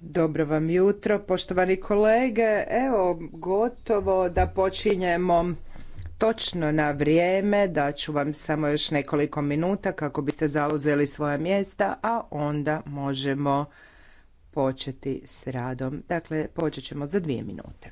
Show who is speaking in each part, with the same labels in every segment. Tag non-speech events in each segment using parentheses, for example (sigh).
Speaker 1: Dobro vam jutro, poštovani kolege. Evo, gotovo da počinjemo točno na vrijeme. Daću vam samo još nekoliko minuta kako biste zauzeli svoja mjesta, a onda možemo početi s radom. Dakle, počet ćemo za dvije minute.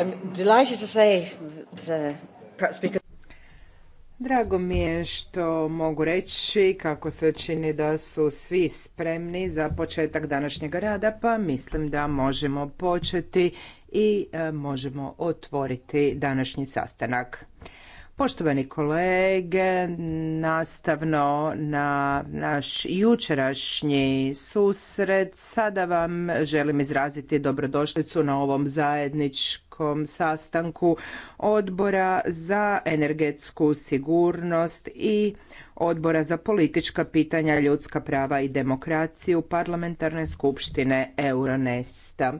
Speaker 1: I'm delighted to say uh, perhaps because... Drago mi je što mogu reći kako se čini da su svi spremni za početak današnjeg rada, pa mislim da možemo početi i e, možemo otvoriti današnji sastanak. Poštovani kolege, nastavno na naš jučerašnji susret, sada vam želim izraziti dobrodošlicu na ovom zajedničkom sastanku odbora za energetsku sigurnost i odbora za politička pitanja, ljudska prava i demokraciju parlamentarne skupštine Euronesta.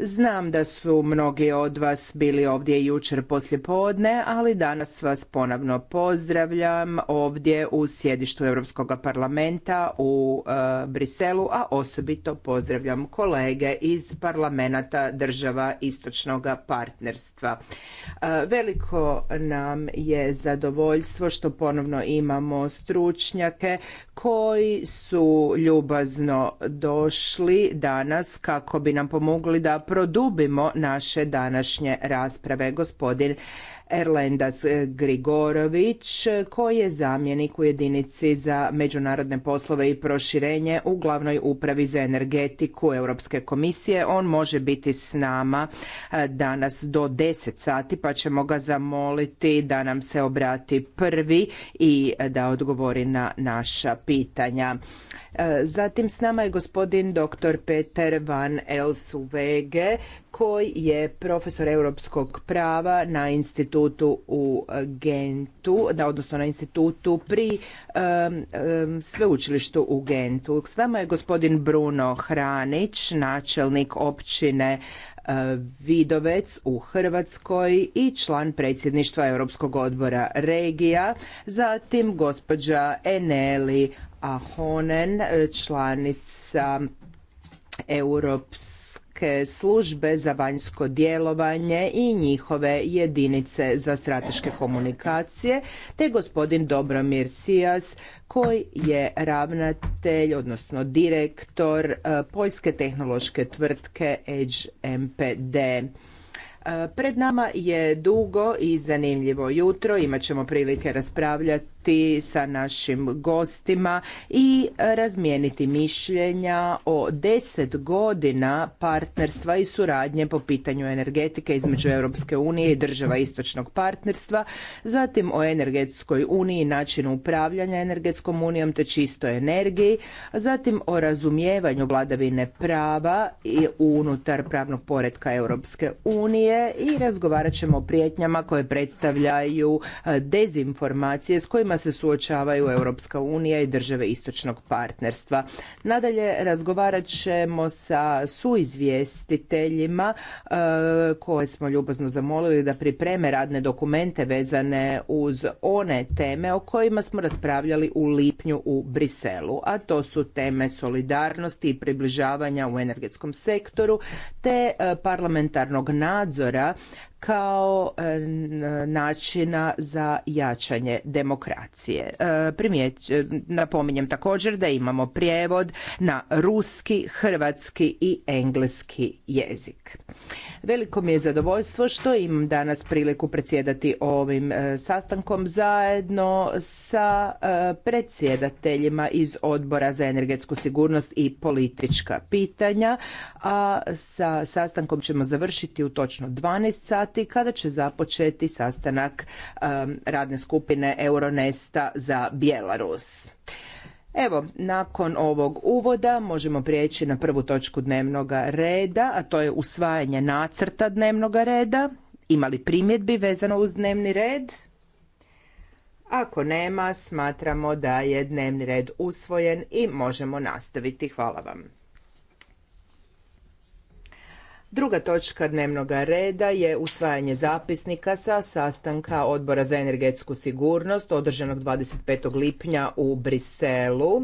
Speaker 1: Znam da su mnogi od vas bili ovdje jučer podne, ali danas vas ponovno pozdravljam ovdje u sjedištu Europskog parlamenta u e, Briselu, a osobito pozdravljam kolege iz parlamenta država istočnog partnerstva. E, veliko nam je zadovoljstvo što ponovno imamo stručnjake koji su ljubazno došli danas kako bi nam pomogli da produbimo naše današnje rasprave. Gospodin Erlendas Grigorović, koji je zamjenik u jedinici za međunarodne poslove i proširenje u glavnoj upravi za energetiku Europske komisije. On može biti s nama e, danas do 10 sati, pa ćemo ga zamoliti da nam se obrati prvi i da odgovori na naša pitanja. E, zatim s nama je gospodin dr. Peter van Elsuvege koji je profesor europskog prava na institutu u Gentu, da odnosno na institutu pri sveučilištu u Gentu. S nama je gospodin Bruno Hranić, načelnik općine e, Vidovec u Hrvatskoj i član predsjedništva Europskog odbora regija, zatim gospođa Eneli Ahonen, e, članica Europske službe za vanjsko djelovanje i njihove jedinice za strateške komunikacije, te gospodin Dobromir Sijas, koji je ravnatelj, odnosno direktor e, poljske tehnološke tvrtke HMPD. E, pred nama je dugo i zanimljivo jutro, imat ćemo prilike raspravljati sa našim gostima i razmijeniti mišljenja o deset godina partnerstva i suradnje po pitanju energetike između Europske unije i država istočnog partnerstva, zatim o energetskoj uniji i načinu upravljanja energetskom unijom te čistoj energiji, zatim o razumijevanju vladavine prava i unutar pravnog poretka Europske unije i razgovarat ćemo o prijetnjama koje predstavljaju dezinformacije s kojima kojima se suočavaju Europska unija i države istočnog partnerstva. Nadalje razgovarat ćemo sa suizvjestiteljima e, koje smo ljubazno zamolili da pripreme radne dokumente vezane uz one teme o kojima smo raspravljali u lipnju u Briselu, a to su teme solidarnosti i približavanja u energetskom sektoru te e, parlamentarnog nadzora kao e, načina za jačanje demokracije. E, e, napominjem također da imamo prijevod na ruski, hrvatski i engleski jezik. Veliko mi je zadovoljstvo što imam danas priliku predsjedati ovim sastankom zajedno sa predsjedateljima iz Odbora za energetsku sigurnost i politička pitanja, a sa sastankom ćemo završiti u točno 12 sati i kada će započeti sastanak um, radne skupine Euronesta za Bjelarus. Evo, nakon ovog uvoda možemo prijeći na prvu točku dnevnog reda, a to je usvajanje nacrta dnevnog reda. Ima li primjedbi vezano uz dnevni red? Ako nema, smatramo da je dnevni red usvojen i možemo nastaviti. Hvala vam. Druga točka dnevnog reda je usvajanje zapisnika sa sastanka Odbora za energetsku sigurnost održanog 25. lipnja u Briselu.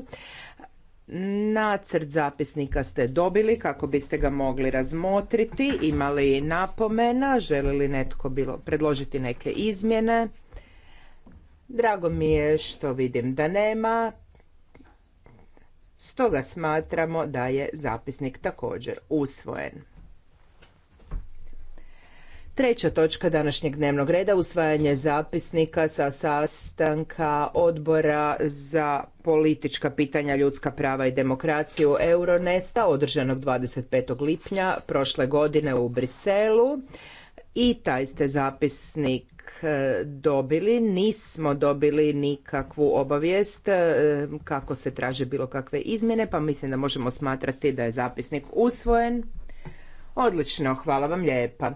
Speaker 1: Nacrt zapisnika ste dobili kako biste ga mogli razmotriti. Imali napomena? Želi li netko bilo predložiti neke izmjene? Drago mi je što vidim da nema. Stoga smatramo da je zapisnik također usvojen. Treća točka današnjeg dnevnog reda usvajanje zapisnika sa sastanka odbora za politička pitanja ljudska prava i demokraciju Euronesta održanog 25. lipnja prošle godine u Briselu i taj ste zapisnik e, dobili, nismo dobili nikakvu obavijest e, kako se traže bilo kakve izmjene, pa mislim da možemo smatrati da je zapisnik usvojen. Odlično, hvala vam lijepa.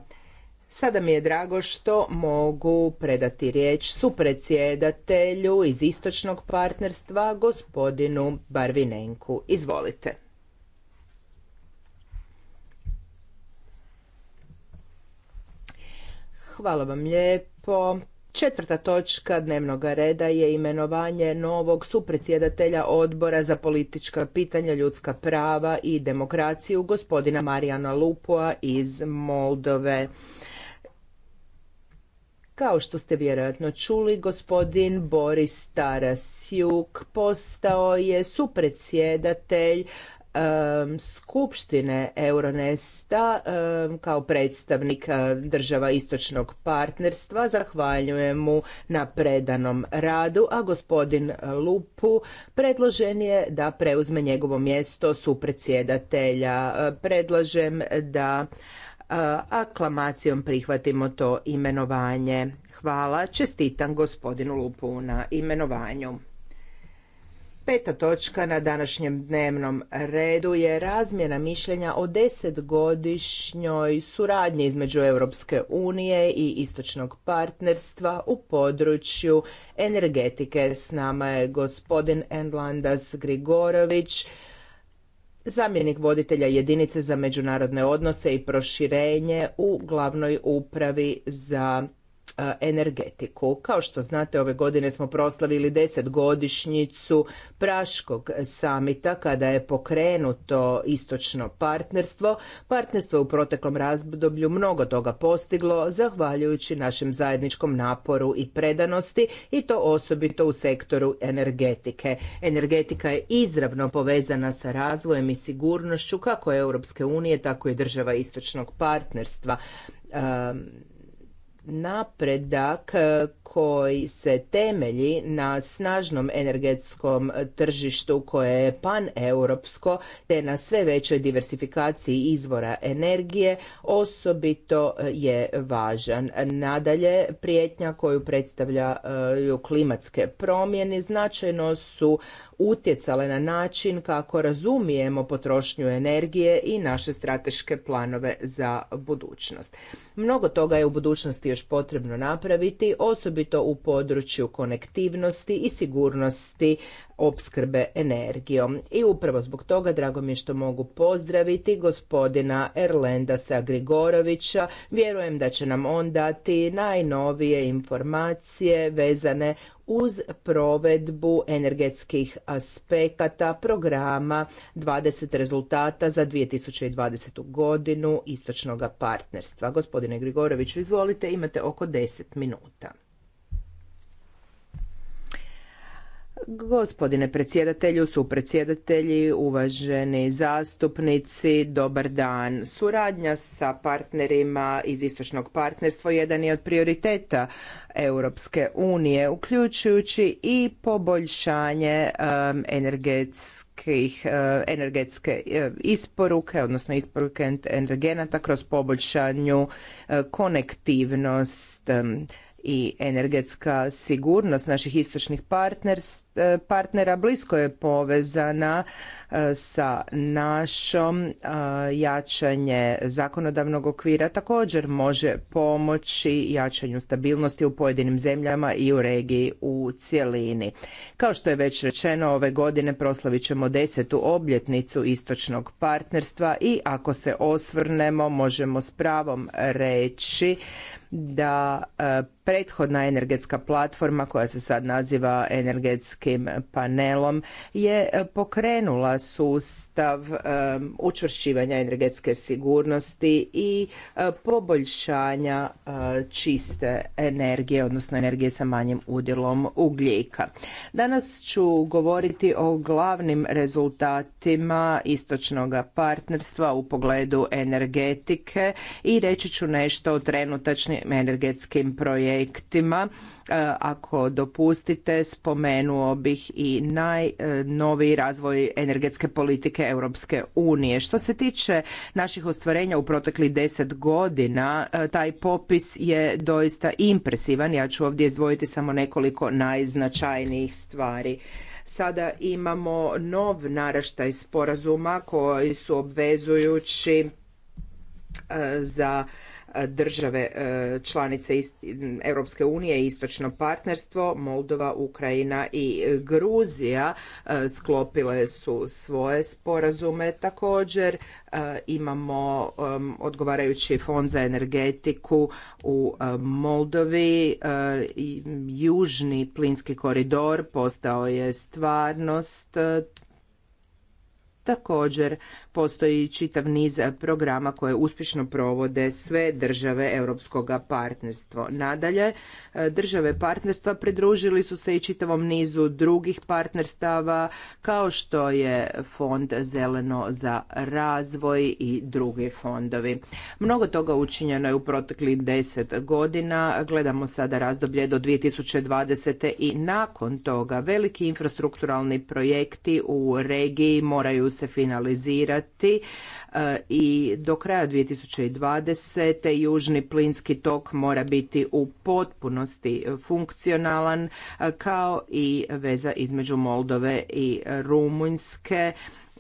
Speaker 1: Sada mi je drago što mogu predati riječ supredsjedatelju iz istočnog partnerstva, gospodinu Barvinenku. Izvolite. Hvala vam lijepo. Četvrta točka dnevnog reda je imenovanje novog supredsjedatelja odbora za politička pitanja, ljudska prava i demokraciju, gospodina Marijana Lupoa iz Moldove. Kao što ste vjerojatno čuli, gospodin Boris Tarasjuk postao je supredsjedatelj skupštine Euronesta kao predstavnik eh, država istočnog partnerstva. Zahvaljujem mu na predanom radu, a gospodin Lupu predložen je da preuzme njegovo mjesto supredsjedatelja. Predlažem da aklamacijom prihvatimo to imenovanje. Hvala, čestitam gospodinu Lupu na imenovanju. Peta točka na današnjem dnevnom redu je razmjena mišljenja o desetgodišnjoj suradnji između Europske unije i istočnog partnerstva u području energetike. S nama je gospodin Enlandas Grigorović, zamjenik voditelja jedinice za međunarodne odnose i proširenje u glavnoj upravi za E, energetiku. Kao što znate, ove godine smo proslavili desetgodišnjicu Praškog samita kada je pokrenuto istočno partnerstvo. Partnerstvo je u proteklom razdoblju mnogo toga postiglo zahvaljujući našem zajedničkom naporu i predanosti i to osobito u sektoru energetike. Energetika je izravno povezana sa razvojem i sigurnošću kako Europske unije, tako i država istočnog partnerstva napredak eh, koji se temelji na snažnom energetskom tržištu koje je paneuropsko te na sve većoj diversifikaciji izvora energije osobito eh, je važan. Nadalje, prijetnja koju predstavljaju klimatske promjene značajno su utjecale na način kako razumijemo potrošnju energije i naše strateške planove za budućnost. Mnogo toga je u budućnosti još potrebno napraviti, osobito u području konektivnosti i sigurnosti opskrbe energijom. I upravo zbog toga drago mi je što mogu pozdraviti gospodina Erlenda Grigorovića. Vjerujem da će nam on dati najnovije informacije vezane uz provedbu energetskih aspekata programa 20 rezultata za 2020. godinu istočnog partnerstva. Gospodine Grigoroviću, izvolite, imate oko 10 minuta. Gospodine predsjedatelju, su predsjedatelji uvaženi zastupnici, dobar dan. Suradnja sa partnerima iz istočnog partnerstva jedan je od prioriteta Europske unije, uključujući i poboljšanje um, energetskih, um, energetske um, isporuke, odnosno isporuke energenata kroz poboljšanju konektivnost i energetska sigurnost naših istočnih e, partnera blisko je povezana e, sa našom e, jačanje zakonodavnog okvira također može pomoći jačanju stabilnosti u pojedinim zemljama i u regiji u cjelini. Kao što je već rečeno, ove godine proslavit ćemo desetu obljetnicu istočnog partnerstva i ako se osvrnemo možemo s pravom reći da prethodna energetska platforma koja se sad naziva energetskim panelom je e, pokrenula sustav e, učvršćivanja energetske sigurnosti i e, poboljšanja čiste energije odnosno energije sa manjim udjelom ugljika. Danas ću govoriti o glavnim rezultatima istočnog partnerstva u pogledu energetike i reći ću nešto o trenutačnim energetskim projektima projektima. E, ako dopustite, spomenuo bih i najnoviji razvoj energetske politike Europske unije. Što se tiče naših ostvarenja u proteklih deset godina, e, taj popis je doista impresivan. Ja ću ovdje izdvojiti samo nekoliko najznačajnijih stvari sada imamo nov naraštaj sporazuma koji su obvezujući e, za države e, članice Europske unije i istočno partnerstvo, Moldova, Ukrajina i Gruzija e, sklopile su svoje sporazume. Također e, imamo odgovarajući fond za energetiku u Moldovi. Južni plinski koridor postao je stvarnost također postoji čitav niz e, programa koje uspješno provode sve države europskog partnerstva. Nadalje, e, države partnerstva pridružili su se i čitavom nizu drugih partnerstava kao što je Fond Zeleno za razvoj i drugi fondovi. Mnogo toga učinjeno je u proteklih deset godina. Gledamo sada razdoblje do 2020. i nakon toga veliki infrastrukturalni projekti u regiji moraju se finalizirati ti e, i do kraja 2020. južni plinski tok mora biti u potpunosti funkcionalan e, kao i veza između Moldove i Rumunjske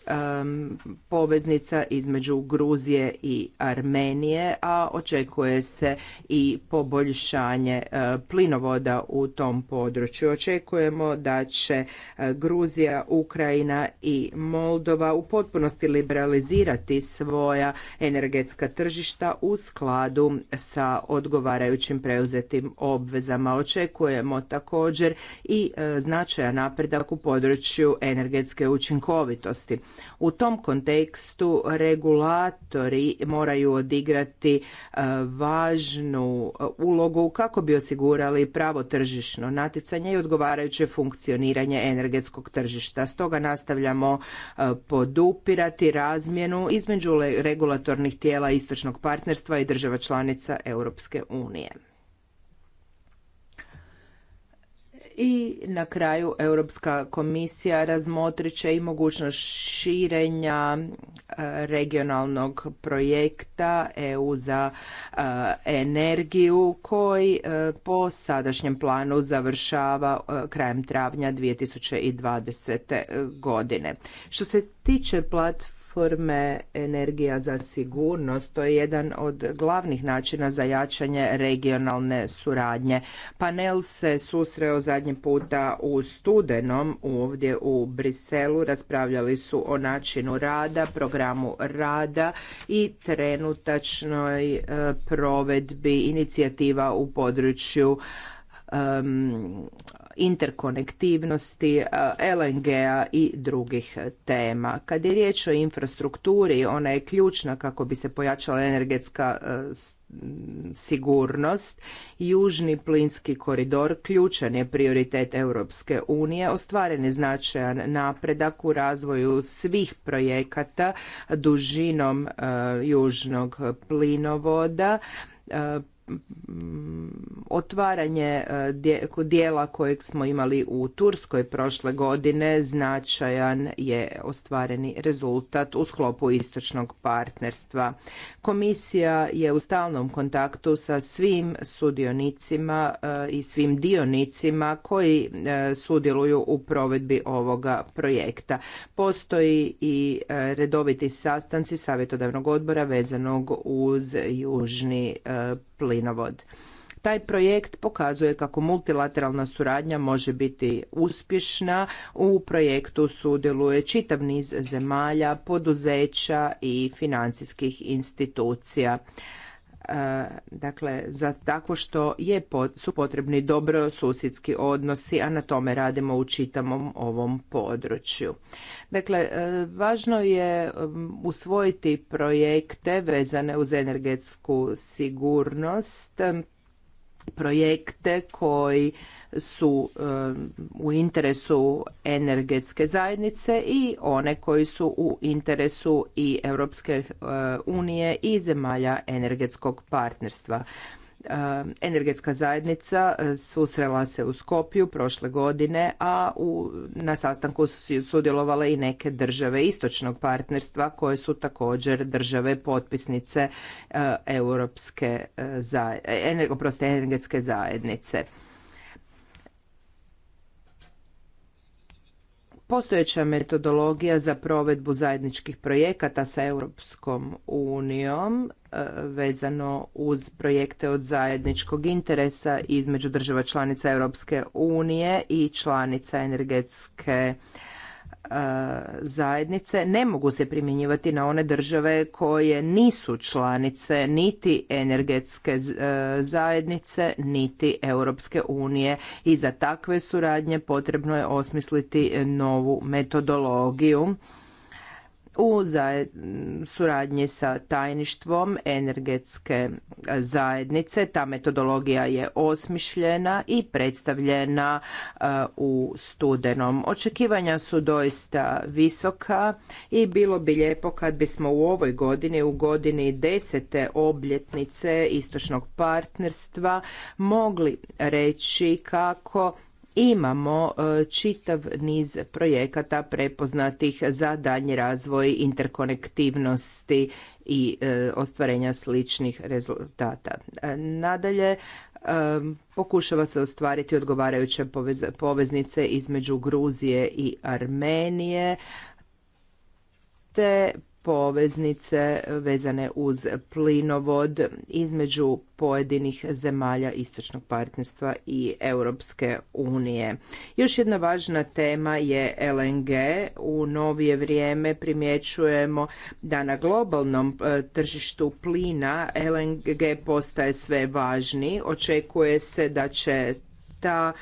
Speaker 1: um, poveznica između Gruzije i Armenije, a očekuje se i poboljšanje e, plinovoda u tom području. Očekujemo da će e, Gruzija, Ukrajina i Moldova u potpunosti liberalizirati svoja energetska tržišta u skladu sa odgovarajućim preuzetim obvezama. Očekujemo također i uh, značajan napredak u području energetske učinkovitosti. U tom kontekstu regulatori moraju odigrati e, važnu e, ulogu kako bi osigurali pravo tržišno natjecanje i odgovarajuće funkcioniranje energetskog tržišta. Stoga nastavljamo e, podupirati razmjenu između regulatornih tijela istočnog partnerstva i država članica Europske unije. I na kraju Europska komisija razmotrit će i mogućnost širenja e, regionalnog projekta EU za e, energiju koji e, po sadašnjem planu završava krajem travnja 2020. godine. Što se tiče platforme platforme Energija za sigurnost. To je jedan od glavnih načina za jačanje regionalne suradnje. Panel se susreo zadnji puta u studenom ovdje u Briselu. Raspravljali su o načinu rada, programu rada i trenutačnoj e, provedbi inicijativa u području interkonektivnosti, e, LNG-a i drugih tema. Kad je riječ o infrastrukturi, ona je ključna kako bi se pojačala energetska e, sigurnost. Južni plinski koridor ključan je prioritet Europske unije. Ostvaren je značajan napredak u razvoju svih projekata dužinom e, južnog plinovoda Mm, otvaranje e, dijela kojeg smo imali u Turskoj prošle godine značajan je ostvareni rezultat u sklopu istočnog partnerstva. Komisija je u stalnom kontaktu sa svim sudionicima e, i svim dionicima koji e, sudjeluju u provedbi ovoga projekta. Postoji i redoviti sastanci savjetodavnog odbora vezanog uz južni plin plinovod. Taj projekt pokazuje kako multilateralna suradnja može biti uspješna. U projektu sudjeluje čitav niz zemalja, poduzeća i financijskih institucija. E, dakle za tako što je, su potrebni dobro susjedski odnosi, a na tome radimo u čitavom ovom području. Dakle, e, važno je usvojiti projekte vezane uz energetsku sigurnost, projekte koji su u interesu energetske zajednice i one koji su u interesu i Europske eh, unije i zemalja energetskog partnerstva. Energetska zajednica eh, susrela se u Skopju prošle godine, a u, na sastanku su sudjelovale i neke države istočnog partnerstva koje su također države potpisnice eh, europske, energetske zajednice. Postojeća metodologija za provedbu zajedničkih projekata sa Europskom unijom e, vezano uz projekte od zajedničkog interesa između država članica Europske unije i članica energetske E, zajednice ne mogu se primjenjivati na one države koje nisu članice niti energetske e, zajednice niti Europske unije i za takve suradnje potrebno je osmisliti novu metodologiju u suradnji sa tajništvom energetske zajednice. Ta metodologija je osmišljena i predstavljena e, u studenom. Očekivanja su doista visoka i bilo bi lijepo kad bismo u ovoj godini, u godini desete obljetnice istočnog partnerstva mogli reći kako imamo e, čitav niz projekata prepoznatih za daljnji razvoj interkonektivnosti i e, ostvarenja sličnih rezultata. E, nadalje, pokušava se ostvariti odgovarajuće poveznice između Gruzije i Armenije te poveznice vezane uz plinovod između pojedinih zemalja istočnog partnerstva i Europske unije. Još jedna važna tema je LNG. U novije vrijeme primjećujemo da na globalnom e, tržištu plina LNG postaje sve važniji. Očekuje se da će ta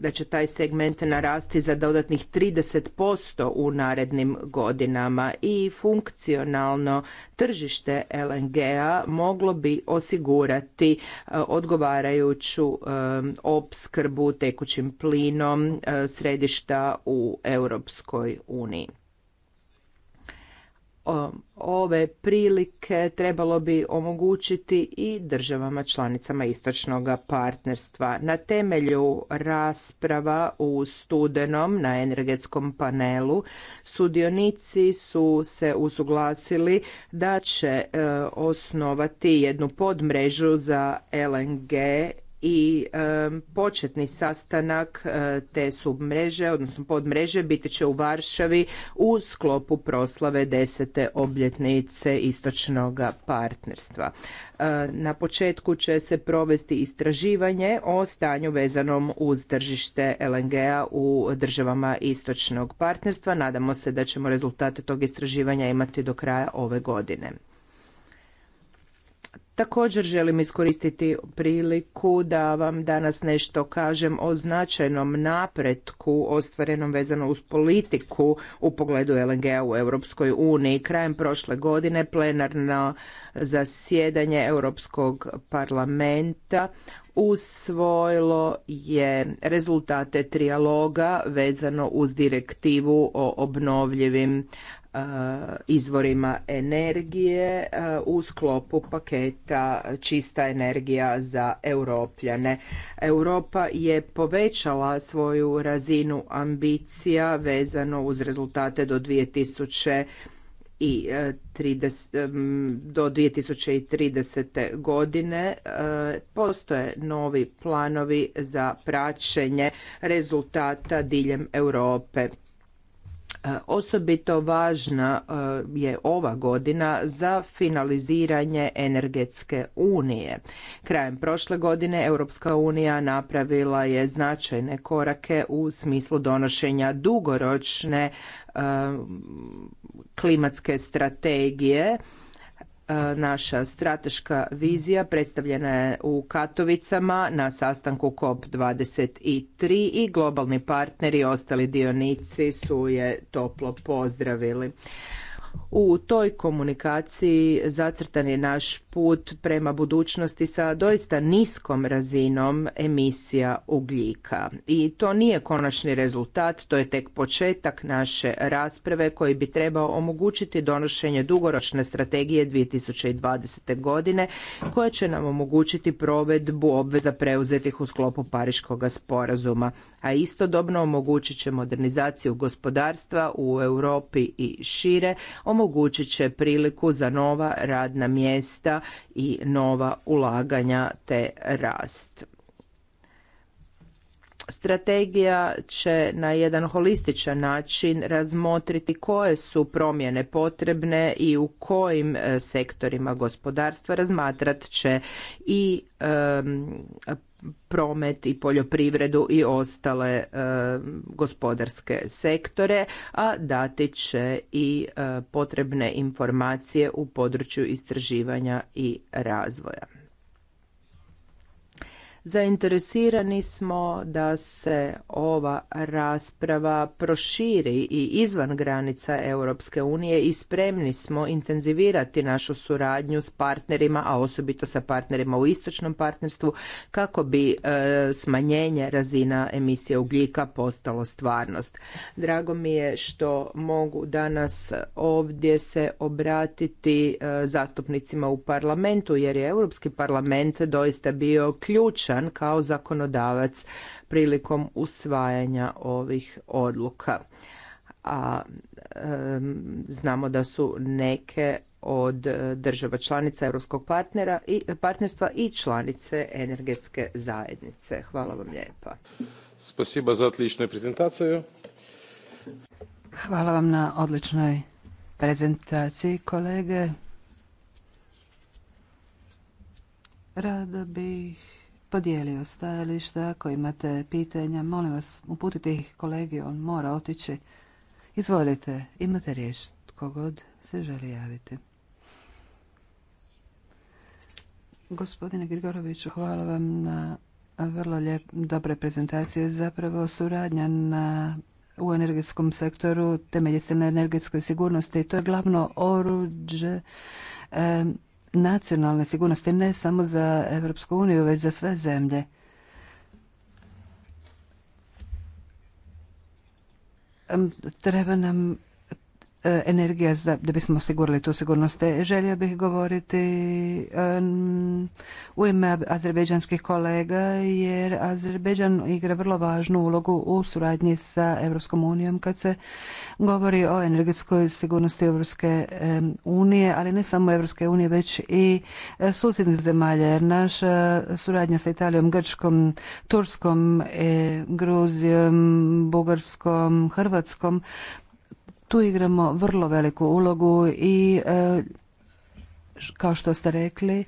Speaker 1: da će taj segment narasti za dodatnih 30% u narednim godinama i funkcionalno tržište LNG-a moglo bi osigurati e, odgovarajuću e, opskrbu tekućim plinom e, središta u Europskoj uniji. Um, ove prilike trebalo bi omogućiti i državama članicama istočnog partnerstva. Na temelju rasprava u studenom na energetskom panelu sudionici su se usuglasili da će e, osnovati jednu podmrežu za LNG i početni sastanak eh, te submreže, odnosno podmreže, biti će u Varšavi u sklopu proslave desete obljetnice istočnog partnerstva. Eh, na početku će se provesti istraživanje o stanju vezanom uz tržište LNG-a u državama istočnog partnerstva. Nadamo se da ćemo rezultate tog istraživanja imati do kraja ove godine. Također želim iskoristiti priliku da vam danas nešto kažem o značajnom napretku ostvarenom vezano uz politiku u pogledu LNG-a u Europskoj uniji. Krajem prošle godine plenarno zasjedanje Europskog parlamenta usvojilo je rezultate trijaloga vezano uz direktivu o obnovljivim Eh, izvorima energije eh, u sklopu paketa čista energija za europljane. Europa je povećala svoju razinu ambicija vezano uz rezultate do 2000 i 30, eh, mm, do 2030. godine postoje novi planovi za praćenje rezultata diljem Europe. E, osobito važna e, je ova godina za finaliziranje energetske unije. Krajem prošle godine Europska unija napravila je značajne korake u smislu donošenja dugoročne e, klimatske strategije E, naša strateška vizija predstavljena je u Katovicama na sastanku COP23 i globalni partneri i ostali dionici su je toplo pozdravili. U toj komunikaciji zacrtan je naš put prema budućnosti sa doista niskom razinom emisija ugljika. I to nije konačni rezultat, to je tek početak naše rasprave koji bi trebao omogućiti donošenje dugoročne strategije 2020. godine koja će nam omogućiti provedbu obveza preuzetih u sklopu Pariškog sporazuma, a istodobno omogućit će modernizaciju gospodarstva u Europi i šire, omogućit će priliku za nova radna mjesta i nova ulaganja te rast. Strategija će na jedan holističan način razmotriti koje su promjene potrebne i u kojim e, sektorima gospodarstva razmatrat će i promet i poljoprivredu i ostale e, gospodarske sektore, a dati će i e, potrebne informacije u području istraživanja i razvoja. Zainteresirani smo da se ova rasprava proširi i izvan granica Europske unije i spremni smo intenzivirati našu suradnju s partnerima, a osobito sa partnerima u istočnom partnerstvu kako bi e, smanjenje razina emisije ugljika postalo stvarnost. Drago mi je što mogu danas ovdje se obratiti e, zastupnicima u parlamentu jer je Europski parlament doista bio ključ kao zakonodavac prilikom usvajanja ovih odluka. A znamo da su neke od država članica europskog partnera i partnerstva i članice energetske zajednice. Hvala vam lijepa.
Speaker 2: Spasiba za odličnu prezentaciju.
Speaker 1: Hvala vam na
Speaker 2: odličnoj prezentaciji, kolege. Rada bih podijelio stajališta. Ako imate pitanja, molim vas, uputite ih kolegi, on mora otići. Izvolite, imate riječ tko god se želi javiti. Gospodine Grigoroviću, hvala vam na vrlo lijep, dobre prezentacije. Zapravo suradnja na u energetskom sektoru temelji se na energetskoj sigurnosti. To je glavno oruđe nacionalne sigurnosti ne samo za Europsku uniju, već za sve zemlje. Treba nam E, energija za, da bismo osigurali tu sigurnost. E, želio bih govoriti um, u ime azerbeđanskih kolega jer Azerbeđan igra vrlo važnu ulogu u suradnji sa Europskom unijom kad se govori o energetskoj sigurnosti Europske unije, ali ne samo Europske unije već i susjednih zemalja jer naša suradnja sa Italijom, Grčkom, Turskom, Gruzijom, Bugarskom, Hrvatskom tu igramo vrlo veliku ulogu i e, kao što ste rekli,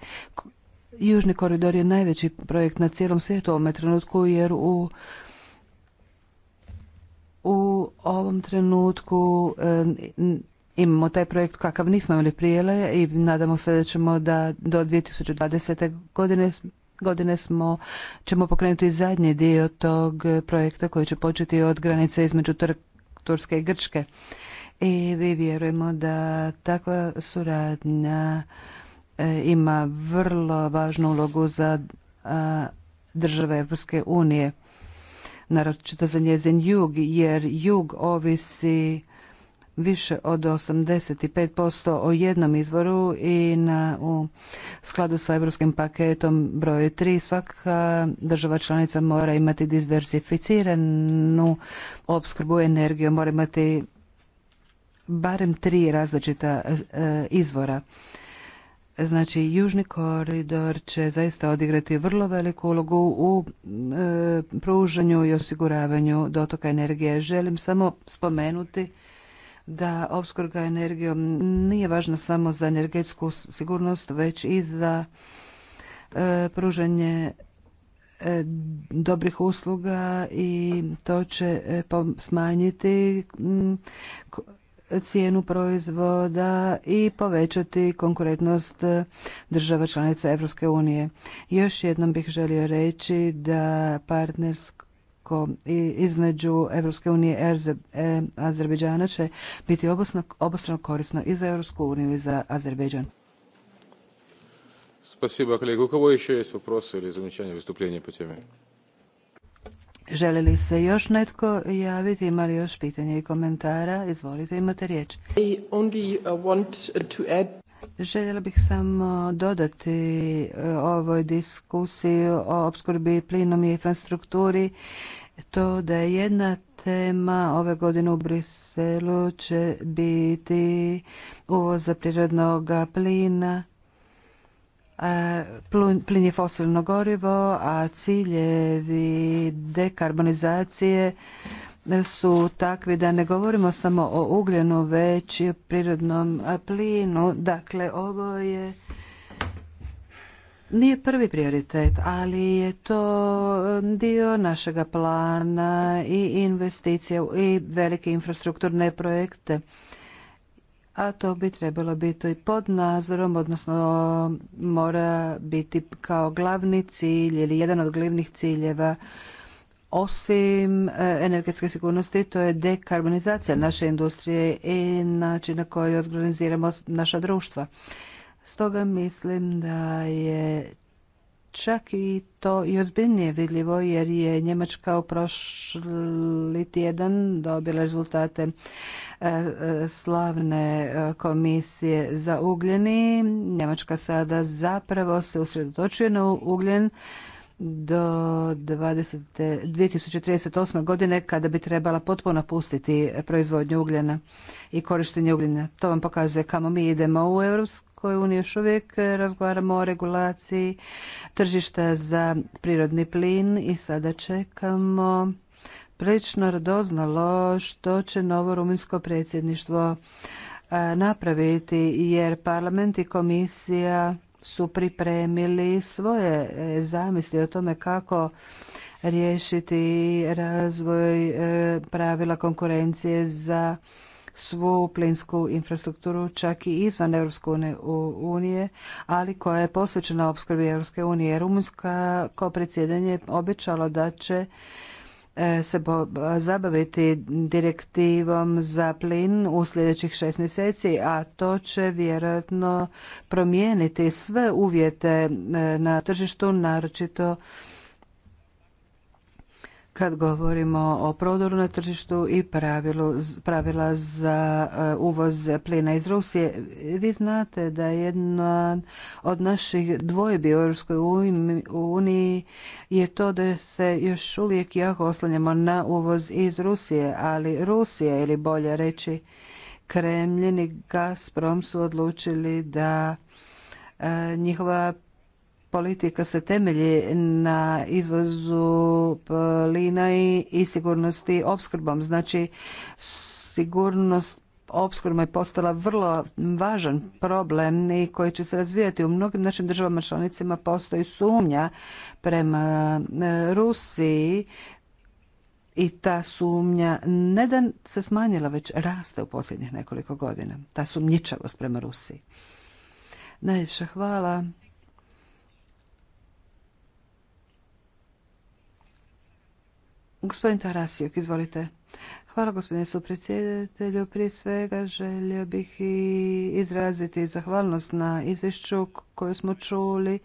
Speaker 2: Južni koridor je najveći projekt na cijelom svijetu u ovome trenutku jer u u ovom trenutku e, imamo taj projekt kakav nismo imali prijele i nadamo se da ćemo da do 2020. godine godine smo, ćemo pokrenuti zadnji dio tog projekta koji će početi od granice između Turske i Grčke i vi vjerujemo da takva suradnja e, ima vrlo važnu ulogu za države Europske unije, naročito za njezin jug, jer jug ovisi više od 85% o jednom izvoru i na, u skladu sa europskim paketom broj 3 svaka država članica mora imati diversificiranu opskrbu energijom, mora imati barem tri različita e, e, izvora. Znači, Južni koridor će zaista odigrati vrlo veliku ulogu u e, pružanju i osiguravanju dotoka energije. Želim samo spomenuti da opskrba energijom nije važna samo za energetsku sigurnost, već i za pružanje dobrih usluga i to će smanjiti cijenu proizvoda i povećati konkurentnost država članica Europske unije. Još jednom bih želio reći da partnersko između Europske unije i e, Azerbejdžana će biti obostrano korisno i za Europsku uniju i za Azerbejdžan.
Speaker 3: Спасибо, коллега. У кого еще есть вопросы или замечания, выступления
Speaker 2: Želi li se još netko javiti? Ima li još pitanja i komentara? Izvolite, imate riječ. I uh, Željela bih samo dodati uh, ovoj diskusiji o opskrbi plinom i infrastrukturi to da je jedna tema ove godine u Briselu će biti uvoza prirodnog plina Plin je fosilno gorivo, a ciljevi dekarbonizacije su takvi da ne govorimo samo o ugljenu, već i o prirodnom plinu. Dakle, ovo je nije prvi prioritet, ali je to um, dio našega plana i investicija i velike infrastrukturne projekte a to bi trebalo biti pod nadzorom, odnosno mora biti kao glavni cilj ili jedan od glavnih ciljeva osim e, energetske sigurnosti, to je dekarbonizacija naše industrije i način na koji organiziramo naša društva. Stoga mislim da je čak i to i ozbiljnije vidljivo jer je Njemačka u prošli tjedan dobila rezultate e, e, slavne e, komisije za ugljeni. Njemačka sada zapravo se usredotočuje na ugljen do 20, 2038. godine kada bi trebala potpuno pustiti proizvodnju ugljena i korištenje ugljena. To vam pokazuje kamo mi idemo u Europsku EU još uvijek e, razgovaramo o regulaciji tržišta za prirodni plin i sada čekamo prilično radoznalo što će novo rumunjsko predsjedništvo e, napraviti jer parlament i komisija su pripremili svoje e, zamisli o tome kako riješiti razvoj pravila konkurencije za svu plinsku infrastrukturu čak i izvan Europske unije, ali koja je posvećena opskrbi Europske unije. Rumunjska kao predsjedanje je obećalo da će e, se zabaviti direktivom za plin u sljedećih šest mjeseci, a to će vjerojatno promijeniti sve uvjete e, na tržištu, naročito kad govorimo o prodoru na tržištu i pravilu, pravila za e, uvoz plina iz Rusije. Vi znate da jedna od naših dvojbi u Europskoj uniji je to da se još uvijek jako oslanjamo na uvoz iz Rusije, ali Rusija ili bolje reći Kremljini, i Gazprom su odlučili da e, njihova politika se temelji na izvozu plina i sigurnosti opskrbom. Znači, sigurnost opskrba je postala vrlo važan problem i koji će se razvijati u mnogim našim državama članicama postoji sumnja prema e, Rusiji i ta sumnja ne da se smanjila već raste u posljednjih nekoliko godina ta sumnjičavost prema Rusiji. Najljepša hvala. Gospodin Tarasijuk, izvolite. Hvala gospodine supredsjedatelju. Prije svega želio bih i izraziti zahvalnost na izvješću koju smo čuli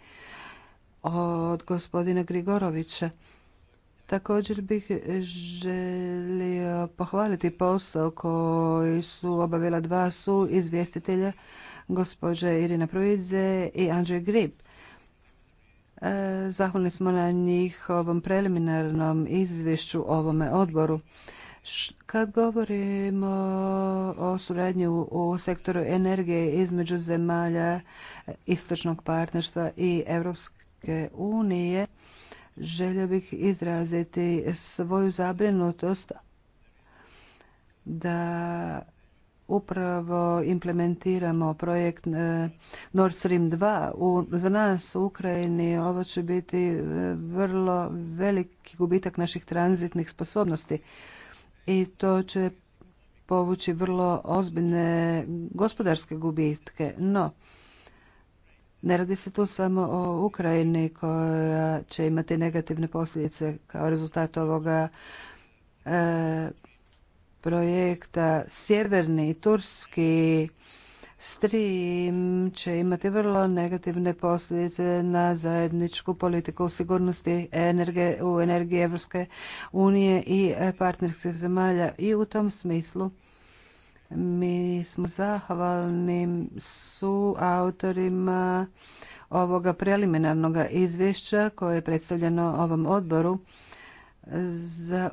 Speaker 2: od gospodina Grigorovića. Također bih želio pohvaliti posao koji su obavila dva su izvjestitelja, gospođe Irina Pruidze i Andrzej Grip. E, zahvalni smo na njihovom preliminarnom izvješću ovome odboru. Kad govorimo o suradnji u sektoru energije između zemalja istočnog partnerstva i Europske unije, želio bih izraziti svoju zabrinutost da upravo implementiramo projekt e, Nord Stream 2. za nas u Ukrajini ovo će biti e, vrlo veliki gubitak naših tranzitnih sposobnosti i to će povući vrlo ozbiljne gospodarske gubitke. No, ne radi se tu samo o Ukrajini koja će imati negativne posljedice kao rezultat ovoga e, projekta Sjeverni Turski stream će imati vrlo negativne posljedice na zajedničku politiku sigurnosti u energiji Evropske unije i partnerskih zemalja i u tom smislu mi smo zahvalni su autorima ovoga preliminarnog izvješća koje je predstavljeno ovom odboru za,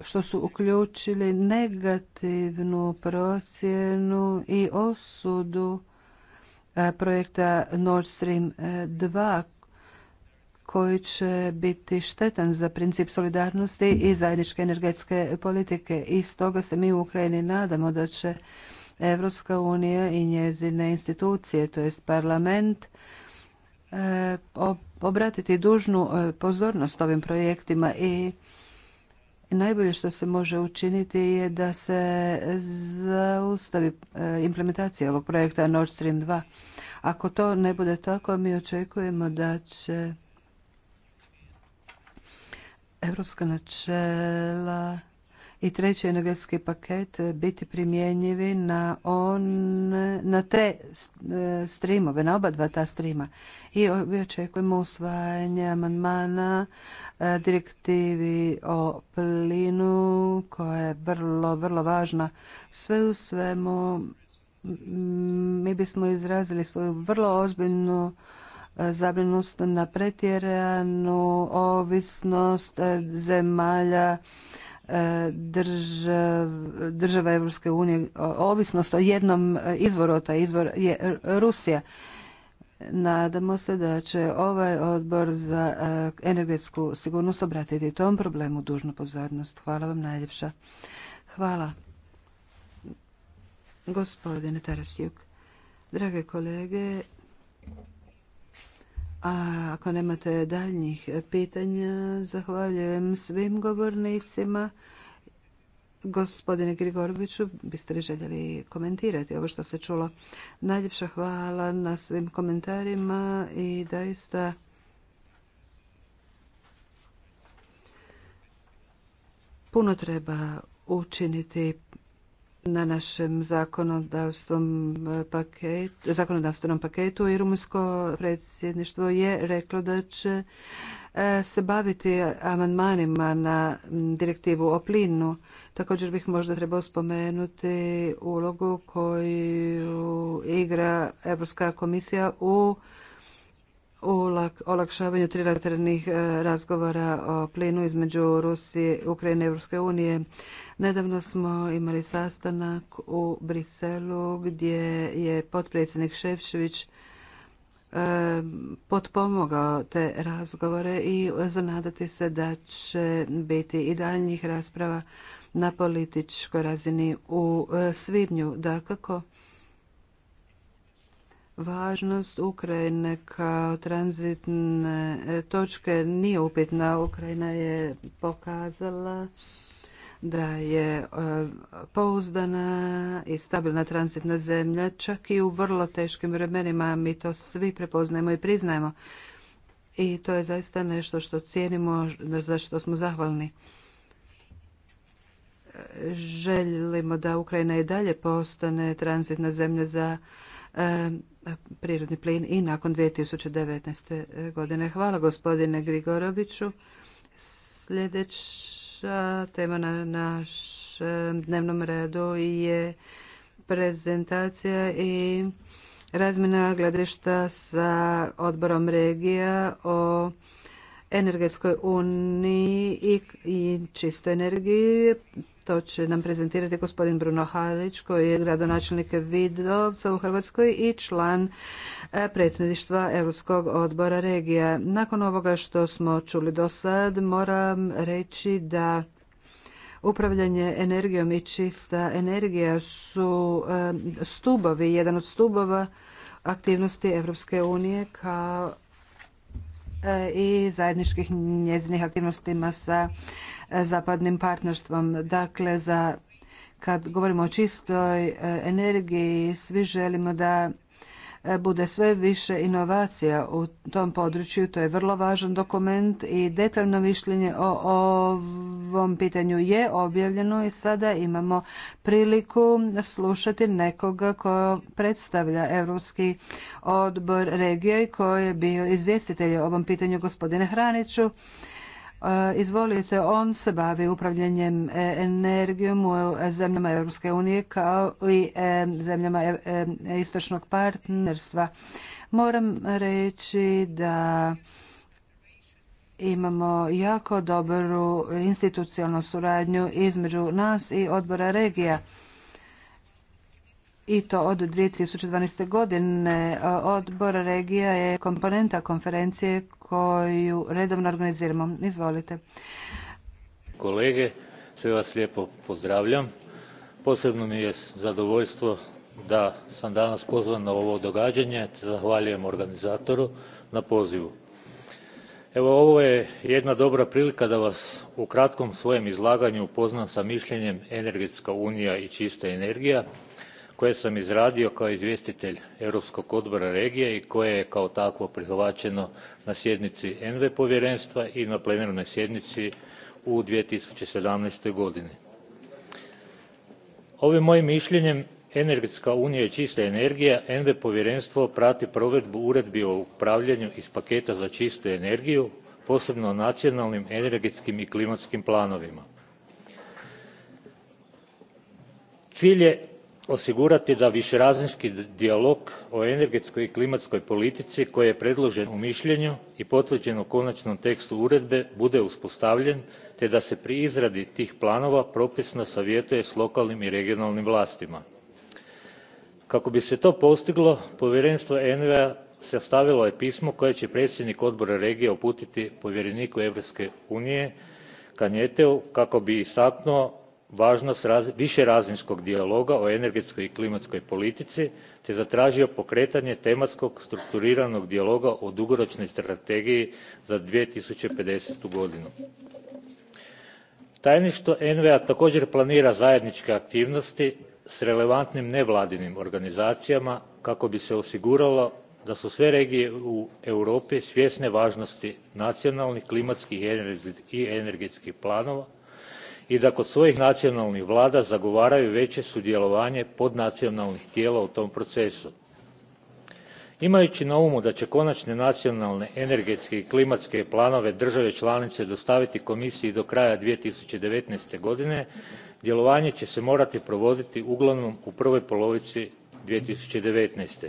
Speaker 2: što su uključili negativnu procjenu i osudu e, projekta Nord Stream 2 e, koji će biti štetan za princip solidarnosti i zajedničke energetske politike. I stoga se mi u Ukrajini nadamo da će Evropska unija i njezine institucije, to jest parlament, e, obratiti dužnu pozornost ovim projektima i Najbolje što se može učiniti je da se zaustavi e, implementacija ovog projekta Nord Stream 2. Ako to ne bude tako, mi očekujemo da će evropska načela i treći energetski paket biti primjenjivi na, on, na te e, streamove, na oba dva ta streama. I očekujemo usvajanje amandmana e, direktivi o plinu koja je vrlo, vrlo važna. Sve u svemu mi bismo izrazili svoju vrlo ozbiljnu e, zabrinutost na pretjeranu ovisnost zemalja država Europske unije, ovisnost o jednom e, izvoru, taj izvor je Rusija. Nadamo se da će ovaj odbor za e, energetsku sigurnost obratiti tom problemu dužnu pozornost. Hvala vam najljepša. Hvala. Gospodine Tarasjuk, drage kolege, a ako nemate daljnjih pitanja, zahvaljujem svim govornicima. Gospodine Grigoroviću, biste li željeli komentirati ovo što se čulo? Najljepša hvala na svim komentarima i daista puno treba učiniti na našem zakonodavstvom e, zakonodavstvenom paketu i rumunsko predsjedništvo je reklo da će e, se baviti amandmanima na direktivu o plinu. Također bih možda trebao spomenuti ulogu koju igra Europska komisija u u olakšavanju trilateralnih e, razgovora o plinu između Rusije, Ukrajine i Europske unije. Nedavno smo imali sastanak u Briselu gdje je potpredsjednik Ševčević e, potpomogao te razgovore i zanadati se da će biti i daljnjih rasprava na političkoj razini u e, svibnju. Dakako, Važnost Ukrajine kao tranzitne e, točke nije upitna. Ukrajina je pokazala da je e, pouzdana i stabilna transitna zemlja, čak i u vrlo teškim vremenima. Mi to svi prepoznajemo i priznajemo. I to je zaista nešto što cijenimo, za što smo zahvalni. Želimo da Ukrajina i dalje postane tranzitna zemlja za E, prirodni plin i nakon 2019. godine. Hvala gospodine Grigoroviću. Sljedeća tema na našem dnevnom redu je prezentacija i razmjena gledišta sa odborom regija o energetskoj uniji i čistoj energiji. To će nam prezentirati gospodin Bruno Halić koji je gradonačelnik Vidovca u Hrvatskoj i član e, predsjedništva Europskog odbora regija. Nakon ovoga što smo čuli do sad moram reći da upravljanje energijom i čista energija su e, stubovi, jedan od stubova aktivnosti Europske unije kao E, i zajedničkih njezinih aktivnostima sa e, zapadnim partnerstvom. Dakle, za kad govorimo o čistoj e, energiji, svi želimo da E, bude sve više inovacija u tom području. To je vrlo važan dokument i detaljno mišljenje o ovom pitanju je objavljeno i sada imamo priliku slušati nekoga ko predstavlja Europski odbor regije koji je bio izvjestitelj o ovom pitanju gospodine Hraniću. Izvolite, on se bavi upravljanjem e, energijom u e, zemljama Europske unije kao i e, zemljama istočnog partnerstva. Moram reći da imamo jako dobru institucionalnu suradnju između nas i odbora regija i to od 2012. godine. E, odbor regija je komponenta konferencije koju redovno organiziramo. Izvolite.
Speaker 3: Kolege, sve vas lijepo pozdravljam. Posebno mi je zadovoljstvo da sam danas pozvan na ovo događanje. Zahvaljujem organizatoru na pozivu. Evo ovo je jedna dobra prilika da vas u kratkom svojem izlaganju upoznam sa mišljenjem Energetska unija i čista energija koje sam izradio kao izvjestitelj europskog odbora regije i koje je kao takvo prihvaćeno na sjednici NV povjerenstva i na plenarnoj sjednici u. two thousand and godini ovim mojim mišljenjem energetska unija i čista energija NV povjerenstvo prati provedbu uredbi o upravljanju iz paketa za čistu energiju posebno nacionalnim energetskim i klimatskim planovima. cilj je osigurati da višerazinski dijalog o energetskoj i klimatskoj politici koji je predložen u mišljenju i potvrđen u konačnom tekstu uredbe bude uspostavljen te da se pri izradi tih planova propisno savjetuje s lokalnim i regionalnim vlastima. Kako bi se to postiglo, povjerenstvo envi sastavilo je pismo koje će predsjednik odbora regija uputiti povjereniku Europske unije Kanjeteu kako bi istaknuo važnost višerazinskog dijaloga o energetskoj i klimatskoj politici te zatražio pokretanje tematskog strukturiranog dijaloga o dugoročnoj strategiji za. two thousand and godinu tajništvo NVA također planira zajedničke aktivnosti s relevantnim nevladinim organizacijama kako bi se osiguralo da su sve regije u europi svjesne važnosti nacionalnih klimatskih i energetskih planova i da kod svojih nacionalnih vlada zagovaraju veće sudjelovanje podnacionalnih tijela u tom procesu. Imajući na umu da će konačne nacionalne energetske i klimatske planove države članice dostaviti komisiji do kraja 2019. godine, djelovanje će se morati provoditi uglavnom u prvoj polovici 2019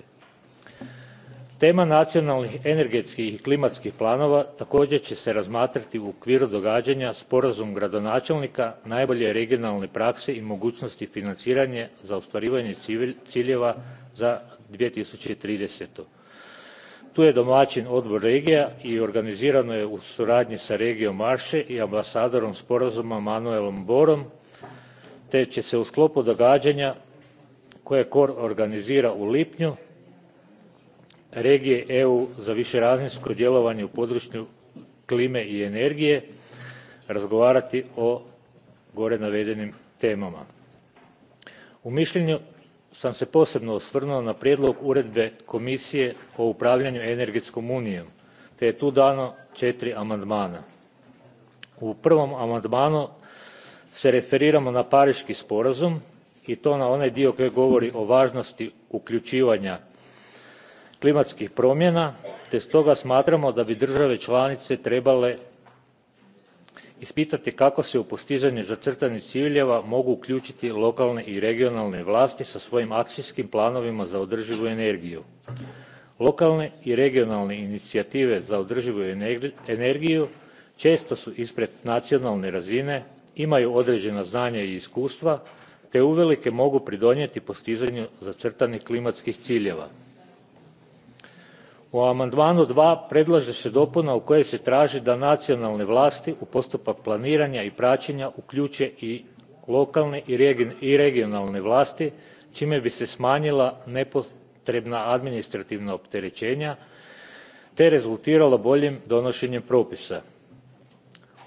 Speaker 3: tema nacionalnih energetskih i klimatskih planova također će se razmatrati u okviru događanja sporazum gradonačelnika najbolje regionalne prakse i mogućnosti financiranja za ostvarivanje ciljeva za. two thousand and tu je domaćin odbor regija i organizirano je u suradnji sa regijom Marše i ambasadorom sporazuma Manuelom Borom, te će se u sklopu događanja koje KOR organizira u lipnju regije eu za višerazinsko djelovanje u području klime i energije razgovarati o gore navedenim temama. u mišljenju sam se posebno osvrnuo na prijedlog uredbe komisije o upravljanju energetskom unijom te je tu dano četiri amandmana. u prvom amandmanu se referiramo na pariški sporazum i to na onaj dio koji govori o važnosti uključivanja klimatskih promjena te stoga smatramo da bi države članice trebale ispitati kako se u postizanje zacrtanih ciljeva mogu uključiti lokalne i regionalne vlasti sa svojim akcijskim planovima za održivu energiju. Lokalne i regionalne inicijative za održivu energiju često su ispred nacionalne razine, imaju određena znanja i iskustva te uvelike mogu pridonijeti postizanju zacrtanih klimatskih ciljeva u amandmanu 2 predlaže se dopuna u kojoj se traži da nacionalne vlasti u postupak planiranja i praćenja uključe i lokalne i regionalne vlasti čime bi se smanjila nepotrebna administrativna opterećenja te rezultiralo boljim donošenjem propisa.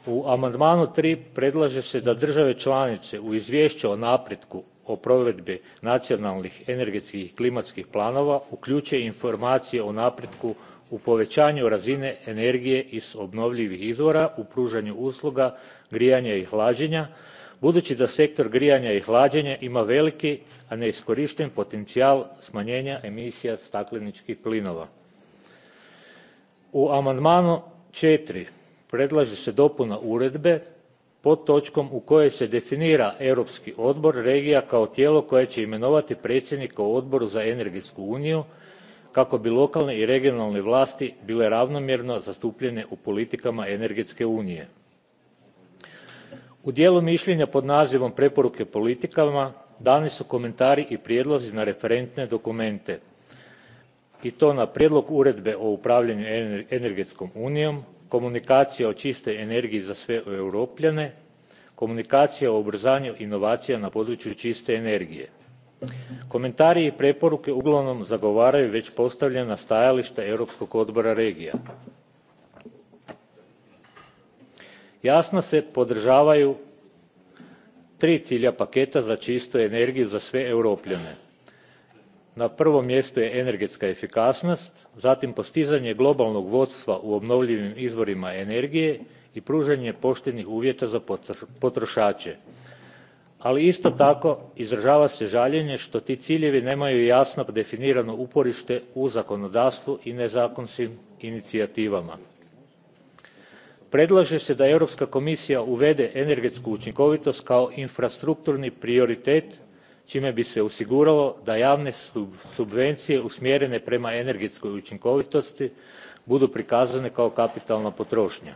Speaker 3: u amandmanu 3 predlaže se da države članice u izvješću o napretku o provedbi nacionalnih energetskih i klimatskih planova uključuje informacije o napretku u povećanju razine energije iz obnovljivih izvora u pružanju usluga grijanja i hlađenja budući da sektor grijanja i hlađenja ima veliki a neiskorišten potencijal smanjenja emisija stakleničkih plinova. u amandmanu četiri predlaže se dopuna uredbe pod točkom u kojoj se definira europski odbor regija kao tijelo koje će imenovati predsjednika u odboru za energetsku uniju kako bi lokalne i regionalne vlasti bile ravnomjerno zastupljene u politikama energetske unije. u dijelu mišljenja pod nazivom preporuke politikama dani su komentari i prijedlozi na referentne dokumente i to na prijedlog uredbe o upravljanju energetskom unijom komunikacija o čistoj energiji za sve europljane komunikacija o ubrzanju inovacija na području čiste energije komentari i preporuke uglavnom zagovaraju već postavljena stajališta europskog odbora regija jasno se podržavaju tri cilja paketa za čistu energiju za sve europljane na prvom mjestu je energetska efikasnost zatim postizanje globalnog vodstva u obnovljivim izvorima energije i pružanje poštenih uvjeta za potrošače ali isto tako izražava se žaljenje što ti ciljevi nemaju jasno definirano uporište u zakonodavstvu i nezakonskim inicijativama predlaže se da europska komisija uvede energetsku učinkovitost kao infrastrukturni prioritet čime bi se osiguralo da javne subvencije usmjerene prema energetskoj učinkovitosti budu prikazane kao kapitalna potrošnja.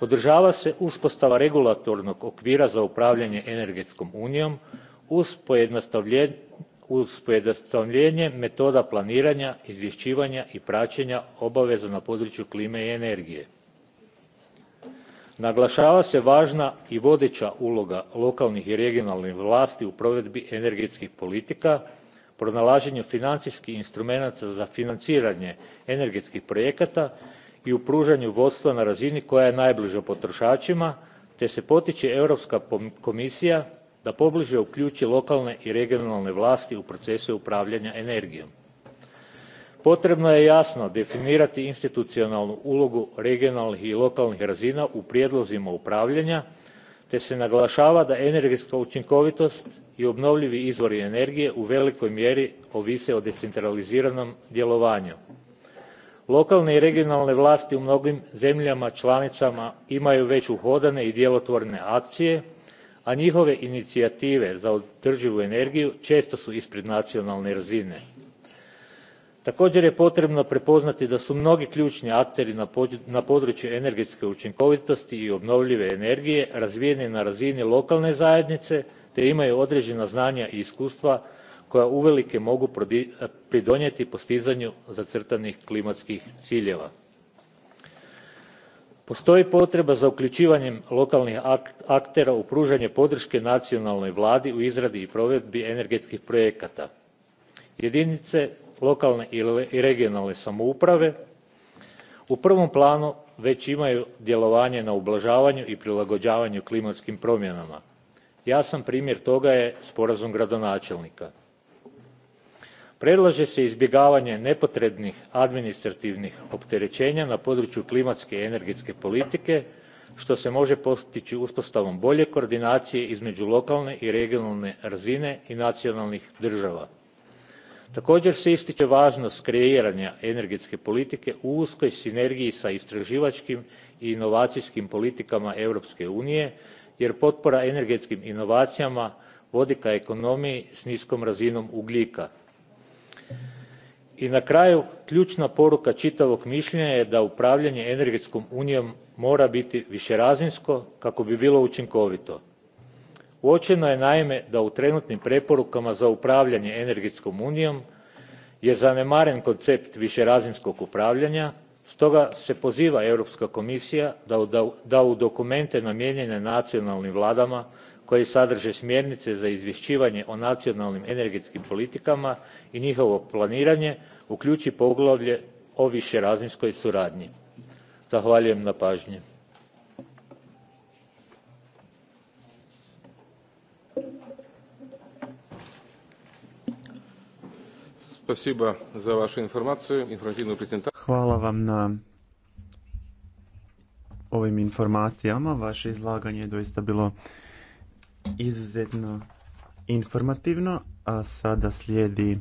Speaker 3: Podržava se uspostava regulatornog okvira za upravljanje energetskom unijom uz pojednostavljenje metoda planiranja izvješćivanja i praćenja obaveza na području klime i energije naglašava se važna i vodeća uloga lokalnih i regionalnih vlasti u provedbi energetskih politika pronalaženju financijskih instrumenata za financiranje energetskih projekata i u pružanju vodstva na razini koja je najbliža potrošačima te se potiče europska komisija da pobliže uključi lokalne i regionalne vlasti u procese upravljanja energijom potrebno je jasno definirati institucionalnu ulogu regionalnih i lokalnih razina u prijedlozima upravljanja te se naglašava da energetska učinkovitost i obnovljivi izvori energije u velikoj mjeri ovise o decentraliziranom djelovanju. Lokalne i regionalne vlasti u mnogim zemljama članicama imaju već uhodane i djelotvorne akcije, a njihove inicijative za održivu energiju često su ispred nacionalne razine također je potrebno prepoznati da su mnogi ključni akteri na području energetske učinkovitosti i obnovljive energije razvijeni na razini lokalne zajednice te imaju određena znanja i iskustva koja uvelike mogu pridonijeti postizanju zacrtanih klimatskih ciljeva postoji potreba za uključivanjem lokalnih aktera u pružanje podrške nacionalnoj vladi u izradi i provedbi energetskih projekata jedinice lokalne i regionalne samouprave u prvom planu već imaju djelovanje na ublažavanju i prilagođavanju klimatskim promjenama. Jasan primjer toga je sporazum gradonačelnika. Predlaže se izbjegavanje nepotrebnih administrativnih opterećenja na području klimatske i energetske politike, što se može postići uspostavom bolje koordinacije između lokalne i regionalne razine i nacionalnih država također se ističe važnost kreiranja energetske politike u uskoj sinergiji sa istraživačkim i inovacijskim politikama europske unije jer potpora energetskim inovacijama vodi ka ekonomiji s niskom razinom ugljika. i na kraju ključna poruka čitavog mišljenja je da upravljanje energetskom unijom mora biti višerazinsko kako bi bilo učinkovito. Uočeno je naime da u trenutnim preporukama za upravljanje energetskom unijom je zanemaren koncept višerazinskog upravljanja, stoga se poziva Europska komisija da u dokumente namijenjene nacionalnim vladama koji sadrže smjernice za izvješćivanje o nacionalnim energetskim politikama i njihovo planiranje uključi poglavlje o višerazinskoj suradnji. Zahvaljujem na pažnji.
Speaker 4: Hvala vam na ovim informacijama. Vaše izlaganje je doista bilo izuzetno informativno, a sada slijedi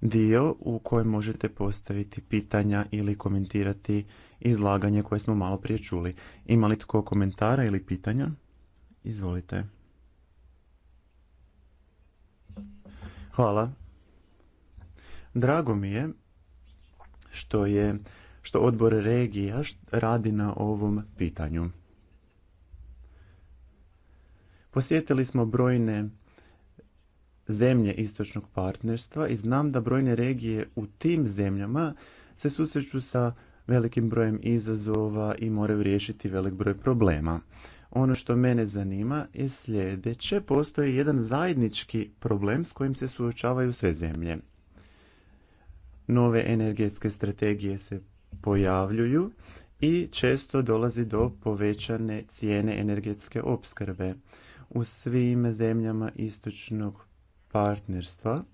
Speaker 4: dio u kojem možete postaviti pitanja ili komentirati izlaganje koje smo malo prije čuli. Ima li tko komentara ili pitanja? Izvolite. Hvala. Drago mi je što je što odbor regija radi na ovom pitanju. Posjetili smo brojne zemlje istočnog partnerstva i znam da brojne regije u tim zemljama se susreću sa velikim brojem izazova i moraju riješiti velik broj problema. Ono što mene zanima je sljedeće, postoji jedan zajednički problem s kojim se suočavaju sve zemlje, nove energetske strategije se pojavljuju i često dolazi do povećane cijene energetske opskrbe. U svim zemljama istočnog partnerstva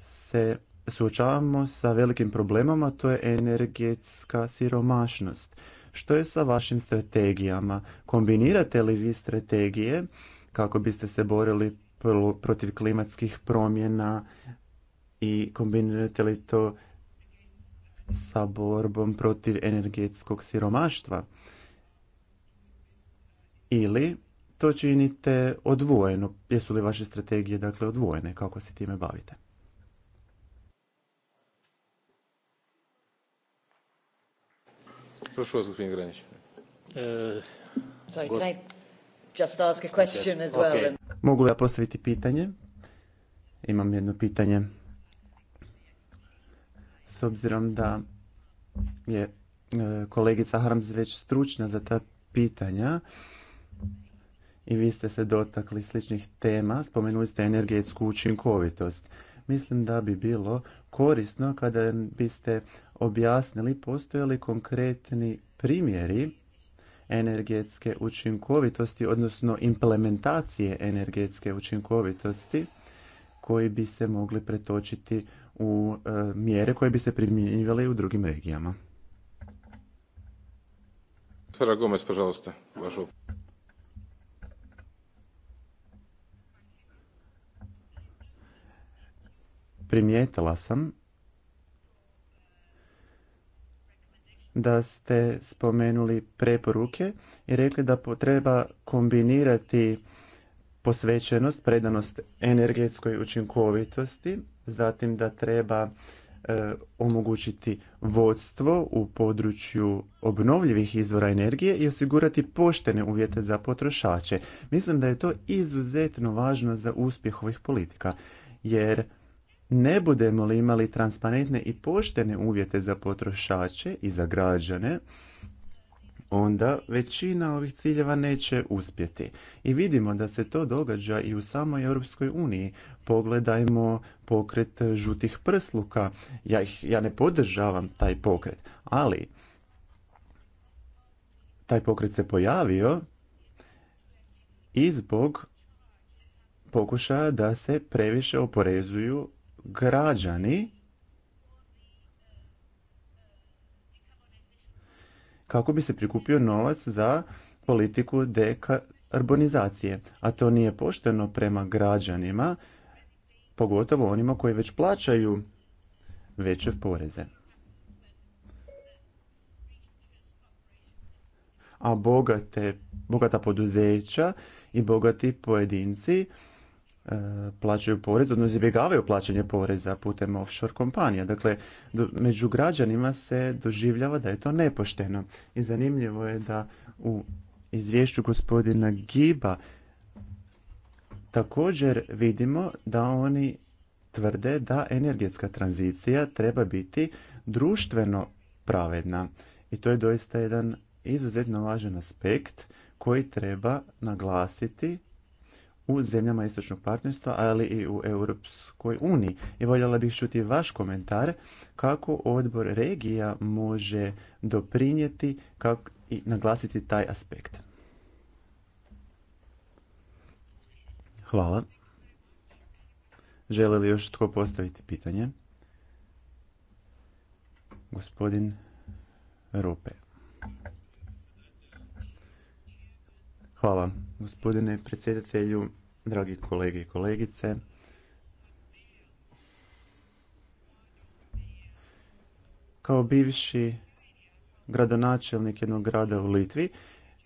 Speaker 4: se suočavamo sa velikim problemom, to je energetska siromašnost. Što je sa vašim strategijama? Kombinirate li vi strategije kako biste se borili protiv klimatskih promjena i kombinirate li to sa borbom protiv energetskog siromaštva ili to činite odvojeno. Jesu li vaše strategije dakle odvojene kako se time bavite? Mogu ja postaviti pitanje? Imam jedno pitanje. S obzirom da je e, kolegica Harms već stručna za ta pitanja i vi ste se dotakli sličnih tema, spomenuli ste energetsku učinkovitost. Mislim da bi bilo korisno kada biste objasnili postoje li konkretni primjeri energetske učinkovitosti, odnosno implementacije energetske učinkovitosti koji bi se mogli pretočiti u e, mjere koje bi se primjenjivale u drugim regijama. Gomez, Primijetila sam da ste spomenuli preporuke i rekli da treba kombinirati posvećenost, predanost energetskoj učinkovitosti, zatim da treba e, omogućiti vodstvo u području obnovljivih izvora energije i osigurati poštene uvjete za potrošače. Mislim da je to izuzetno važno za uspjeh ovih politika jer ne budemo li imali transparentne i poštene uvjete za potrošače i za građane, onda većina ovih ciljeva neće uspjeti. I vidimo da se to događa i u samoj Europskoj uniji. Pogledajmo pokret žutih prsluka. Ja, ih, ja ne podržavam taj pokret, ali taj pokret se pojavio i zbog pokušaja da se previše oporezuju građani kako bi se prikupio novac za politiku dekarbonizacije. A to nije pošteno prema građanima, pogotovo onima koji već plaćaju veće poreze. A bogate, bogata poduzeća i bogati pojedinci E, plaćaju porez, odnosno izbjegavaju plaćanje poreza putem offshore kompanija. Dakle, među građanima se doživljava da je to nepošteno. I zanimljivo je da u izvješću gospodina Giba također vidimo da oni tvrde da energetska tranzicija treba biti društveno pravedna. I to je doista jedan izuzetno važan aspekt koji treba naglasiti u zemljama istočnog partnerstva, ali i u Europskoj uniji. I voljela bih čuti vaš komentar kako odbor regija može doprinijeti kako i naglasiti taj aspekt. Hvala. Želi li još tko postaviti pitanje? Gospodin Rupe. Hvala gospodine predsjedatelju, dragi kolege i kolegice. Kao bivši gradonačelnik jednog grada u Litvi,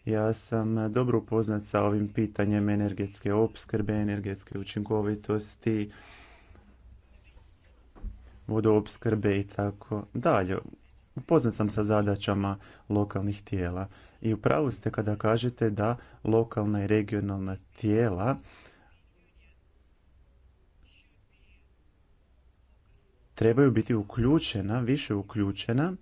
Speaker 4: ja sam dobro upoznat sa ovim pitanjem energetske opskrbe, energetske učinkovitosti, vodoopskrbe i tako dalje. Upoznat sam sa zadaćama lokalnih tijela. I u pravu ste kada kažete da lokalna i regionalna tijela trebaju biti uključena, više uključena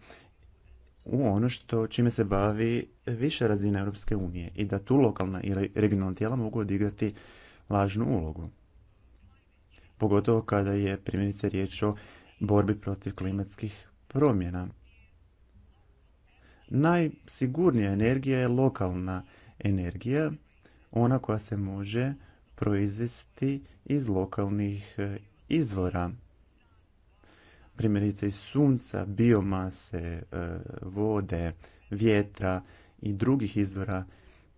Speaker 4: u ono što čime se bavi više razina Europske unije i da tu lokalna ili regionalna tijela mogu odigrati važnu ulogu. Pogotovo kada je primjerice riječ o borbi protiv klimatskih promjena. Najsigurnija energija je lokalna energija, ona koja se može proizvesti iz lokalnih e, izvora. Primjerice iz sunca, biomase, e, vode, vjetra i drugih izvora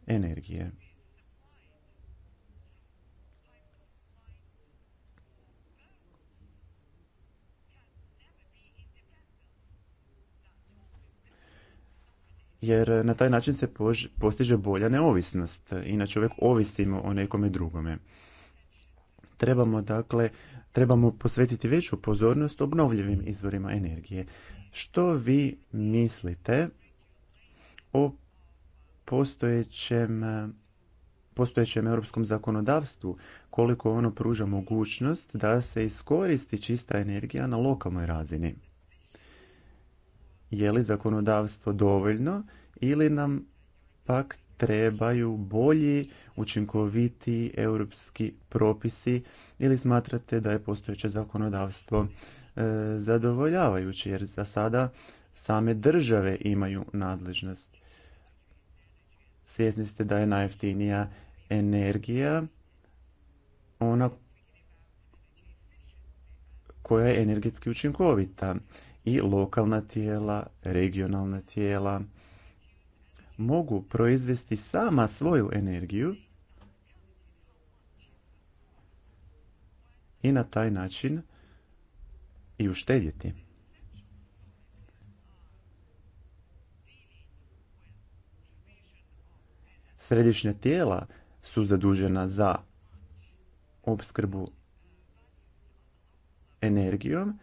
Speaker 4: energije. jer na taj način se postiže bolja neovisnost. Inače uvijek ovisimo o nekome drugome. Trebamo dakle, trebamo posvetiti veću pozornost obnovljivim izvorima energije. Što vi mislite o postojećem postojećem europskom zakonodavstvu, koliko ono pruža mogućnost da se iskoristi čista energija na lokalnoj razini je li zakonodavstvo dovoljno ili nam pak trebaju bolji, učinkoviti europski propisi ili smatrate da je postojeće zakonodavstvo e, zadovoljavajuće jer za sada same države imaju nadležnost. Svjesni ste da je najjeftinija energija ona koja je energetski učinkovita i lokalna tijela, regionalna tijela mogu proizvesti sama svoju energiju i na taj način i uštedjeti. Središnja tijela su zadužena za opskrbu energijom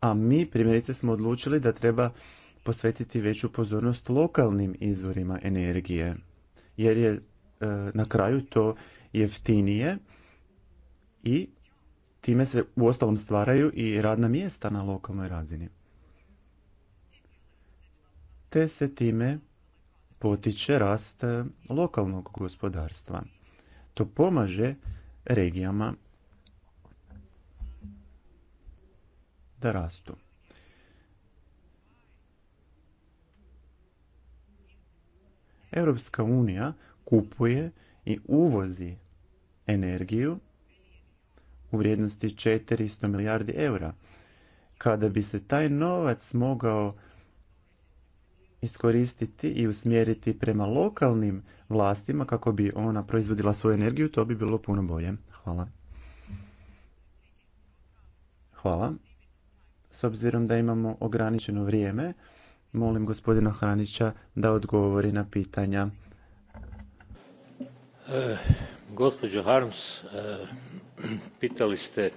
Speaker 4: a mi primjerice smo odlučili da treba posvetiti veću pozornost lokalnim izvorima energije jer je e, na kraju to jeftinije i time se uostalom stvaraju i radna mjesta na lokalnoj razini te se time potiče rast e, lokalnog gospodarstva to pomaže regijama da rastu. Europska unija kupuje i uvozi energiju u vrijednosti 400 milijardi eura. Kada bi se taj novac mogao iskoristiti i usmjeriti prema lokalnim vlastima kako bi ona proizvodila svoju energiju, to bi bilo puno bolje. Hvala. Hvala. S obzirom da imamo ograničeno vrijeme, molim gospodina Hranića da odgovori na pitanja.
Speaker 3: E, gospođo Harms, e, pitali ste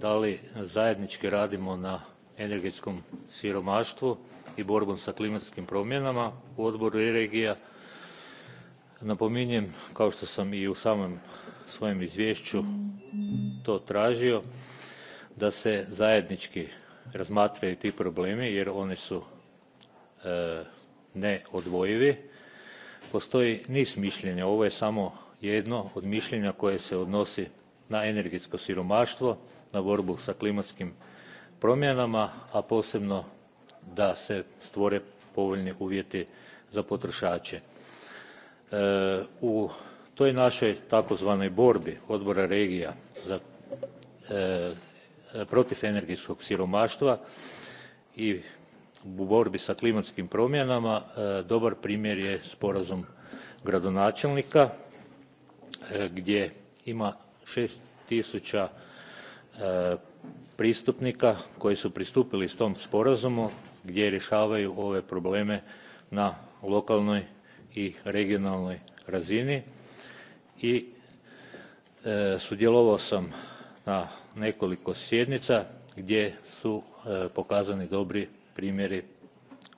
Speaker 3: da li zajednički radimo na energetskom siromaštvu i borbom sa klimatskim promjenama u odboru i regija. Napominjem, kao što sam i u samom svojem izvješću to tražio, da se zajednički razmatraju ti problemi jer oni su e, neodvojivi. Postoji niz mišljenja, ovo je samo jedno od mišljenja koje se odnosi na energetsko siromaštvo, na borbu sa klimatskim promjenama, a posebno da se stvore povoljni uvjeti za potrošače. E, u toj našoj takozvanoj borbi odbora regija za e, protiv energetskog siromaštva i u borbi sa klimatskim promjenama e, dobar primjer je sporazum gradonačelnika e, gdje ima šest tisuća e, pristupnika koji su pristupili s tom sporazumu gdje rješavaju ove probleme na lokalnoj i regionalnoj razini i sudjelovao sam na nekoliko sjednica gdje su e, pokazani dobri primjeri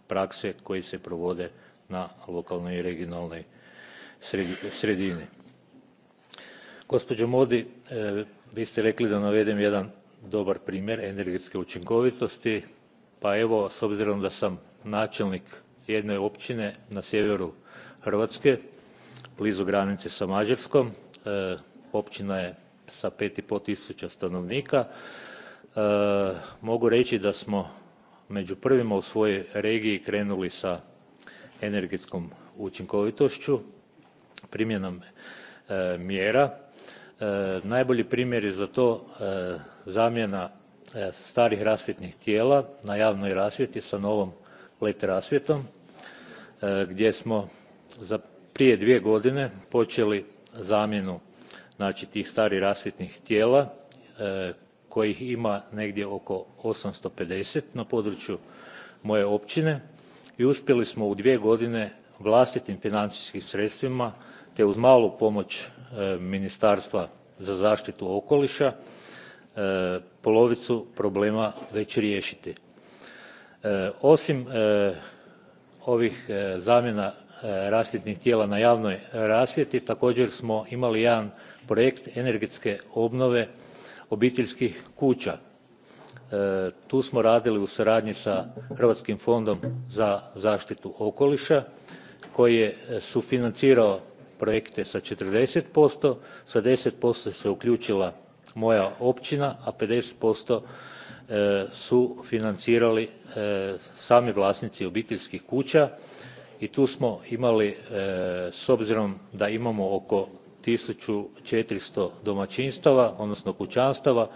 Speaker 3: prakse koji se provode na lokalnoj i regionalnoj sredini. Gospođo Modi, e, vi ste rekli da navedem jedan dobar primjer energetske učinkovitosti, pa evo, s obzirom da sam načelnik jedne općine na sjeveru Hrvatske, blizu granice sa Mađarskom, e, općina je sa 5,5 tisuća stanovnika. E, mogu reći da smo među prvima u svojoj regiji krenuli sa energetskom učinkovitošću, primjenom e, mjera. E, najbolji primjer je za to zamjena starih rasvjetnih tijela na javnoj rasvjeti sa novom let rasvjetom, gdje smo za prije dvije godine počeli zamjenu znači tih starih rasvjetnih tijela e, kojih ima negdje oko 850 na području moje općine i uspjeli smo u dvije godine vlastitim financijskim sredstvima te uz malu pomoć e, Ministarstva za zaštitu okoliša e, polovicu problema već riješiti. Osim ovih zamjena rasvjetnih tijela na javnoj rasvjeti također smo imali jedan projekt energetske obnove obiteljskih kuća. E, tu smo radili u suradnji sa Hrvatskim fondom za zaštitu okoliša koji je sufinancirao projekte sa 40%, sa 10% se uključila moja općina, a 50% e, su financirali e, sami vlasnici obiteljskih kuća i tu smo imali s obzirom da imamo oko 1400 domaćinstava, odnosno kućanstava.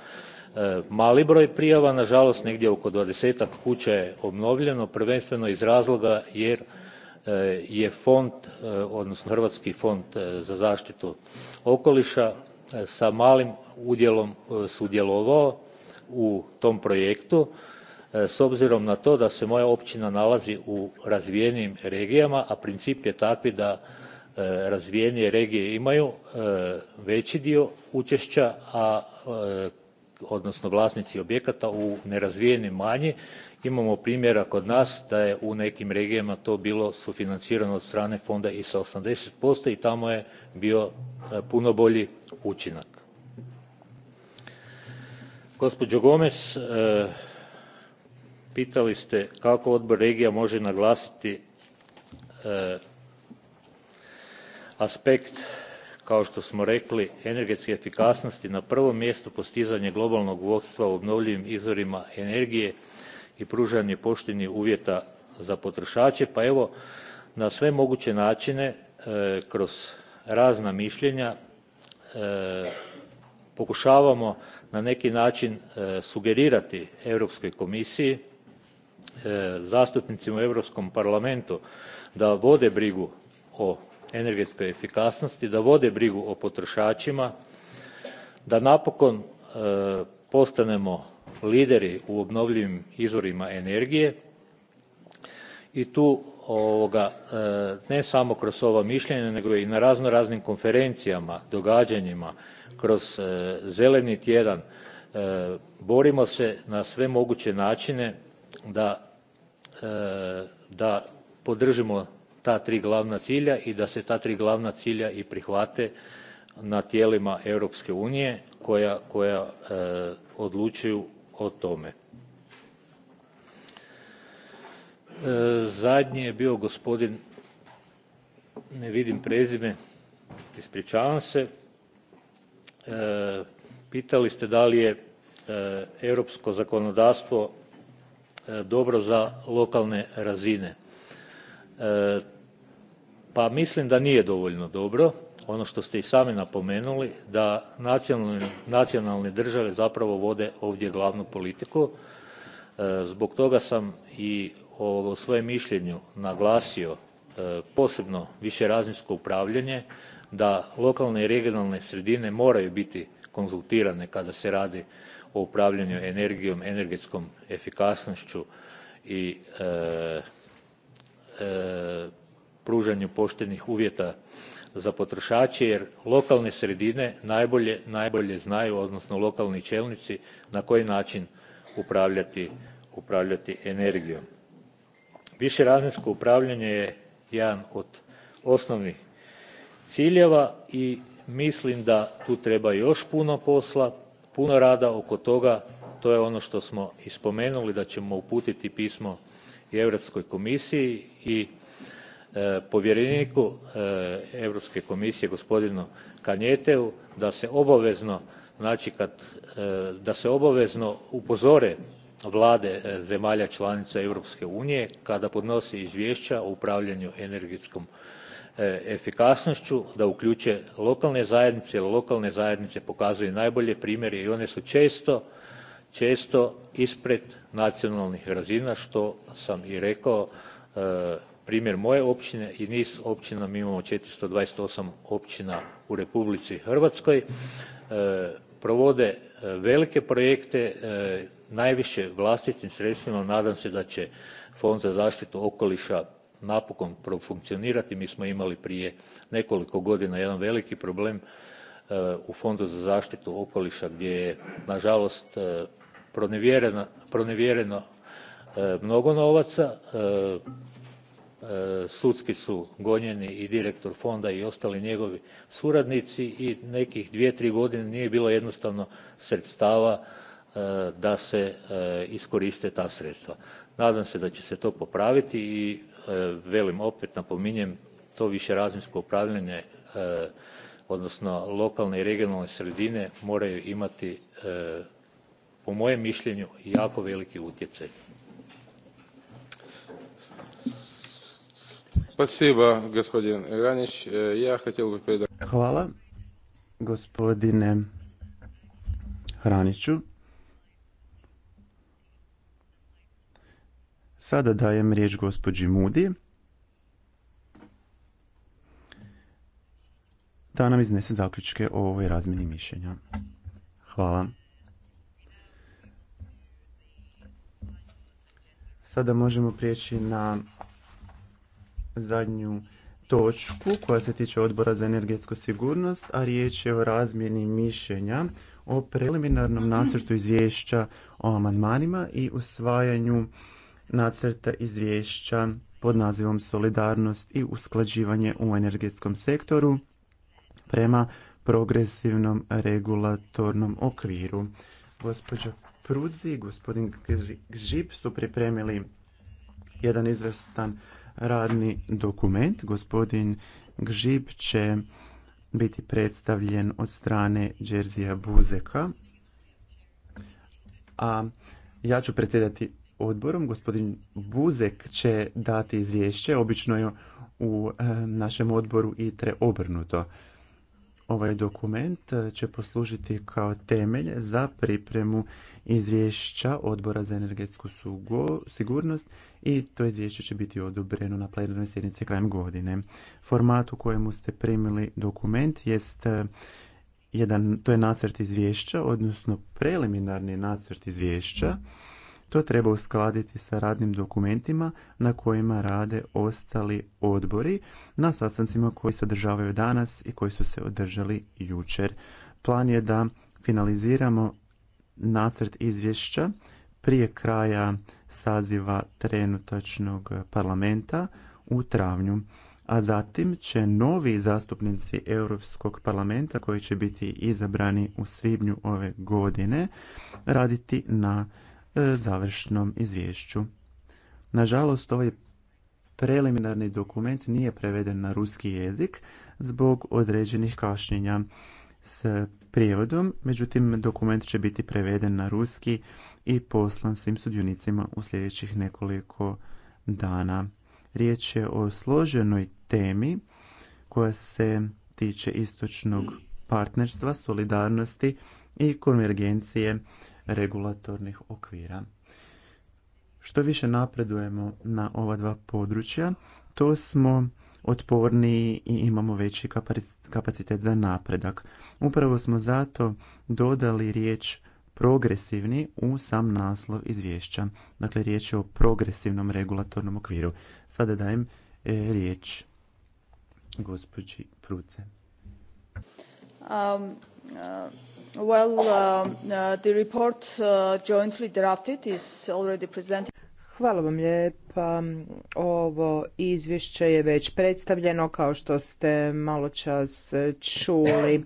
Speaker 3: E, mali broj prijava, nažalost negdje oko 20 kuća je obnovljeno, prvenstveno iz razloga jer e, je fond, e, odnosno Hrvatski fond za zaštitu okoliša sa malim udjelom sudjelovao u tom projektu s obzirom na to da se moja općina nalazi u razvijenim regijama, a princip je takvi da E, razvijenije regije imaju e, veći dio učešća, a e, odnosno vlasnici objekata u nerazvijenim manji. Imamo primjera kod nas da je u nekim regijama to bilo sufinancirano od strane fonda i sa 80% i tamo je bio puno bolji učinak. Gospođo gomes pitali ste kako odbor regija može naglasiti aspekt kao što smo rekli energetske efikasnosti na prvom mjestu postizanje globalnog vodstva u obnovljivim izvorima energije i pružanje poštenih uvjeta za potrošače pa evo na sve moguće načine e, kroz razna mišljenja e, pokušavamo na neki način e, sugerirati europskoj komisiji zastupnicima u europskom parlamentu da vode brigu o energetskoj efikasnosti, da vode brigu o potrošačima, da napokon e, postanemo lideri u obnovljivim izvorima energije i tu ovoga, e, ne samo kroz ova mišljenja, nego i na razno raznim konferencijama, događanjima, kroz e, zeleni tjedan, borimo se na sve moguće načine da, da podržimo ta tri glavna cilja i da se ta tri glavna cilja i prihvate na tijelima Europske unije koja, koja e, odlučuju o tome. E, zadnji je bio gospodin, ne vidim prezime, ispričavam se. E, pitali ste da li je europsko zakonodavstvo dobro za lokalne razine. E, pa mislim da nije dovoljno dobro ono što ste i sami napomenuli da nacionalne, nacionalne države zapravo vode ovdje glavnu politiku. E, zbog toga sam i u svojem mišljenju naglasio e, posebno višerazinsko upravljanje, da lokalne i regionalne sredine moraju biti konzultirane kada se radi o upravljanju energijom, energetskom efikasnošću i E, pružanju poštenih uvjeta za potrošače jer lokalne sredine najbolje, najbolje znaju, odnosno lokalni čelnici, na koji način upravljati, upravljati energijom. razinsko upravljanje je jedan od osnovnih ciljeva i mislim da tu treba još puno posla, puno rada oko toga. To je ono što smo i spomenuli da ćemo uputiti pismo i europskoj komisiji i e, povjereniku e, europske komisije gospodinu Kanjeteu da se obavezno znači kad e, da se obavezno upozore vlade zemalja članica europske unije kada podnose izvješća o upravljanju energetskom efikasnošću da uključe lokalne zajednice jer lokalne zajednice pokazuju najbolje primjere i one su često često ispred nacionalnih razina što sam i rekao e, primjer moje općine i niz općina mi imamo 428 općina u Republici Hrvatskoj e, provode e, velike projekte najviše vlastitim sredstvima. Nadam se da će Fond za zaštitu okoliša napokon profunkcionirati. Mi smo imali prije nekoliko godina jedan veliki problem u Fondu za zaštitu okoliša gdje je nažalost pronevjereno, e, mnogo novaca e, e, sudski su gonjeni i direktor fonda i ostali njegovi suradnici i nekih dvije tri godine nije bilo jednostavno sredstava da se iskoriste ta sredstva. Nadam se da će se to popraviti i velim opet napominjem to višerazinsko upravljanje odnosno lokalne i regionalne sredine moraju imati po mojem mišljenju jako veliki utjecaj.
Speaker 4: E, Hvala gospodine Hraniću. Sada dajem riječ gospođi Mudi. Da nam iznese zaključke o ovoj razmjeni mišljenja. Hvala. Sada možemo prijeći na zadnju točku koja se tiče odbora za energetsku sigurnost, a riječ je o razmjeni mišljenja o preliminarnom nacrtu izvješća o amandmanima i usvajanju nacrta izvješća pod nazivom Solidarnost i usklađivanje u energetskom sektoru prema progresivnom regulatornom okviru. Gospođo Prudzi i gospodin Gžip su pripremili jedan izvrstan radni dokument. Gospodin Gžip će biti predstavljen od strane Džerzija Buzeka. A ja ću predsjedati odborom. Gospodin Buzek će dati izvješće. Obično je u e, našem odboru i tre obrnuto. Ovaj dokument e, će poslužiti kao temelj za pripremu izvješća odbora za energetsku sigurnost i to izvješće će biti odobreno na plenarnoj sjednici krajem godine. Format u kojemu ste primili dokument jest eh, jedan, to je nacrt izvješća, odnosno preliminarni nacrt izvješća. To treba uskladiti sa radnim dokumentima na kojima rade ostali odbori na sastancima koji se održavaju danas i koji su se održali jučer. Plan je da finaliziramo nacrt izvješća prije kraja saziva trenutačnog parlamenta u travnju a zatim će novi zastupnici Europskog parlamenta koji će biti izabrani u svibnju ove godine raditi na e, završnom izvješću. Nažalost, ovaj preliminarni dokument nije preveden na ruski jezik zbog određenih kašnjenja s prijevodom, međutim dokument će biti preveden na ruski i poslan svim sudionicima u sljedećih nekoliko dana. Riječ je o složenoj temi koja se tiče istočnog partnerstva, solidarnosti i konvergencije regulatornih okvira. Što više napredujemo na ova dva područja, to smo otporniji i imamo veći kapacitet za napredak. Upravo smo zato dodali riječ progresivni u sam naslov izvješća. Dakle, riječ je o progresivnom regulatornom okviru. Sada dajem e, riječ gospođi Pruce.
Speaker 2: Um, uh... Well, uh, uh, the report uh, jointly drafted is already presented.
Speaker 1: Hvala vam je lijepa. Ovo izvješće je već predstavljeno kao što ste malo čas čuli.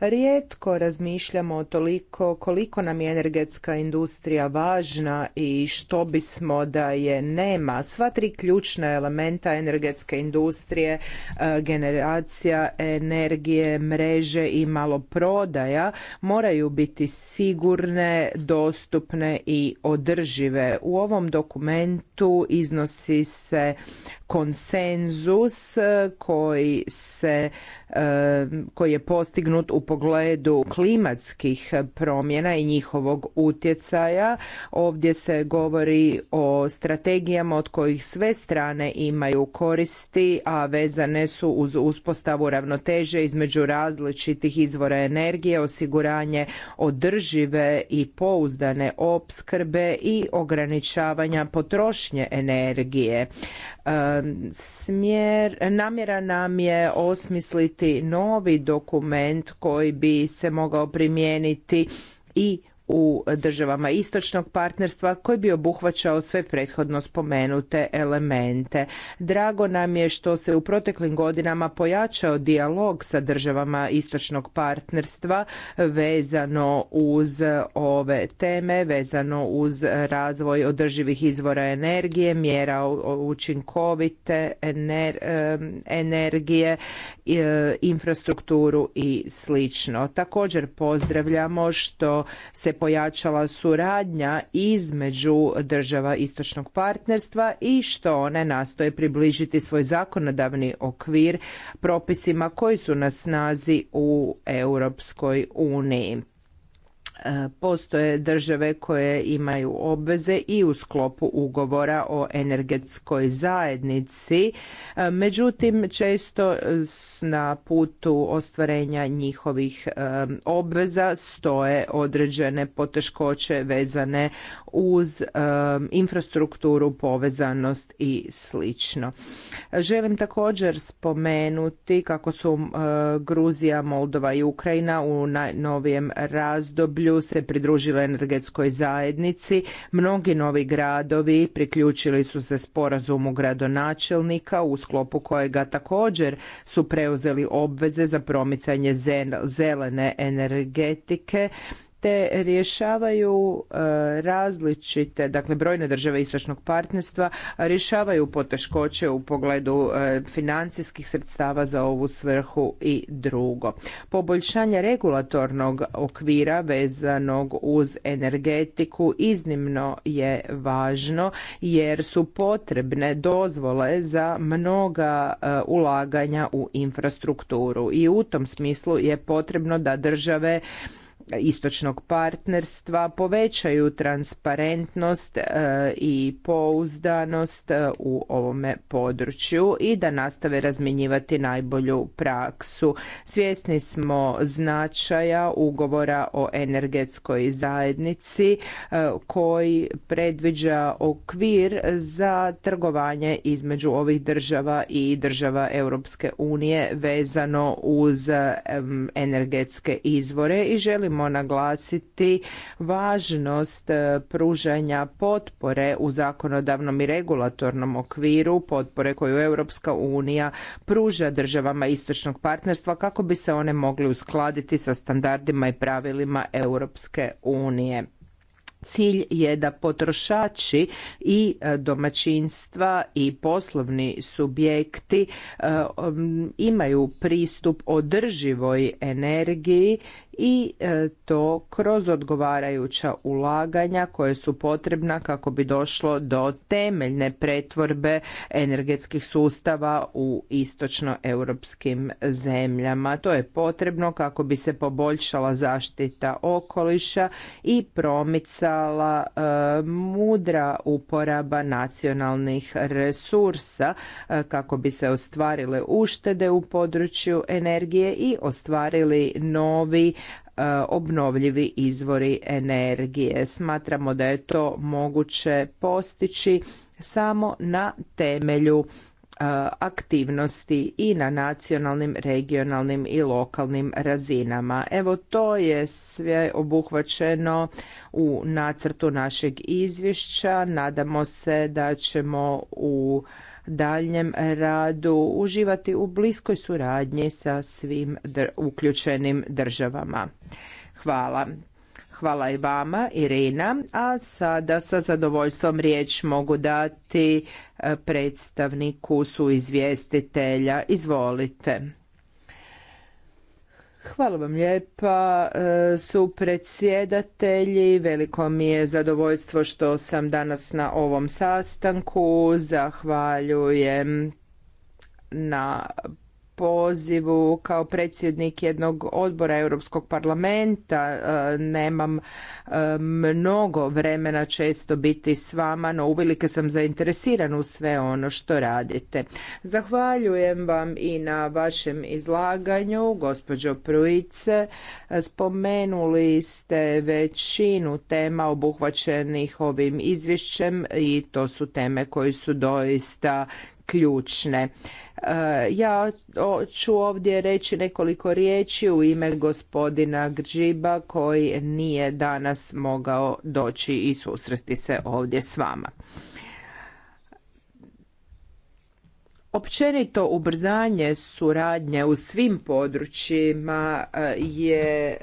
Speaker 1: Rijetko razmišljamo o toliko koliko nam je energetska industrija važna i što bismo da je nema. Sva tri ključna elementa energetske industrije, e, generacija energije, mreže i maloprodaja moraju biti sigurne, dostupne i održive. U ovom dokumentu iznosi se konsenzus koji se koji je postignut u pogledu klimatskih promjena i njihovog utjecaja. Ovdje se govori o strategijama od kojih sve strane imaju koristi, a vezane su uz uspostavu ravnoteže između različitih izvora energije, osiguranje održive i pouzdane opskrbe i ograničavanja potrošnje energije. Smjer, namjera nam je osmisliti novi dokument koji bi se mogao primijeniti i u državama istočnog partnerstva koji bi obuhvaćao sve prethodno spomenute elemente. Drago nam je što se u proteklim godinama pojačao dijalog sa državama istočnog partnerstva vezano uz ove teme, vezano uz razvoj održivih izvora energije, mjera učinkovite energije, e, infrastrukturu i slično. Također pozdravljamo što se pojačala suradnja između država istočnog partnerstva i što one nastoje približiti svoj zakonodavni okvir propisima koji su na snazi u Europskoj uniji. E, postoje države koje imaju obveze i u sklopu ugovora o energetskoj zajednici, e, međutim često na putu ostvarenja njihovih e, obveza stoje određene poteškoće vezane uz infrastrukturu, povezanost i slično. Želim također spomenuti kako su Gruzija, Moldova i Ukrajina u najnovijem razdoblju EU se pridružila energetskoj zajednici, mnogi novi gradovi priključili su se sporazumu gradonačelnika u sklopu kojega također su preuzeli obveze za promicanje zelene energetike te rješavaju e, različite, dakle brojne države istočnog partnerstva rješavaju poteškoće u pogledu e, financijskih sredstava za ovu svrhu i drugo. Poboljšanje regulatornog okvira vezanog uz energetiku iznimno je važno jer su potrebne dozvole za mnoga e, ulaganja u infrastrukturu i u tom smislu je potrebno da države istočnog partnerstva povećaju transparentnost e, i pouzdanost e, u ovome području i da nastave razmjenjivati najbolju praksu. Svjesni smo značaja ugovora o energetskoj zajednici e, koji predviđa okvir za trgovanje između ovih država i država Europske unije vezano uz energetske izvore i želimo želimo naglasiti važnost e, pružanja potpore u zakonodavnom i regulatornom okviru, potpore koju Europska unija pruža državama istočnog partnerstva kako bi se one mogle uskladiti sa standardima i pravilima Europske unije. Cilj je da potrošači i e, domaćinstva i poslovni subjekti e, imaju pristup održivoj energiji i e, to kroz odgovarajuća ulaganja koje su potrebna kako bi došlo do temeljne pretvorbe energetskih sustava u istočnoeuropskim zemljama. To je potrebno kako bi se poboljšala zaštita okoliša i promicala e, mudra uporaba nacionalnih resursa e, kako bi se ostvarile uštede u području energije i ostvarili novi E, obnovljivi izvori energije. Smatramo da je to moguće postići samo na temelju aktivnosti i na nacionalnim, regionalnim i lokalnim razinama. Evo to je sve obuhvaćeno u nacrtu našeg izvješća. Nadamo se da ćemo u daljem radu uživati u bliskoj suradnji sa svim uključenim državama. Hvala. Hvala i vama, Irina. A sada sa zadovoljstvom riječ mogu dati e, predstavniku su izvjestitelja. Izvolite. Hvala vam lijepa, e, su predsjedatelji. Veliko mi je zadovoljstvo što sam danas na ovom sastanku. Zahvaljujem na pozivu kao predsjednik jednog odbora Europskog parlamenta e, nemam e, mnogo vremena često biti s vama, no uvelike sam zainteresiran u sve ono što radite. Zahvaljujem vam i na vašem izlaganju, gospođo Prujice. Spomenuli ste većinu tema obuhvaćenih ovim izvješćem i to su teme koji su doista ključne. E, ja ću ovdje reći nekoliko riječi u ime gospodina Gržiba koji nije danas mogao doći i susresti se ovdje s vama. Općenito ubrzanje suradnje u svim područjima e, je e,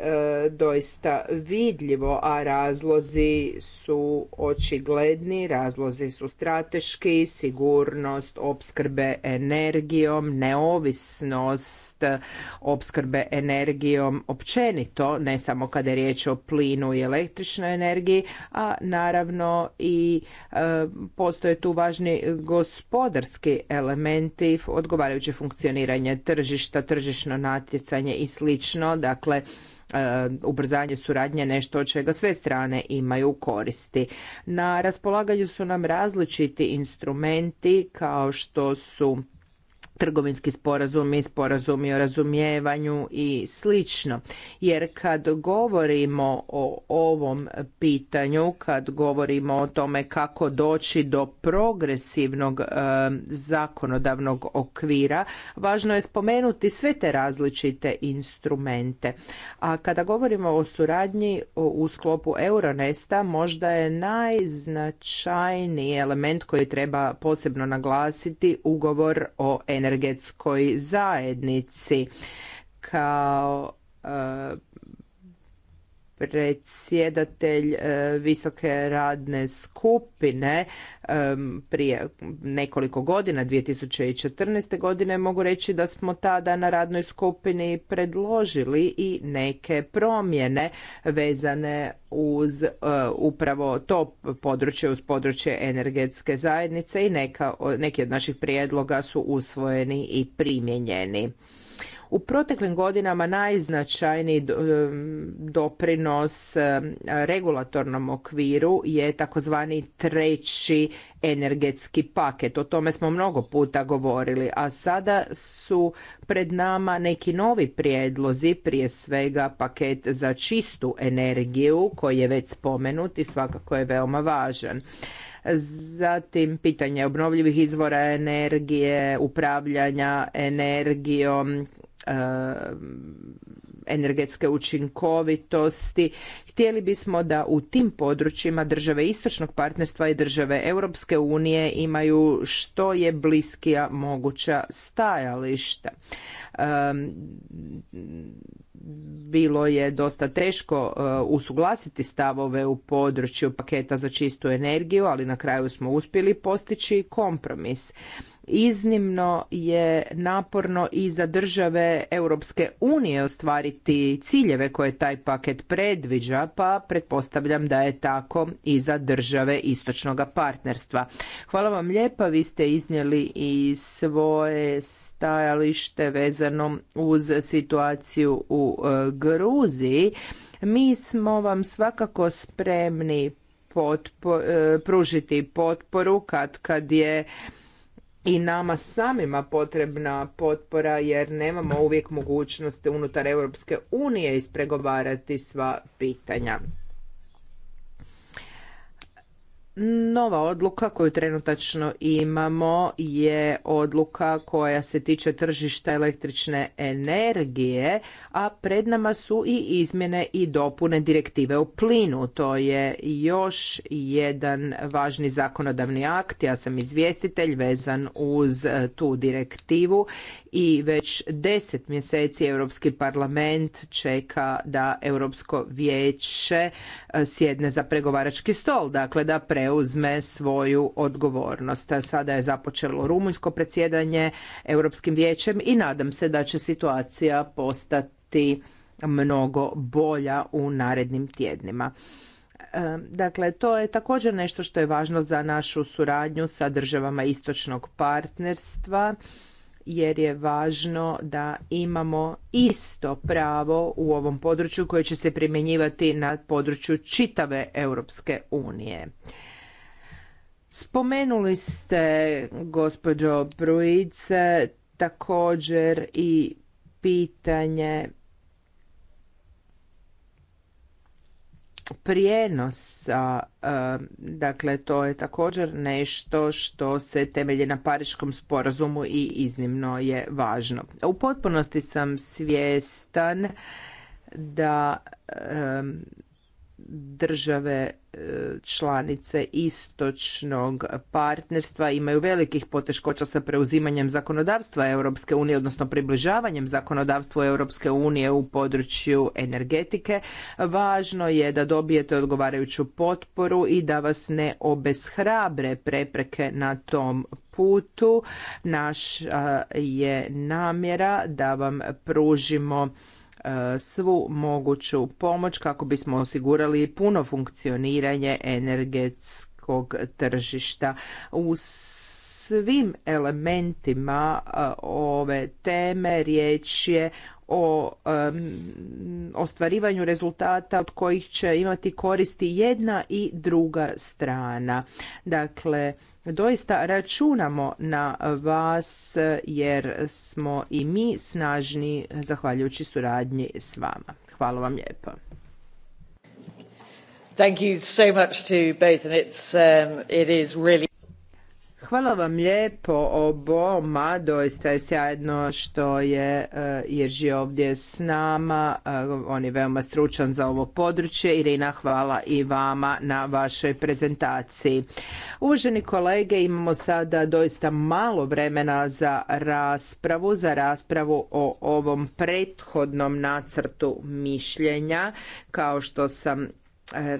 Speaker 1: doista vidljivo, a razlozi su očigledni, razlozi su strateški, sigurnost opskrbe energijom, neovisnost opskrbe energijom općenito, ne samo kada je riječ o plinu i električnoj energiji, a naravno i e, postoje tu važni gospodarski elementi elementi odgovarajuće funkcioniranje tržišta, tržišno natjecanje i slično. Dakle, e, ubrzanje suradnje nešto od čega sve strane imaju koristi. Na raspolaganju su nam različiti instrumenti kao što su trgovinski sporazumi, sporazumi o razumijevanju i slično. Jer kad govorimo o ovom pitanju, kad govorimo o tome kako doći do progresivnog e, zakonodavnog okvira, važno je spomenuti sve te različite instrumente. A kada govorimo o suradnji u sklopu Euronesta, možda je najznačajniji element koji treba posebno naglasiti ugovor o energetskoj zajednici kao e, predsjedatelj e, visoke radne skupine e, prije nekoliko godina 2014. godine mogu reći da smo tada na radnoj skupini predložili i neke promjene vezane uz e, upravo to područje uz područje energetske zajednice i neka, neki od naših prijedloga su usvojeni i primijenjeni. U proteklim godinama najznačajniji e, doprinos e, regulatornom okviru je takozvani treći energetski paket. O tome smo mnogo puta govorili, a sada su pred nama neki novi prijedlozi, prije svega paket za čistu energiju koji je već spomenut i svakako je veoma važan. Zatim pitanje obnovljivih izvora energije, upravljanja energijom, Eh, energetske učinkovitosti. Htjeli bismo da u tim područjima države istočnog partnerstva i države Europske unije imaju što je bliskija moguća stajališta. Bilo je dosta teško eh, usuglasiti stavove u području paketa za čistu energiju, ali na kraju smo uspjeli postići kompromis iznimno je naporno i za države Europske unije ostvariti ciljeve koje taj paket predviđa, pa pretpostavljam da je tako i za države istočnog partnerstva. Hvala vam lijepa, vi ste iznijeli i svoje stajalište vezano uz situaciju u e, Gruziji. Mi smo vam svakako spremni e, pružiti potporu kad kad je i nama samima potrebna potpora jer nemamo uvijek mogućnost unutar Europske unije ispregovarati sva pitanja. Nova odluka koju trenutačno imamo je odluka koja se tiče tržišta električne energije, a pred nama su i izmjene i dopune direktive o plinu. To je još jedan važni zakonodavni akt. Ja sam izvjestitelj vezan uz e, tu direktivu i već deset mjeseci Europski parlament čeka da Europsko vijeće e, sjedne za pregovarački stol, dakle da pre preuzme svoju odgovornost. Sada je započelo rumunjsko predsjedanje Europskim vijećem i nadam se da će situacija postati mnogo bolja u narednim tjednima. E, dakle, to je također nešto što je važno za našu suradnju sa državama istočnog partnerstva jer je važno da imamo isto pravo u ovom području koje će se primjenjivati na području čitave Europske unije. Spomenuli ste, gospođo Brujice, također i pitanje prijenosa, eh, dakle to je također nešto što se temelji na Pariškom sporazumu i iznimno je važno. U potpunosti sam svjestan da eh, države e, članice istočnog partnerstva imaju velikih poteškoća sa preuzimanjem zakonodavstva Europske unije, odnosno približavanjem zakonodavstvu Europske unije u području energetike. Važno je da dobijete odgovarajuću potporu i da vas ne obeshrabre prepreke na tom putu. Naša je namjera da vam pružimo svu moguću pomoć kako bismo osigurali puno funkcioniranje energetskog tržišta. U svim elementima e, ove teme riječ je o ostvarivanju rezultata od kojih će imati koristi jedna i druga strana. Dakle, doista računamo na vas jer smo i mi snažni zahvaljujući suradnji s vama. Hvala vam lijepo. Thank you so much to and it's um, it is really Hvala vam lijepo oboma, doista je sjajno što je eh, Irži ovdje s nama, eh, on je veoma stručan za ovo područje. Irina, hvala i vama na vašoj prezentaciji. Uvaženi kolege, imamo sada doista malo vremena za raspravu, za raspravu o ovom prethodnom nacrtu mišljenja. Kao što sam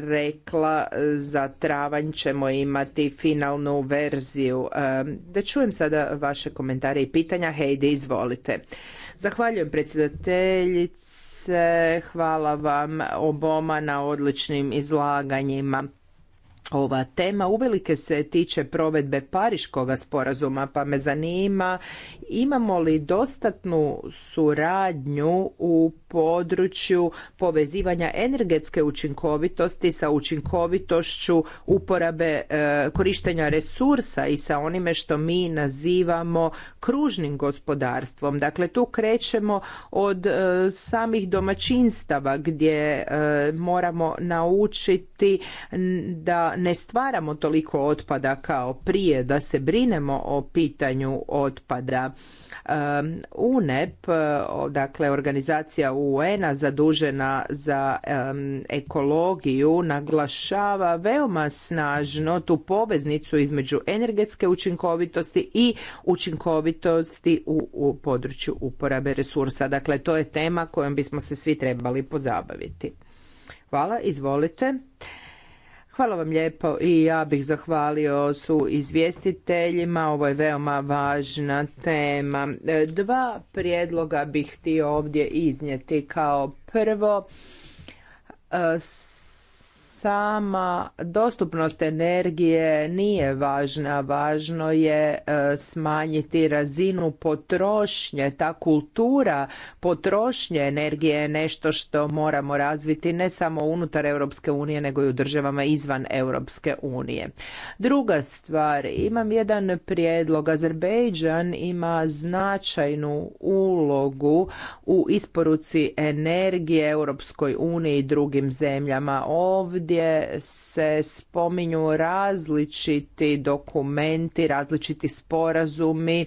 Speaker 1: rekla za travanj ćemo imati finalnu verziju. Da čujem sada vaše komentare i pitanja. Hejde, izvolite. Zahvaljujem predsjedateljice, hvala vam oboma na odličnim izlaganjima ova tema uvelike se tiče provedbe Pariškoga sporazuma, pa me zanima imamo li dostatnu suradnju u području povezivanja energetske učinkovitosti sa učinkovitošću uporabe e, korištenja resursa i sa onime što mi nazivamo kružnim gospodarstvom. Dakle, tu krećemo od e, samih domaćinstava gdje e, moramo naučiti da ne stvaramo toliko otpada kao prije, da se brinemo o pitanju otpada. UNEP, e, dakle organizacija UN-a zadužena za ekologiju, naglašava veoma snažno tu poveznicu između energetske učinkovitosti i učinkovitosti u, u području uporabe resursa. Dakle, to je tema kojom bismo se svi trebali pozabaviti. Hvala, izvolite. Hvala vam lijepo i ja bih zahvalio su izvjestiteljima. Ovo je veoma važna tema. E, dva prijedloga bih htio ovdje iznijeti. Kao prvo, e, sama dostupnost energije nije važna, važno je e, smanjiti razinu potrošnje. Ta kultura potrošnje energije je nešto što moramo razviti ne samo unutar Europske unije nego i u državama izvan Europske unije. Druga stvar, imam jedan prijedlog. Azerbejdžan ima značajnu ulogu u isporuci energije Europskoj uniji i drugim zemljama. Ovdje Ovdje se spominju različiti dokumenti, različiti sporazumi e,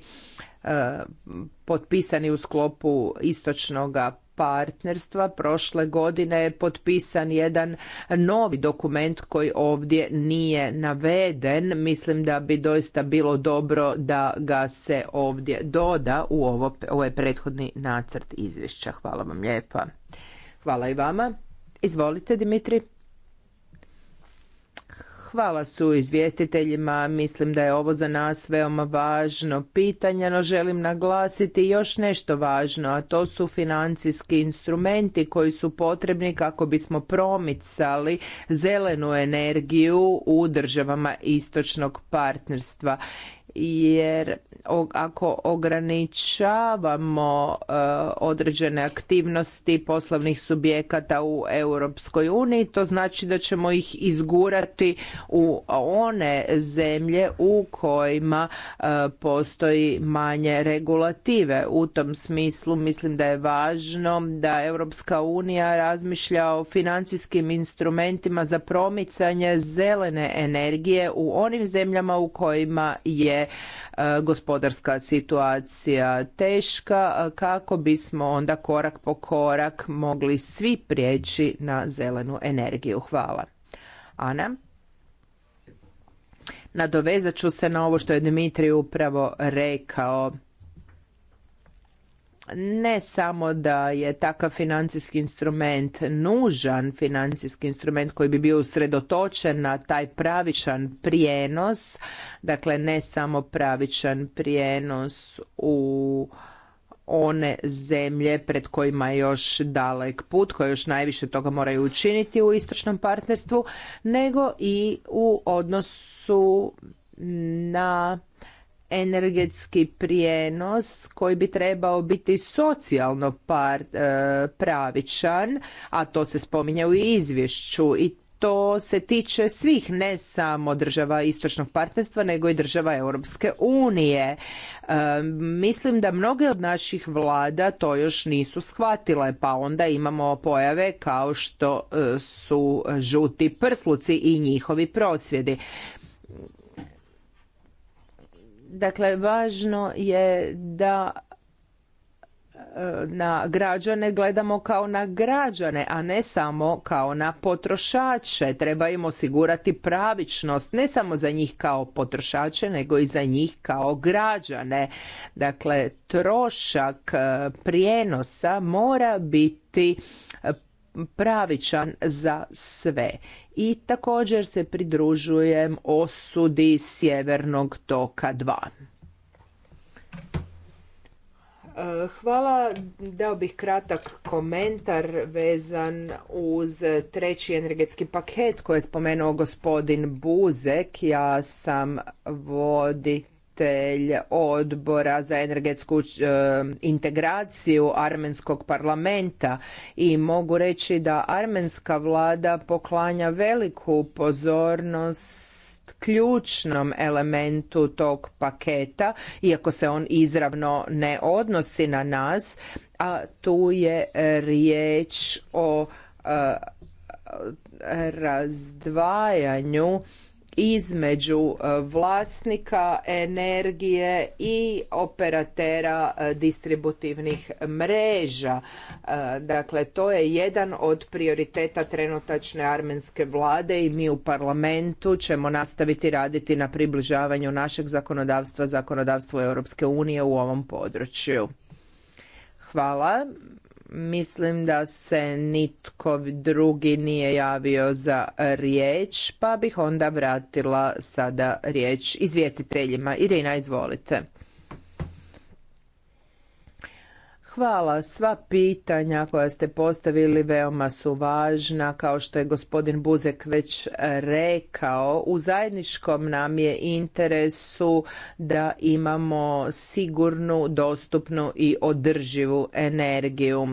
Speaker 1: potpisani u sklopu istočnog partnerstva. Prošle godine je potpisan jedan novi dokument koji ovdje nije naveden. Mislim da bi doista bilo dobro da ga se ovdje doda u ovo, ovaj prethodni nacrt izvješća. Hvala vam lijepa. Hvala i vama. Izvolite Dimitri. Hvala su izvjestiteljima, mislim da je ovo za nas veoma važno pitanje, no želim naglasiti još nešto važno, a to su financijski instrumenti koji su potrebni kako bismo promicali zelenu energiju u državama istočnog partnerstva jer ako ograničavamo e, određene aktivnosti poslovnih subjekata u Europskoj uniji to znači da ćemo ih izgurati u one zemlje u kojima e, postoji manje regulative. U tom smislu mislim da je važno da Europska unija razmišlja o financijskim instrumentima za promicanje zelene energije u onim zemljama u kojima je gospodarska situacija teška kako bismo onda korak po korak mogli svi prijeći na zelenu energiju. Hvala. Ana? Nadovezat ću se na ovo što je Dimitrij upravo rekao ne samo da je takav financijski instrument nužan financijski instrument koji bi bio usredotočen na taj pravičan prijenos, dakle ne samo pravičan prijenos u one zemlje pred kojima je još dalek put, koje još najviše toga moraju učiniti u istočnom partnerstvu, nego i u odnosu na energetski prijenos koji bi trebao biti socijalno par, e, pravičan, a to se spominje u izvješću i to se tiče svih, ne samo država istočnog partnerstva, nego i država Europske unije. E, mislim da mnoge od naših vlada to još nisu shvatile, pa onda imamo pojave kao što e, su žuti prsluci i njihovi prosvjedi. Dakle, važno je da e, na građane gledamo kao na građane, a ne samo kao na potrošače. Treba im osigurati pravičnost, ne samo za njih kao potrošače, nego i za njih kao građane. Dakle, trošak e, prijenosa mora biti pravičan za sve. I također se pridružujem osudi Sjevernog toka 2. Eh, hvala. Dao bih kratak komentar vezan uz treći energetski paket koji je spomenuo gospodin Buzek. Ja sam vodi odbora za energetsku e, integraciju armenskog parlamenta i mogu reći da armenska vlada poklanja veliku pozornost ključnom elementu tog paketa iako se on izravno ne odnosi na nas a tu je riječ o e, razdvajanju između e, vlasnika energije i operatera e, distributivnih mreža. E, dakle, to je jedan od prioriteta trenutačne armenske vlade i mi u parlamentu ćemo nastaviti raditi na približavanju našeg zakonodavstva zakonodavstvu Europske unije u ovom području. Hvala. Mislim da se nitko drugi nije javio za riječ, pa bih onda vratila sada riječ izvjestiteljima. Irina, izvolite. Hvala. Sva pitanja koja ste postavili veoma su važna, kao što je gospodin Buzek već rekao. U zajedničkom nam je interesu da imamo sigurnu, dostupnu i održivu energiju.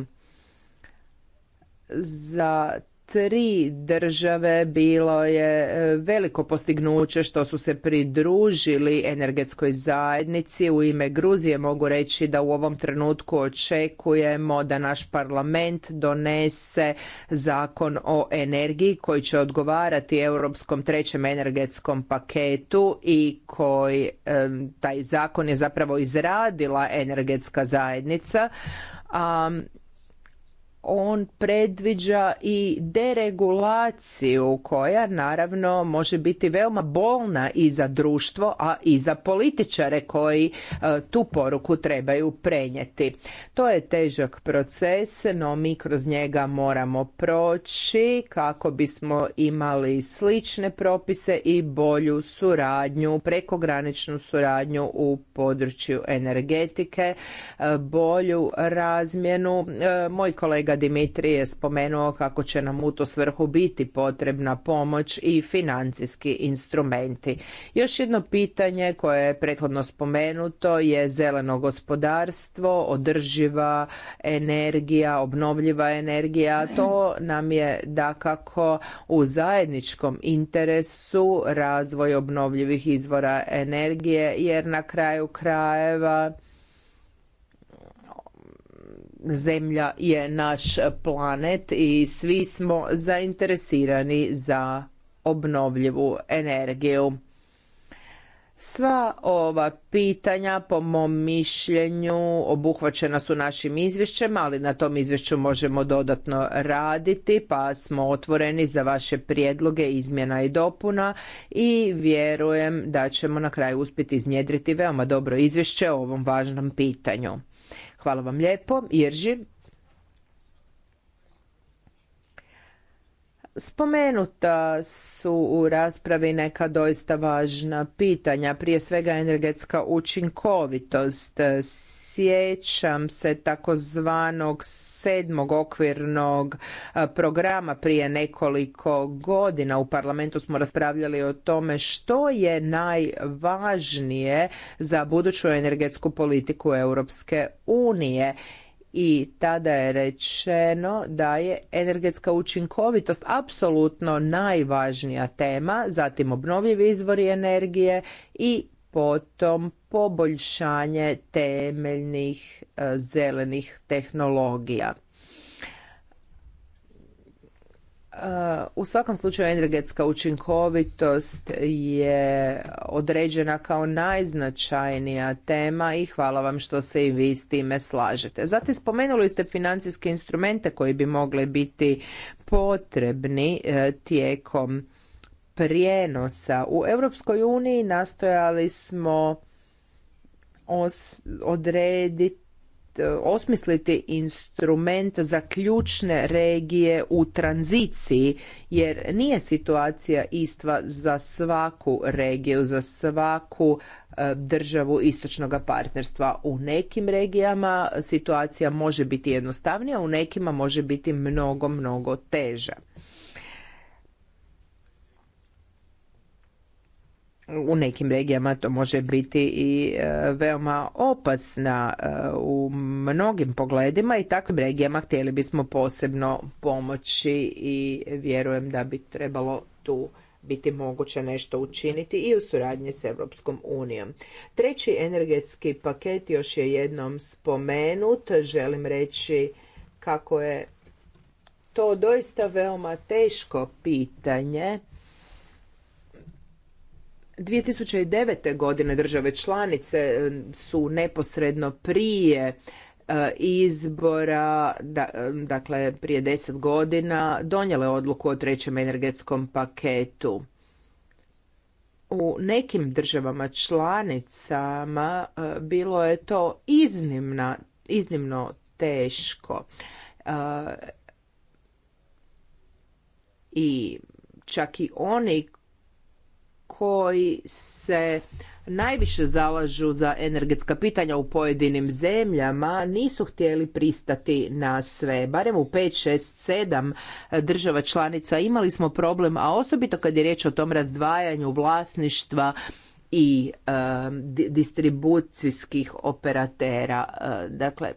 Speaker 1: Za tri države bilo je e, veliko postignuće što su se pridružili energetskoj zajednici. U ime Gruzije mogu reći da u ovom trenutku očekujemo da naš parlament donese zakon o energiji koji će odgovarati europskom trećem energetskom paketu i koji e, taj zakon je zapravo izradila energetska zajednica. A on predviđa i deregulaciju koja naravno može biti veoma bolna i za društvo, a i za političare koji e, tu poruku trebaju prenijeti. To je težak proces, no mi kroz njega moramo proći kako bismo imali slične propise i bolju suradnju, prekograničnu suradnju u području energetike, e, bolju razmjenu. E, moj kolega kolega Dimitri je spomenuo kako će nam u tu svrhu biti potrebna pomoć i financijski instrumenti. Još jedno pitanje koje je prethodno spomenuto je zeleno gospodarstvo, održiva energija, obnovljiva energija. To nam je dakako u zajedničkom interesu razvoj obnovljivih izvora energije jer na kraju krajeva zemlja je naš planet i svi smo zainteresirani za obnovljivu energiju. Sva ova pitanja po mom mišljenju obuhvaćena su našim izvješćem, ali na tom izvješću možemo dodatno raditi, pa smo otvoreni za vaše prijedloge izmjena i dopuna i vjerujem da ćemo na kraju uspjeti iznjedriti veoma dobro izvješće o ovom važnom pitanju. Hvala vam lijepo, Irži. Spomenuta su u raspravi neka doista važna pitanja, prije svega energetska učinkovitost. Sjećam se takozvanog sedmog okvirnog programa prije nekoliko godina. U parlamentu smo raspravljali o tome što je najvažnije za buduću energetsku politiku Europske unije i tada je rečeno da je energetska učinkovitost apsolutno najvažnija tema, zatim obnovljivi izvori energije i potom poboljšanje temeljnih e, zelenih tehnologija. Eh, u svakom slučaju energetska učinkovitost je određena kao najznačajnija tema i hvala vam što se i vi s time slažete. Zatim spomenuli ste financijske instrumente koji bi mogli biti potrebni eh, tijekom prijenosa. U Europskoj uniji nastojali smo odrediti osmisliti instrument za ključne regije u tranziciji jer nije situacija ista za svaku regiju, za svaku e, državu istočnog partnerstva. U nekim regijama situacija može biti jednostavnija, u nekima može biti mnogo, mnogo teža. u nekim regijama to može biti i e, veoma opasna e, u mnogim pogledima i takvim regijama htjeli bismo posebno pomoći i vjerujem da bi trebalo tu biti moguće nešto učiniti i u suradnji s Europskom unijom. Treći energetski paket još je jednom spomenut. Želim reći kako je to doista veoma teško pitanje 2009. godine države članice e, su neposredno prije e, izbora, e, dakle prije deset godina, donijele odluku o trećem energetskom paketu. U nekim državama članicama bilo je to iznimna, iznimno teško. I čak i oni koji se najviše zalažu za energetska pitanja u pojedinim zemljama nisu htjeli pristati na sve. Barem u 5, 6, 7 država članica imali smo problem, a osobito kad je riječ o tom razdvajanju vlasništva i e, distribucijskih operatera. E, dakle,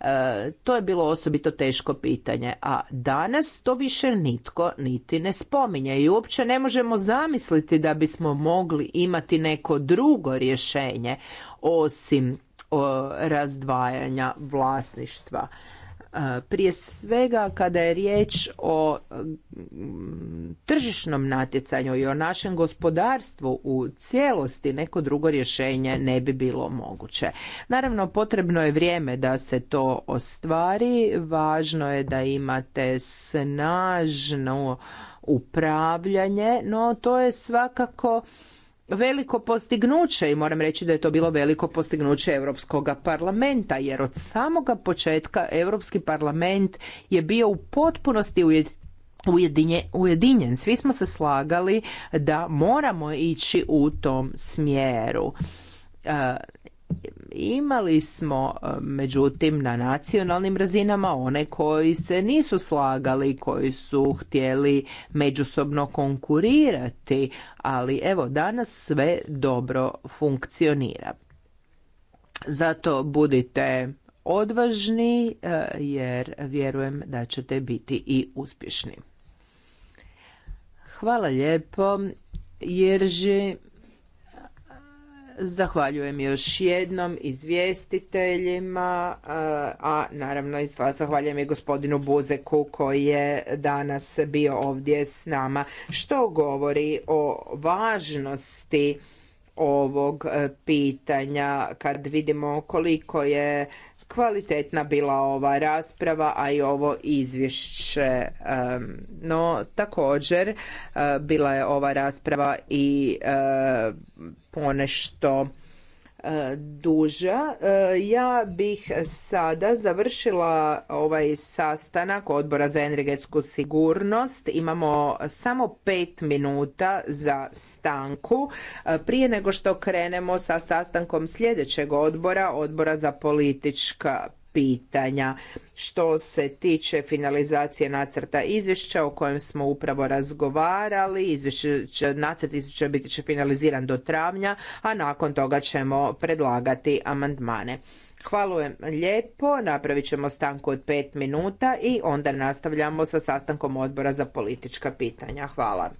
Speaker 1: E, to je bilo osobito teško pitanje, a danas to više nitko niti ne spominje i uopće ne možemo zamisliti da bismo mogli imati neko drugo rješenje osim razdvajanja vlasništva. Prije svega kada je riječ o tržišnom natjecanju i o našem gospodarstvu u cijelosti neko drugo rješenje ne bi bilo moguće. Naravno potrebno je vrijeme da se to ostvari, važno je da imate snažno upravljanje, no to je svakako veliko postignuće i moram reći da je to bilo veliko postignuće Europskoga parlamenta jer od samoga početka Europski parlament je bio u potpunosti ujedinje, ujedinjen. Svi smo se slagali da moramo ići u tom smjeru. E, Imali smo e, međutim na nacionalnim razinama one koji se nisu slagali, koji su htjeli međusobno konkurirati, ali evo danas sve dobro funkcionira. Zato budite odvažni e, jer vjerujem da ćete biti i uspješni. Hvala lijepo Jerži Zahvaljujem još jednom izvjestiteljima, a naravno i zahvaljujem i gospodinu Buzeku koji je danas bio ovdje s nama. Što govori o važnosti ovog e, pitanja kad vidimo koliko je kvalitetna bila ova rasprava, a i ovo izvješće. No, također, eh, bila je ova rasprava i eh, ponešto E, duža. E, ja bih sada završila ovaj sastanak Odbora za energetsku sigurnost. Imamo samo pet minuta za stanku. E, prije nego što krenemo sa sastankom sljedećeg odbora, Odbora za politička pitanja. Što se tiče finalizacije nacrta izvješća o kojem smo upravo razgovarali, nacrt izvješća biti će finaliziran do travnja, a nakon toga ćemo predlagati amandmane. Hvala vam lijepo, napravit ćemo stanku od pet minuta i onda nastavljamo sa sastankom odbora za politička pitanja. Hvala.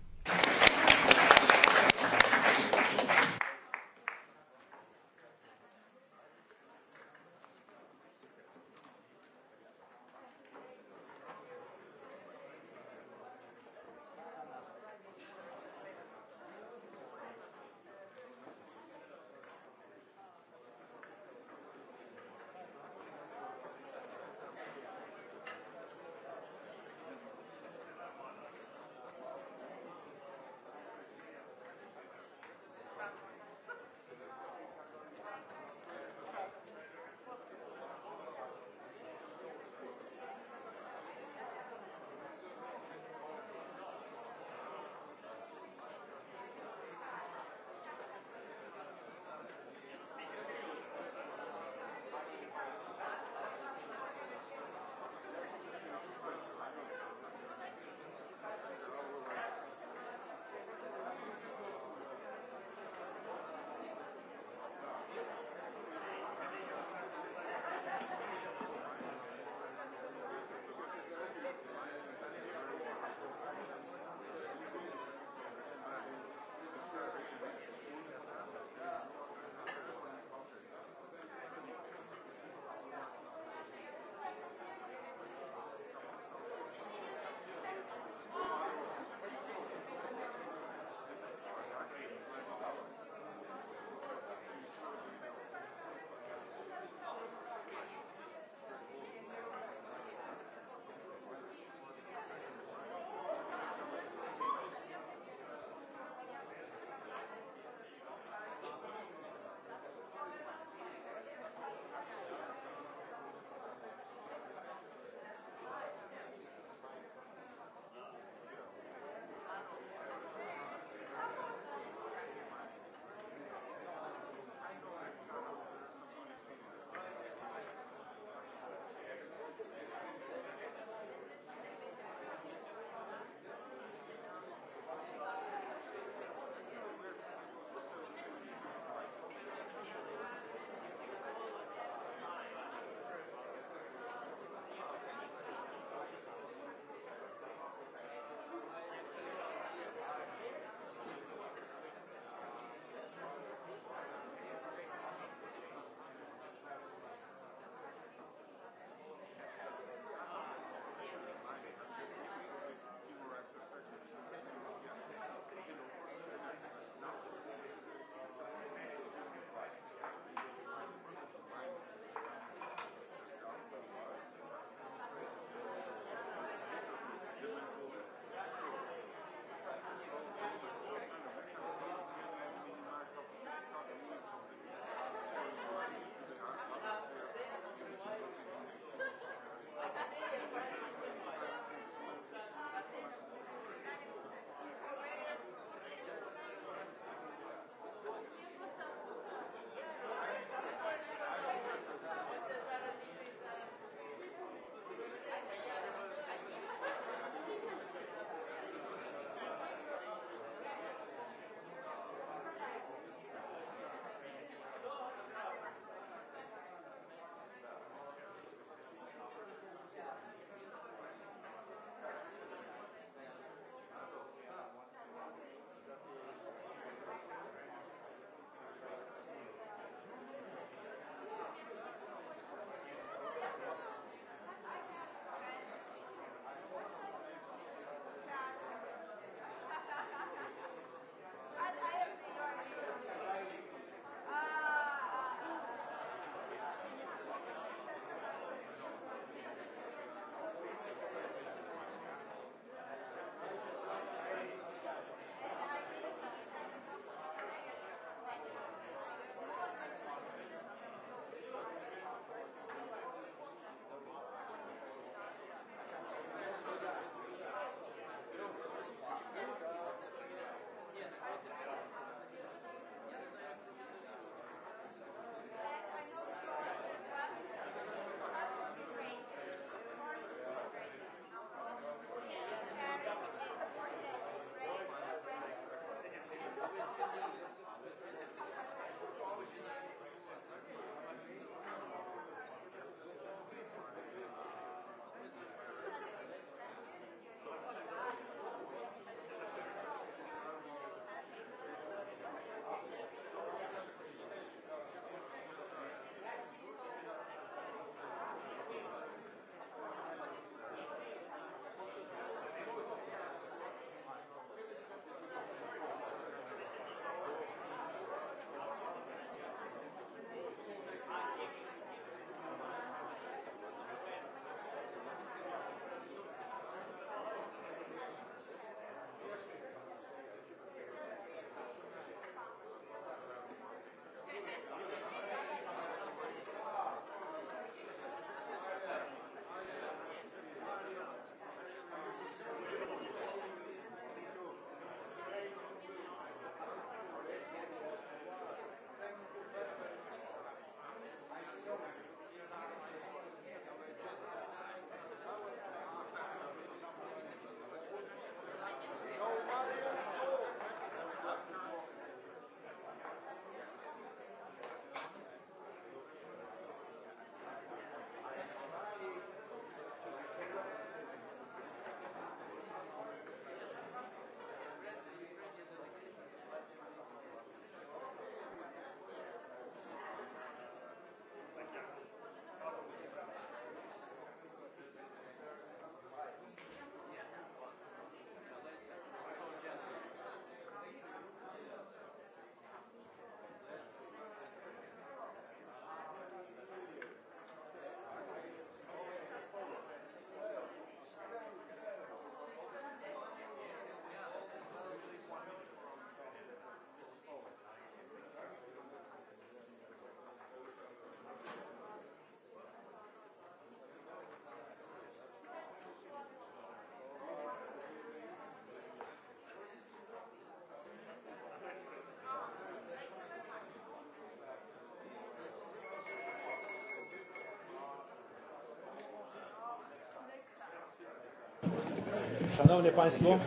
Speaker 4: Szanowni Państwo.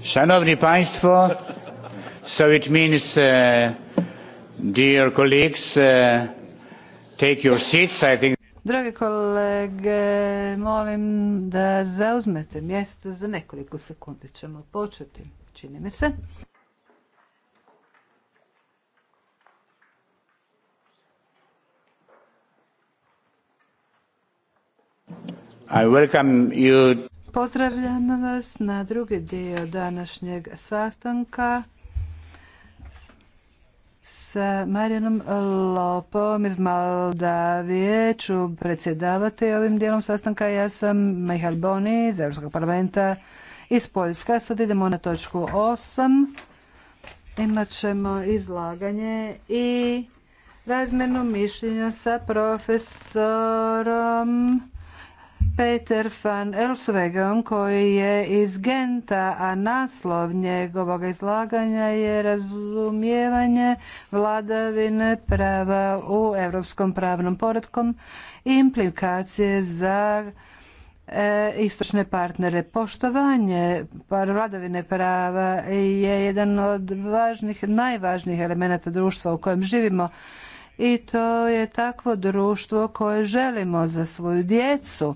Speaker 3: Szanowni Państwo, so it means, uh, dear colleagues, uh, take your seats, I think.
Speaker 2: Drage kolege, molim da zauzmete mjesto, za nekoliko sekundi Čemo početi, čini mi se.
Speaker 3: I welcome you
Speaker 2: Pozdravljam vas na drugi dio današnjeg sastanka sa Marijanom Lopom iz Moldavije Ču predsjedavati ovim dijelom sastanka. Ja sam Mihal Boni iz Europskog parlamenta iz Poljska. Sad idemo na točku 8. Imat ćemo izlaganje i razmjenu mišljenja sa profesorom Peter van Elswegom koji je iz Genta, a naslov njegovog izlaganja je razumijevanje vladavine prava u europskom pravnom poretkom i implikacije za e, istočne partnere. Poštovanje vladavine prava je jedan od važnih, najvažnijih elemenata društva u kojem živimo i to je takvo društvo koje želimo za svoju djecu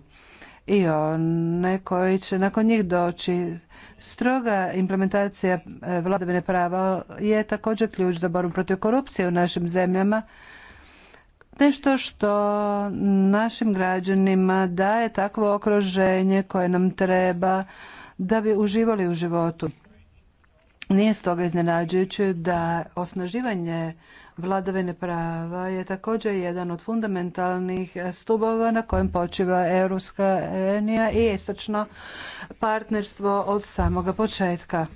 Speaker 2: i one koji će nakon njih doći. Stroga implementacija e, vladavine prava je također ključ za borbu protiv korupcije u našim zemljama. Nešto što našim građanima daje takvo okruženje koje nam treba da bi uživali u životu. Nije stoga iznenađujuće da osnaživanje vladavine prava je također jedan od fundamentalnih stubova na kojem počiva Europska unija i istočno partnerstvo od samoga početka.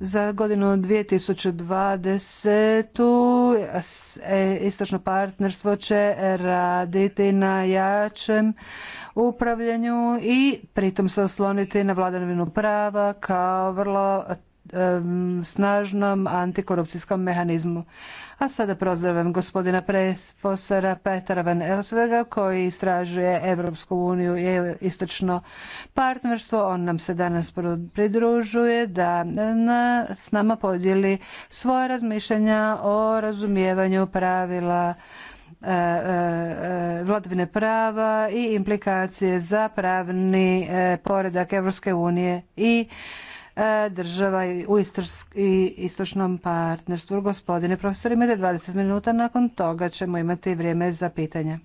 Speaker 2: Za godinu 2020. istočno partnerstvo će raditi na jačem upravljanju i pritom se osloniti na vladavinu prava kao vrlo snažnom antikorupcijskom mehanizmu. A sada prozdravam gospodina profesora Petra Van Elsvega koji istražuje Evropsku uniju i istočno partnerstvo. On nam se danas pridružuje da s nama podijeli svoje razmišljanja o razumijevanju pravila e, e, e, vladavine prava i implikacije za pravni poredak Evropske unije i E, država u istočnom partnerstvu. Gospodine profesor, imate 20 minuta, nakon toga ćemo imati vrijeme za pitanje.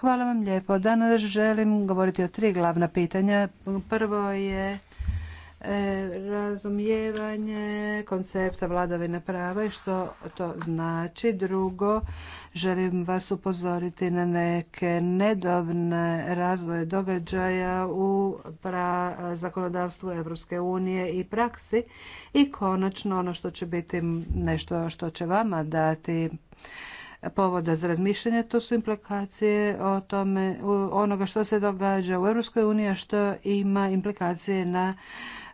Speaker 2: Hvala vam lijepo. Danas želim govoriti o tri glavna pitanja. Prvo je E, razumijevanje koncepta vladavine prava i što to znači. Drugo, želim vas upozoriti na neke nedovne razvoje događaja u zakonodavstvu Europske unije i praksi i konačno ono što će biti nešto što će vama dati povoda za razmišljanje, to su implikacije o tome, onoga što se događa u Europskoj uniji, a što ima implikacije na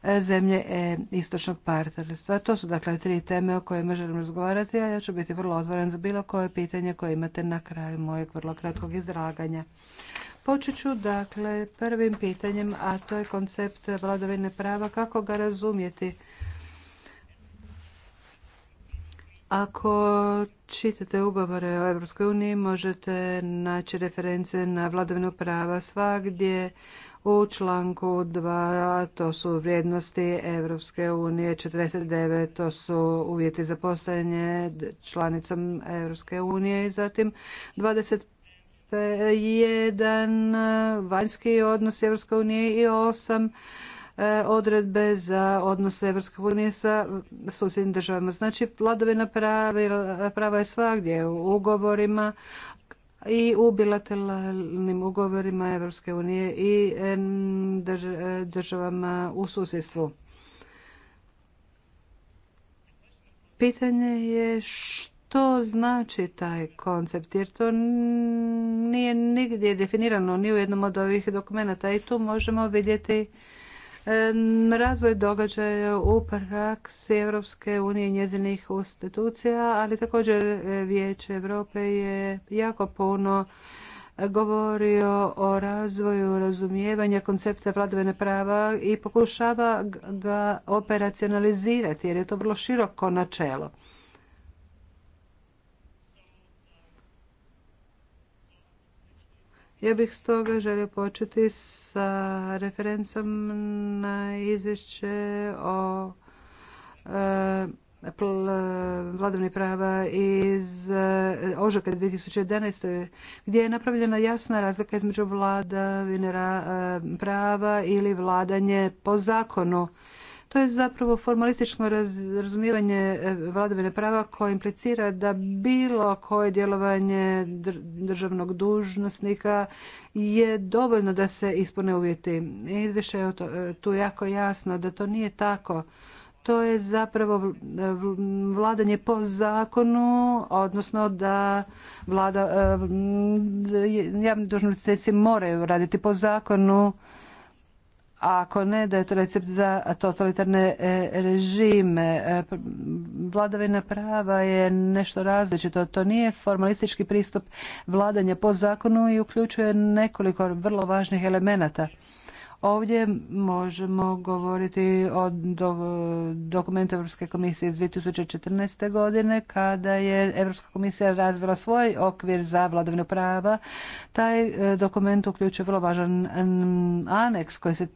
Speaker 2: E, zemlje e, istočnog partnerstva. To su dakle tri teme o kojima želim razgovarati, a ja ću biti vrlo otvoren za bilo koje pitanje koje imate na kraju mojeg vrlo kratkog izlaganja. Počet ću dakle prvim pitanjem, a to je koncept vladavine prava, kako ga razumjeti. Ako čitate ugovore o EU možete naći reference na vladavinu prava svagdje u članku 2 to su vrijednosti Europske unije, 49 to su uvjeti za postajanje članicom Europske unije i zatim 25 jedan vanjski odnos Europske unije i osam e, odredbe za odnose Europske unije sa susjednim državama. Znači, vladovina prava je svagdje u ugovorima, i u bilateralnim ugovorima Evropske unije i e, državama u susjedstvu. Pitanje je što znači taj koncept, jer to nije nigdje definirano ni u jednom od ovih dokumenata i tu možemo vidjeti razvoj događaja u praksi Evropske unije i njezinih institucija, ali također e, Vijeće Europe je jako puno govorio o razvoju razumijevanja koncepta vladavine prava i pokušava ga operacionalizirati jer je to vrlo široko načelo. Ja bih stoga želio početi sa referencom na izvješće o e, vladavni prava iz e, ožaka 2011. gdje je napravljena jasna razlika između vladavine e, prava ili vladanje po zakonu. To je zapravo formalistično razumijevanje e, vladavine prava koje implicira da bilo koje djelovanje državnog dužnosnika je dovoljno da se ispune uvjeti. Izviše je e, tu jako jasno da to nije tako. To je zapravo e, vladanje po zakonu, odnosno da vlada, javni dužnosnici moraju raditi po zakonu ako ne da je to recept za totalitarne e, režime. E, vladavina prava je nešto različito. To nije formalistički pristup vladanja po zakonu i uključuje nekoliko vrlo važnih elemenata. Ovdje možemo govoriti o dokumentu Europske komisije iz 2014. godine kada je Europska komisija razvila svoj okvir za vladavinu prava. Taj e, dokument uključuje vrlo važan aneks koji se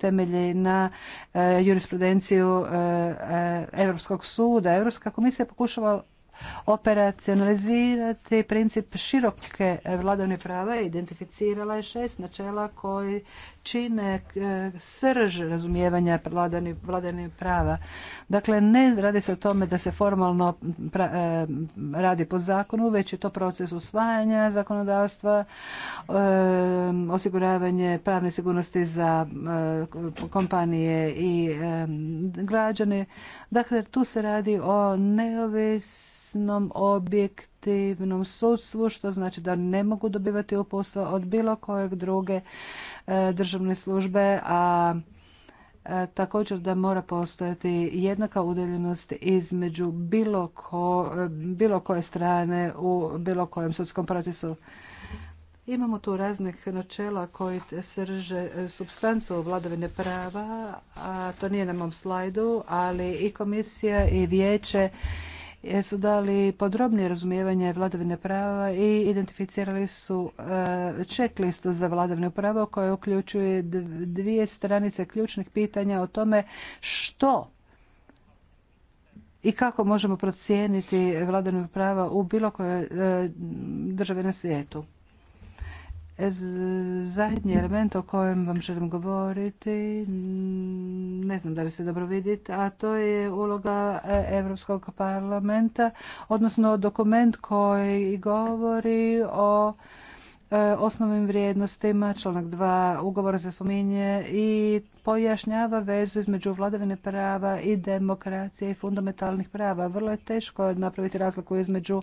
Speaker 2: temelji na e, jurisprudenciju e, Europskog suda. Europska komisija pokušava operacionalizirati princip široke vladavne prava i identificirala je šest načela koji čine e, srž razumijevanja vladavine prava. Dakle, ne radi se o tome da se formalno e, radi po zakonu, već je to proces usvajanja zakonodavstva, e, osiguravanje pravne sigurnosti za kompanije i građane. Dakle, tu se radi o neovis neovisnom objektivnom sudstvu, što znači da ne mogu dobivati uputstva od bilo kojeg druge e, državne službe, a e, također da mora postojati jednaka udaljenost između bilo, ko, e, bilo koje strane u bilo kojem sudskom procesu. Imamo tu raznih načela koji srže substancu vladavine prava, a to nije na mom slajdu, ali i komisija i vijeće su dali podrobnije razumijevanje vladavine prava i identificirali su čeklistu za vladavinu pravo koja uključuje dvije stranice ključnih pitanja o tome što i kako možemo procijeniti vladavinu prava u bilo kojoj e, državi na svijetu. Zadnji element o kojem vam želim govoriti, ne znam da li se dobro vidite, a to je uloga e, Europskog parlamenta, odnosno dokument koji govori o e, osnovnim vrijednostima, članak 2 ugovora se spominje i pojašnjava vezu između vladavine prava i demokracije i fundamentalnih prava. Vrlo je teško napraviti razliku između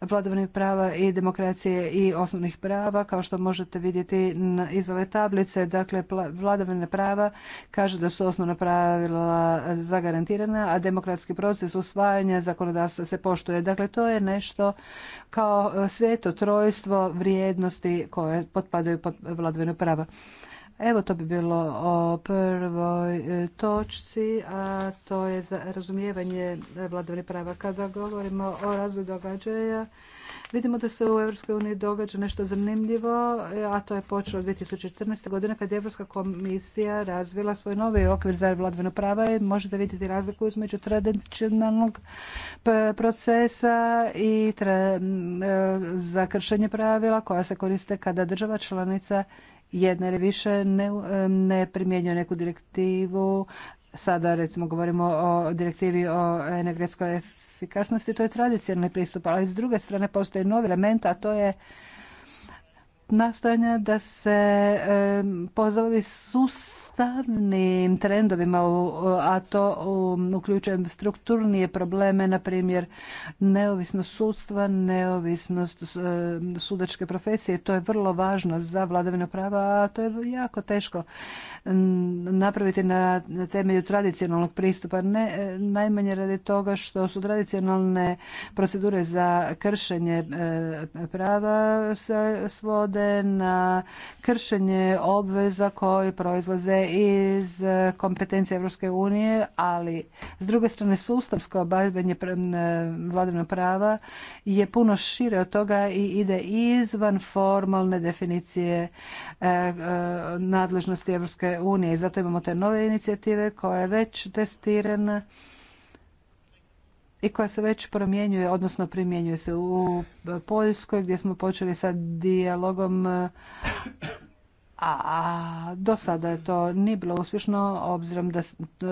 Speaker 2: vladavine prava i demokracije i osnovnih prava, kao što možete vidjeti iz ove tablice. Dakle, vladavine prava kaže da su osnovna pravila zagarantirana, a demokratski proces usvajanja zakonodavstva se poštuje. Dakle, to je nešto kao e, sveto trojstvo vrijednosti koje potpadaju pod vladavinu prava. Evo to bi bilo o prvoj e, točci, a to je za razumijevanje vladavine prava. Kada govorimo o razvoju događaja, vidimo da se u EU događa nešto zanimljivo, a to je počelo 2014. godine kad je Europska komisija razvila svoj novi okvir za vladavinu prava i možete vidjeti razliku između tradicionalnog procesa i e, za kršenje pravila koja se koriste kada država članica jedna ili više ne, ne primjenjuje neku direktivu. Sada recimo govorimo o direktivi o energetskoj efikasnosti, to je tradicionalni pristup, ali s druge strane postoji novi element, a to je nastojanja da se pozovi sustavnim trendovima, a to uključujem strukturnije probleme, na primjer neovisnost sudstva, neovisnost sudačke profesije. To je vrlo važno za vladavino prava, a to je jako teško napraviti na temelju tradicionalnog pristupa. Ne, najmanje radi toga što su tradicionalne procedure za kršenje prava se svode na kršenje obveza koje proizlaze iz kompetencije Europske unije, ali s druge strane sustavsko obavljanje vladinog prava je puno šire od toga i ide izvan formalne definicije e, e, nadležnosti Europske unije. Zato imamo te nove inicijative koja je već testirana i koja se već promjenjuje, odnosno primjenjuje se u Poljskoj gdje smo počeli sa dijalogom a do sada je to nije bilo uspješno obzirom da e, e,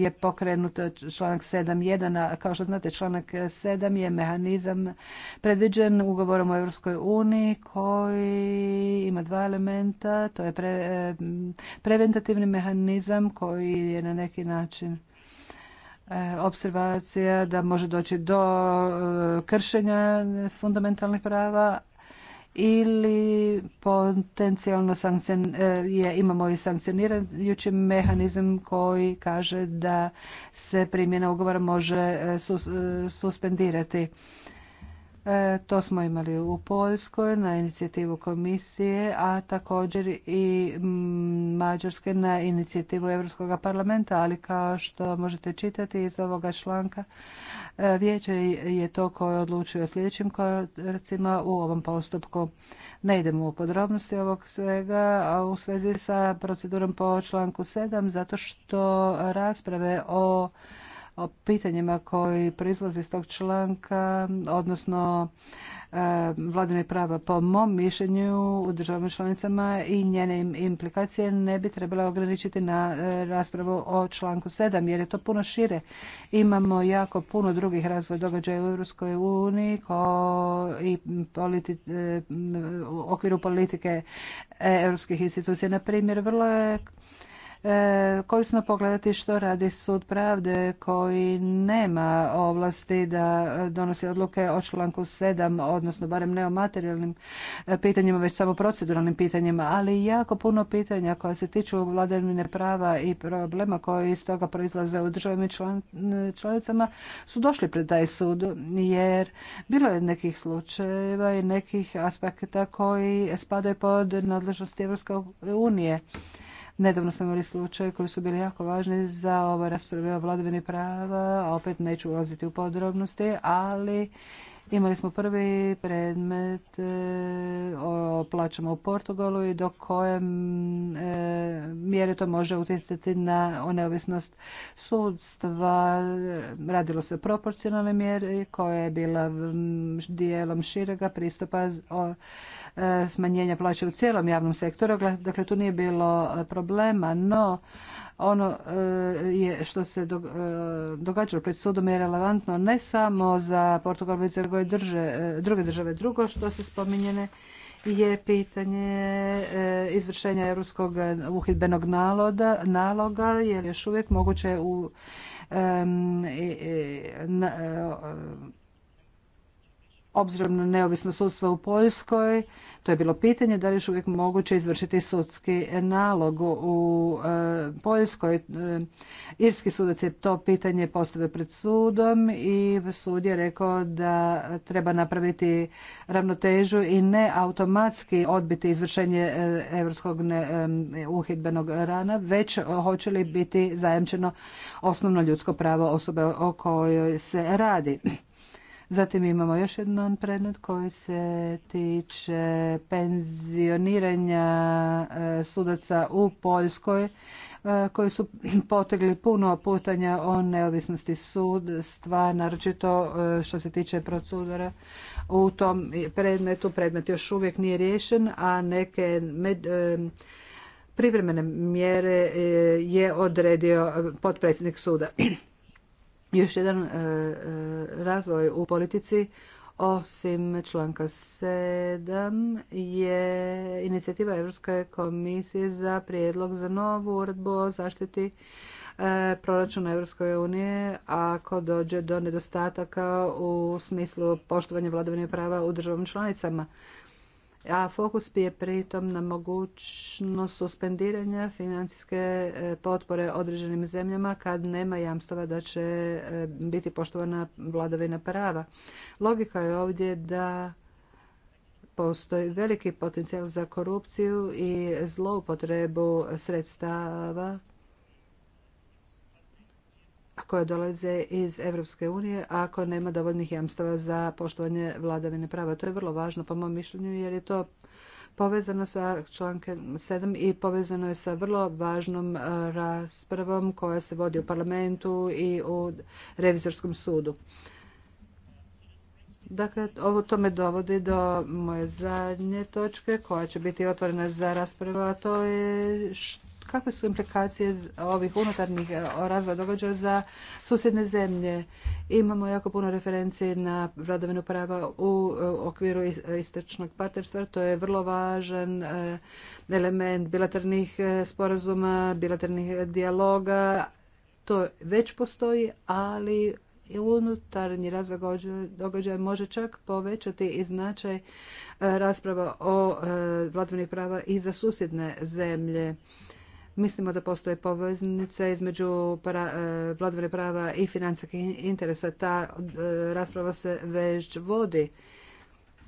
Speaker 2: je pokrenut članak 7.1, a kao što znate članak 7 je mehanizam predviđen ugovorom o Europskoj uniji koji ima dva elementa, to je pre, e, preventativni mehanizam koji je na neki način E, observacija da može doći do e, kršenja fundamentalnih prava ili potencijalno sankcion, e, je, imamo i sankcionirajući mehanizam koji kaže da se primjena ugovora može suspendirati. E, to smo imali u Poljskoj na inicijativu komisije, a također i mm, Mađarske na inicijativu Europskog parlamenta, ali kao što možete čitati iz ovoga članka, e, vijeće je to koje odlučuje o sljedećim koracima u ovom postupku. Ne idemo u podrobnosti ovog svega, a u svezi sa procedurom po članku 7, zato što rasprave o o pitanjima koji proizlaze iz tog članka, odnosno e, vladine prava po mom mišljenju u državnim članicama i njene implikacije ne bi trebala ograničiti na e, raspravu o članku 7 jer je to puno šire. Imamo jako puno drugih razvoja događaja u Europskoj uniji i e, u okviru politike europskih institucija. Na primjer, vrlo je E, korisno pogledati što radi sud pravde koji nema ovlasti da donosi odluke o članku 7, odnosno barem ne o materijalnim e, pitanjima, već samo proceduralnim pitanjima, ali jako puno pitanja koja se tiču vladavine prava i problema koji iz toga proizlaze u državama član, e, članicama su došli pred taj sud, jer bilo je nekih slučajeva i nekih aspekta koji spadaju pod nadležnosti Evropske unije Nedavno smo imali slučaje koji su bili jako važni za ove rasprave o vladavini prava, opet neću ulaziti u podrobnosti, ali Imali smo prvi predmet e, o plaćama u Portugalu i do koje e, mjere to može utjecati na neovisnost sudstva. Radilo se o proporcionalnoj mjeri koja je bila dijelom širega pristupa o e, smanjenja plaća u cijelom javnom sektoru. Dakle, tu nije bilo problema, no ono e, je što se e, događalo pred sudom je relevantno ne samo za Portugal već za e, druge države. Drugo što se spominjene je pitanje izvršenja europskog uhidbenog naloga, naloga jer još uvijek moguće u obzirom na neovisno sudstvo u Poljskoj, to je bilo pitanje da li još uvijek moguće izvršiti sudski nalog u e, Poljskoj. E, irski sudac je to pitanje postavio pred sudom i sud je rekao da treba napraviti ravnotežu i ne automatski odbiti izvršenje e, europskog uhidbenog rana, već hoće li biti zajamčeno osnovno ljudsko pravo osobe o kojoj se radi. Zatim imamo još jedan predmet koji se tiče penzioniranja e, sudaca u Poljskoj e, koji su potegli puno putanja o neovisnosti sudstva, naročito e, što se tiče procedura u tom predmetu. Predmet još uvijek nije riješen, a neke privremene mjere je odredio potpredsjednik suda još jedan e, e, razvoj u politici osim članka 7 je inicijativa Europske komisije za prijedlog za novu uredbu o zaštiti e, proračuna EU unije ako dođe do nedostataka u smislu poštovanja vladavine prava u državama članicama a fokus je pritom na mogućnost suspendiranja financijske e, potpore određenim zemljama kad nema jamstava da će e, biti poštovana vladavina prava. Logika je ovdje da postoji veliki potencijal za korupciju i zloupotrebu sredstava koje dolaze iz Europske unije ako nema dovoljnih jamstava za poštovanje vladavine prava. To je vrlo važno po mom mišljenju jer je to povezano sa člankem 7 i povezano je sa vrlo važnom e, raspravom koja se vodi u parlamentu i u revizorskom sudu. Dakle, ovo to me dovodi do moje zadnje točke koja će biti otvorena za raspravu, a to je što kakve su implikacije ovih unutarnjih e, razvoja događaja za susjedne zemlje. Imamo jako puno referencije na vladavinu prava u e, okviru istočnog partnerstva. To je vrlo važan e, element bilaternih sporazuma, bilaternih dijaloga. To već postoji, ali i unutarnji razvoj događaja može čak povećati i značaj rasprava o vladavini prava i za susjedne zemlje. Mislimo da postoje poveznica između para, e, vladavine prava i financijskih interesa. Ta e, rasprava se već vodi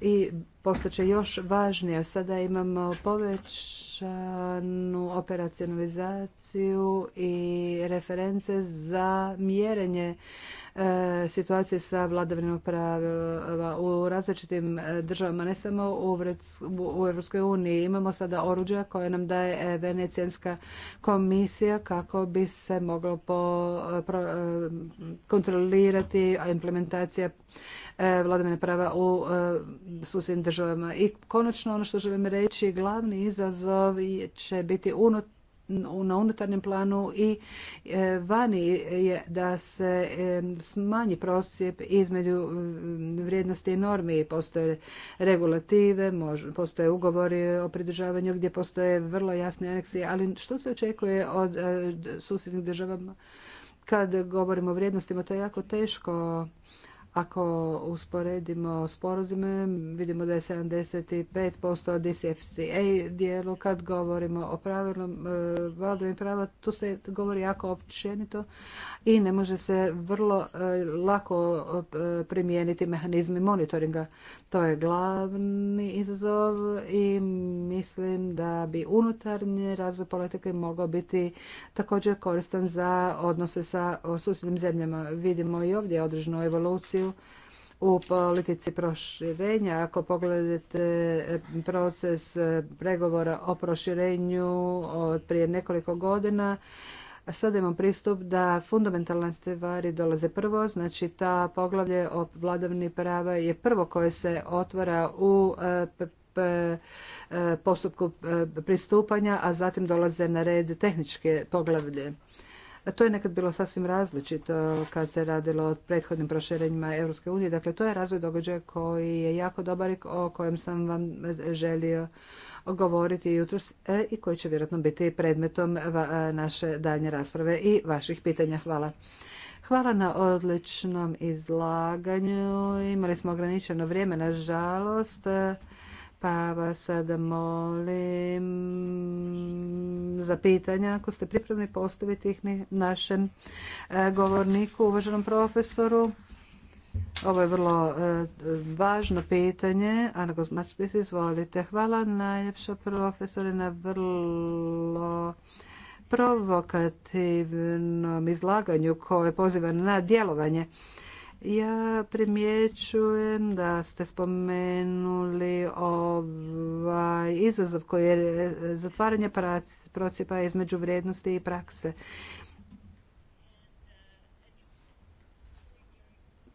Speaker 2: i postaće još važnija. Sada imamo povećanu operacionalizaciju i reference za mjerenje e, situacije sa vladavinom prava u različitim e, državama, ne samo u Europskoj uniji. Imamo sada oruđa koje nam daje e, Venecijanska komisija kako bi se moglo po, kontrolirati implementacija E, vladavine prava u e, susjednim državama. I konačno ono što želim reći, glavni izazov će biti unutar na unutarnjem planu i e, vani je da se smanji prosjep između vrijednosti i normi. Postoje regulative, postoje ugovori o pridržavanju gdje postoje vrlo jasne aneksije, ali što se očekuje od susjednih država kad govorimo o vrijednostima, to je jako teško ako usporedimo sporozume, vidimo da je 75% DCFCA dijelu. Kad govorimo o pravilnom e, vladovim prava, tu se govori jako općenito i ne može se vrlo e, lako e, primijeniti mehanizmi monitoringa. To je glavni izazov i mislim da bi unutarnji razvoj politike mogao biti također koristan za odnose sa susjednim zemljama. Vidimo i ovdje određenu evoluciju u politici proširenja. Ako pogledate eh, proces eh, pregovora o proširenju od prije nekoliko godina, sada imam pristup da fundamentalne stvari dolaze prvo, znači ta poglavlje o vladavini prava je prvo koje se otvara u eh, postupku pristupanja, a zatim dolaze na red tehničke poglavlje. To je nekad bilo sasvim različito kad se radilo o prethodnim proširenjima Europske unije. Dakle, to je razvoj događaja koji je jako dobar i o kojem sam vam želio govoriti jutros e, i koji će vjerojatno biti predmetom e, naše daljnje rasprave i vaših pitanja. Hvala. Hvala na odličnom izlaganju. Imali smo ograničeno vrijeme, nažalost pa vas sada molim za pitanja ako ste pripravni postaviti ih našem e, govorniku, uvaženom profesoru. Ovo je vrlo e, važno pitanje. Ana Gozmačpis, izvolite. Hvala najljepša profesore na vrlo provokativnom izlaganju koje poziva na djelovanje. Ja primjećujem da ste spomenuli ovaj izazov koji je zatvaranje procipa između vrijednosti i prakse.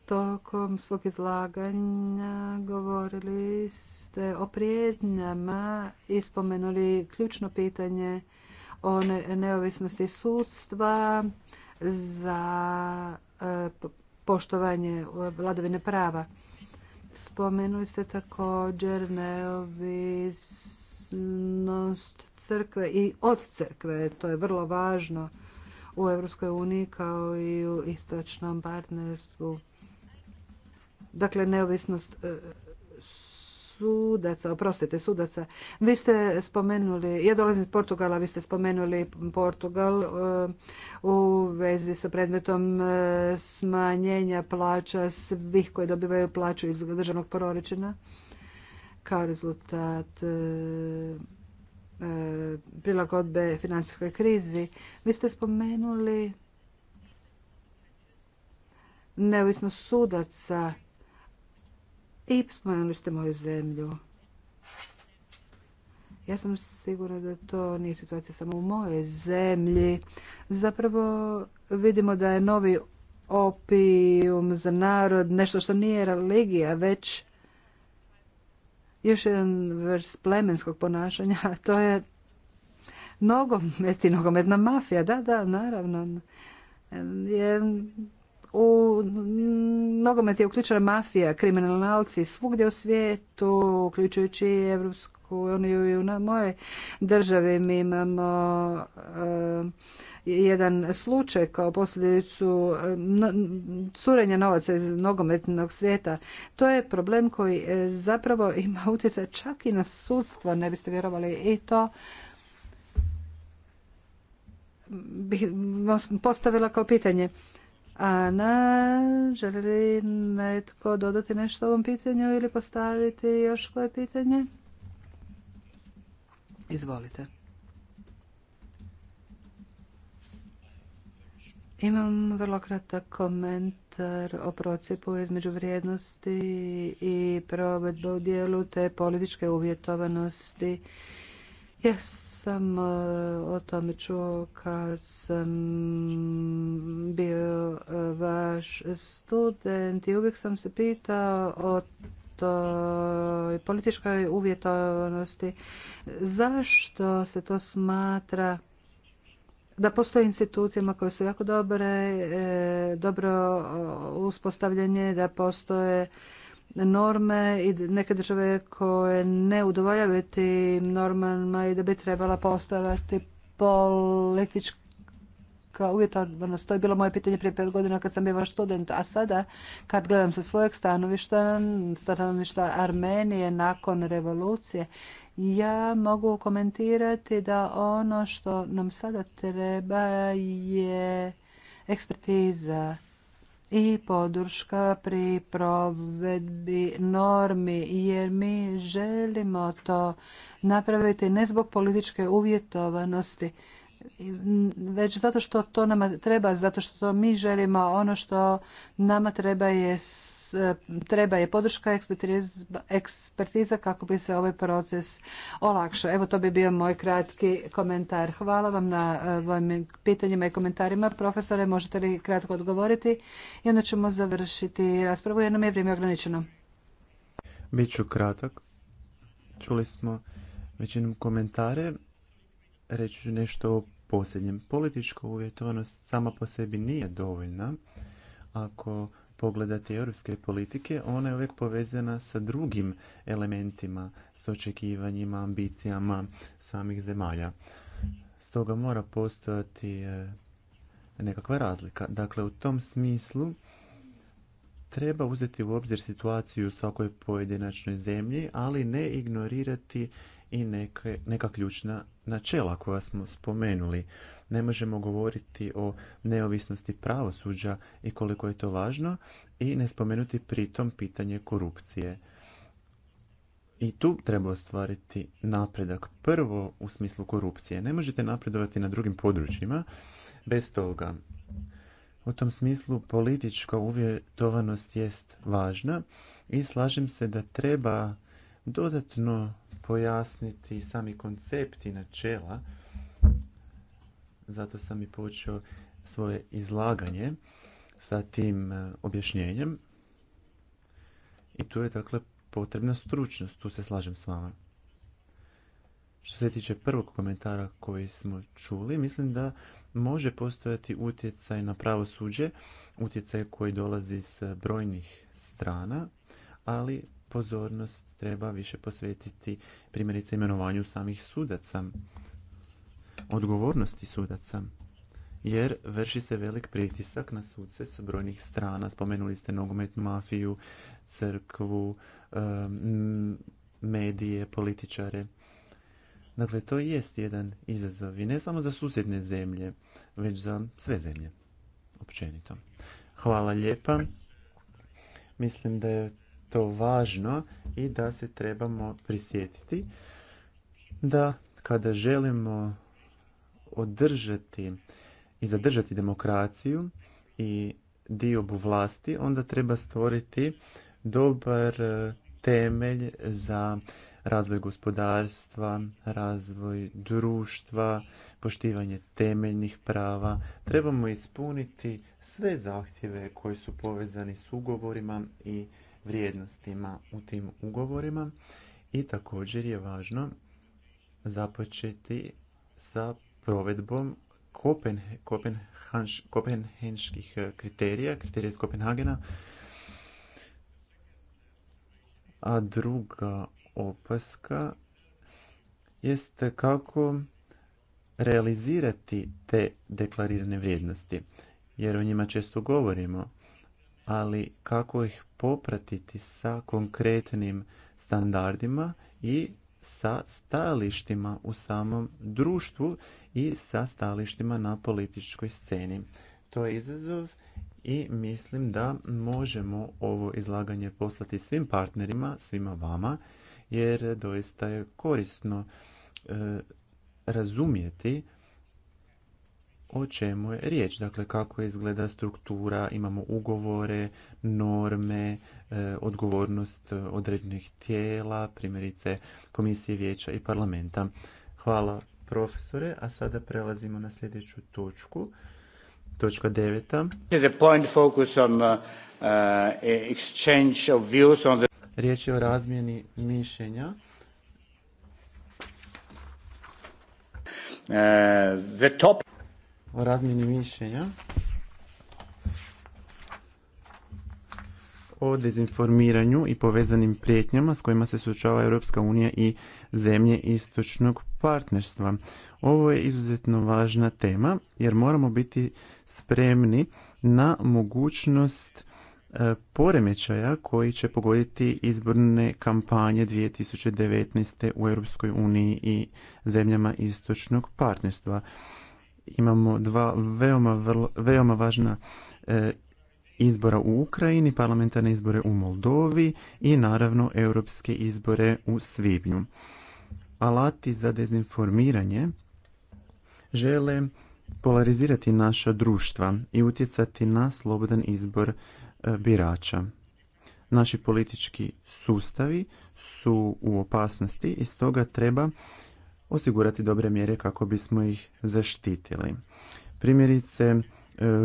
Speaker 2: Tokom svog izlaganja govorili ste o prijednjama i spomenuli ključno pitanje o neovisnosti sudstva za e, poštovanje e, vladavine prava. Spomenuli ste također neovisnost crkve i od crkve. To je vrlo važno u Europskoj uniji kao i u istočnom partnerstvu. Dakle, neovisnost e, sudaca, oprostite, sudaca. Vi ste spomenuli, ja dolazim iz Portugala, vi ste spomenuli Portugal e, u vezi sa predmetom e, smanjenja plaća svih koji dobivaju plaću iz državnog proračuna kao rezultat e, prilagodbe financijskoj krizi. Vi ste spomenuli neovisno sudaca i spomenuli ste moju zemlju. Ja sam sigurna da to nije situacija samo u mojoj zemlji. Zapravo vidimo da je novi opium za narod nešto što nije religija, već još jedan vrst plemenskog ponašanja, a to je nogomet i nogometna mafija. Da, da, naravno. Jer u nogomet je uključena mafija, kriminalci svugdje u svijetu, uključujući i Evropsku uniju i u moje državi. Mi imamo e, jedan slučaj kao posljedicu e, curenja novaca iz nogometnog svijeta. To je problem koji e, zapravo (laughs) ima utjecaj čak i na sudstvo, ne biste vjerovali i to bih postavila kao pitanje. Ana, želi li netko dodati nešto ovom pitanju ili postaviti još koje pitanje? Izvolite. Imam vrlo kratak komentar o procjepu između vrijednosti i provedbe u dijelu te političke uvjetovanosti. Jes sam e, o tome čuo kad sam bio e, vaš student i uvijek sam se pitao o toj političkoj uvjetovanosti. Zašto se to smatra da postoje institucijama koje su jako dobre, e, dobro uspostavljene, da postoje norme i neke države koje ne udovoljavaju tim normama i da bi trebala postavati politička uvjetovanost. To je bilo moje pitanje prije pet godina kad sam bio vaš student, a sada kad gledam sa svojeg stanovišta, stanovišta Armenije nakon revolucije, ja mogu komentirati da ono što nam sada treba je ekspertiza i podrška pri provedbi normi jer mi želimo to napraviti ne zbog političke uvjetovanosti već zato što to nama treba, zato što mi želimo ono što nama treba je treba je podrška ekspertiza kako bi se ovaj proces olakšao. Evo to bi bio moj kratki komentar. Hvala vam na e, vašim pitanjima i komentarima. Profesore, možete li kratko odgovoriti i onda ćemo završiti raspravu jer nam je vrijeme ograničeno.
Speaker 4: Biću kratak. Čuli smo većinom komentare reći ću nešto o posljednjem. Politička uvjetovanost sama po sebi nije dovoljna. Ako pogledate europske politike, ona je uvijek povezana sa drugim elementima, s očekivanjima, ambicijama samih zemalja. Stoga mora postojati eh, nekakva razlika. Dakle, u tom smislu treba uzeti u obzir situaciju u svakoj pojedinačnoj zemlji, ali ne ignorirati i neke, neka ključna načela koja smo spomenuli. Ne možemo govoriti o neovisnosti pravosuđa i koliko je to važno i ne spomenuti pritom pitanje korupcije. I tu treba ostvariti napredak. Prvo u smislu korupcije. Ne možete napredovati na drugim područjima bez toga. U tom smislu politička uvjetovanost jest važna i slažem se da treba dodatno pojasniti sami koncepti načela. Zato sam i počeo svoje izlaganje sa tim e, objašnjenjem. I tu je dakle potrebna stručnost, tu se slažem s vama. Što se tiče prvog komentara koji smo čuli, mislim da može postojati utjecaj na pravo suđe, utjecaj koji dolazi s brojnih strana, ali pozornost treba više posvetiti primjerice imenovanju samih sudaca, odgovornosti sudaca, jer vrši se velik pritisak na suce sa brojnih strana. Spomenuli ste nogometnu mafiju, crkvu, medije, političare. Dakle, to jest jedan izazov i ne samo za susjedne zemlje, već za sve zemlje općenito. Hvala lijepa. Mislim da je to važno i da se trebamo prisjetiti da kada želimo održati i zadržati demokraciju i diobu vlasti, onda treba stvoriti dobar e, temelj za razvoj gospodarstva, razvoj društva, poštivanje temeljnih prava. Trebamo ispuniti sve zahtjeve koji su povezani s ugovorima i vrijednostima u tim ugovorima i također je važno započeti sa provedbom kopenhenških e, kriterija, kriterija iz Kopenhagena. A druga opaska jest kako realizirati te deklarirane vrijednosti, jer o njima često govorimo, ali kako ih popratiti sa konkretnim standardima i sa stajalištima u samom društvu i sa stajalištima na političkoj sceni. To je izazov i mislim da možemo ovo izlaganje poslati svim partnerima, svima vama, jer doista je korisno e, razumjeti o čemu je riječ, dakle kako izgleda struktura, imamo ugovore, norme, e, odgovornost e, određenih tijela, primjerice Komisije vijeća i parlamenta. Hvala profesore, a sada prelazimo na sljedeću točku. Točka deveta. Uh,
Speaker 3: uh,
Speaker 4: riječ je o razmjeni mišljenja. Uh, the top o razmjeni mišljenja o dezinformiranju i povezanim prijetnjama s kojima se suočava Europska unija i zemlje istočnog partnerstva. Ovo je izuzetno važna tema jer moramo biti spremni na mogućnost e, poremećaja koji će pogoditi izborne kampanje 2019. u Europskoj uniji i zemljama istočnog partnerstva imamo dva veoma, veoma važna e, izbora u Ukrajini, parlamentarne izbore u Moldovi i naravno europske izbore u Svibnju. Alati za dezinformiranje žele polarizirati naša društva i utjecati na slobodan izbor e, birača. Naši politički sustavi su u opasnosti i stoga treba osigurati dobre mjere kako bismo ih zaštitili. Primjerice, e,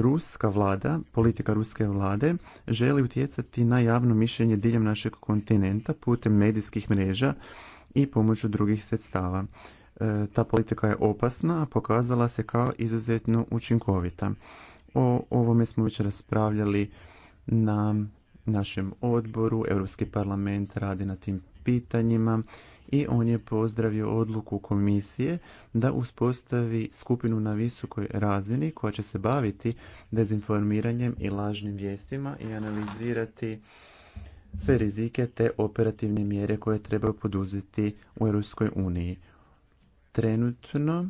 Speaker 4: ruska vlada, politika ruske vlade želi utjecati na javno mišljenje diljem našeg kontinenta putem medijskih mreža i pomoću drugih sredstava. E, ta politika je opasna, a pokazala se kao izuzetno učinkovita. O ovome smo već raspravljali na našem odboru. Europski parlament radi na tim pitanjima i on je pozdravio odluku komisije da uspostavi skupinu na visokoj razini koja će se baviti dezinformiranjem i lažnim vijestima i analizirati sve rizike te operativne mjere koje treba poduzeti u Europskoj uniji. Trenutno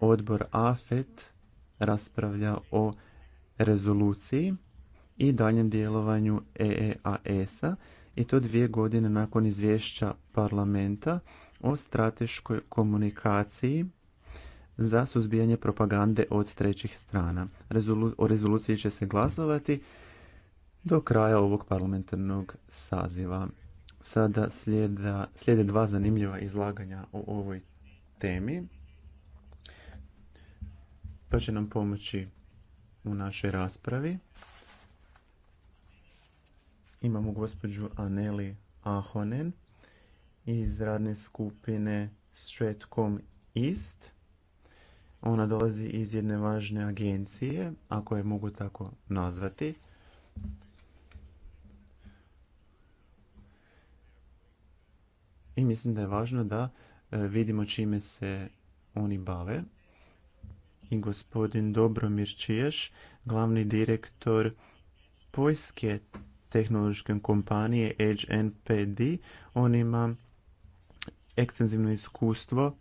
Speaker 4: odbor AFET raspravlja o rezoluciji i daljem djelovanju EEAS-a e i to dvije godine nakon izvješća parlamenta o strateškoj komunikaciji za suzbijanje propagande od trećih strana. o rezoluciji će se glasovati do kraja ovog parlamentarnog saziva. Sada slijeda, slijede dva zanimljiva izlaganja o ovoj temi. pa će nam pomoći u našoj raspravi. Imamo gospođu Aneli Ahonen iz radne skupine Stratcom East. Ona dolazi iz jedne važne agencije, ako je mogu tako nazvati. I mislim da je važno da e, vidimo čime se oni bave. I gospodin Dobromir Čiješ, glavni direktor pojske tehnološke kompanije HNPD. On ima ekstenzivno iskustvo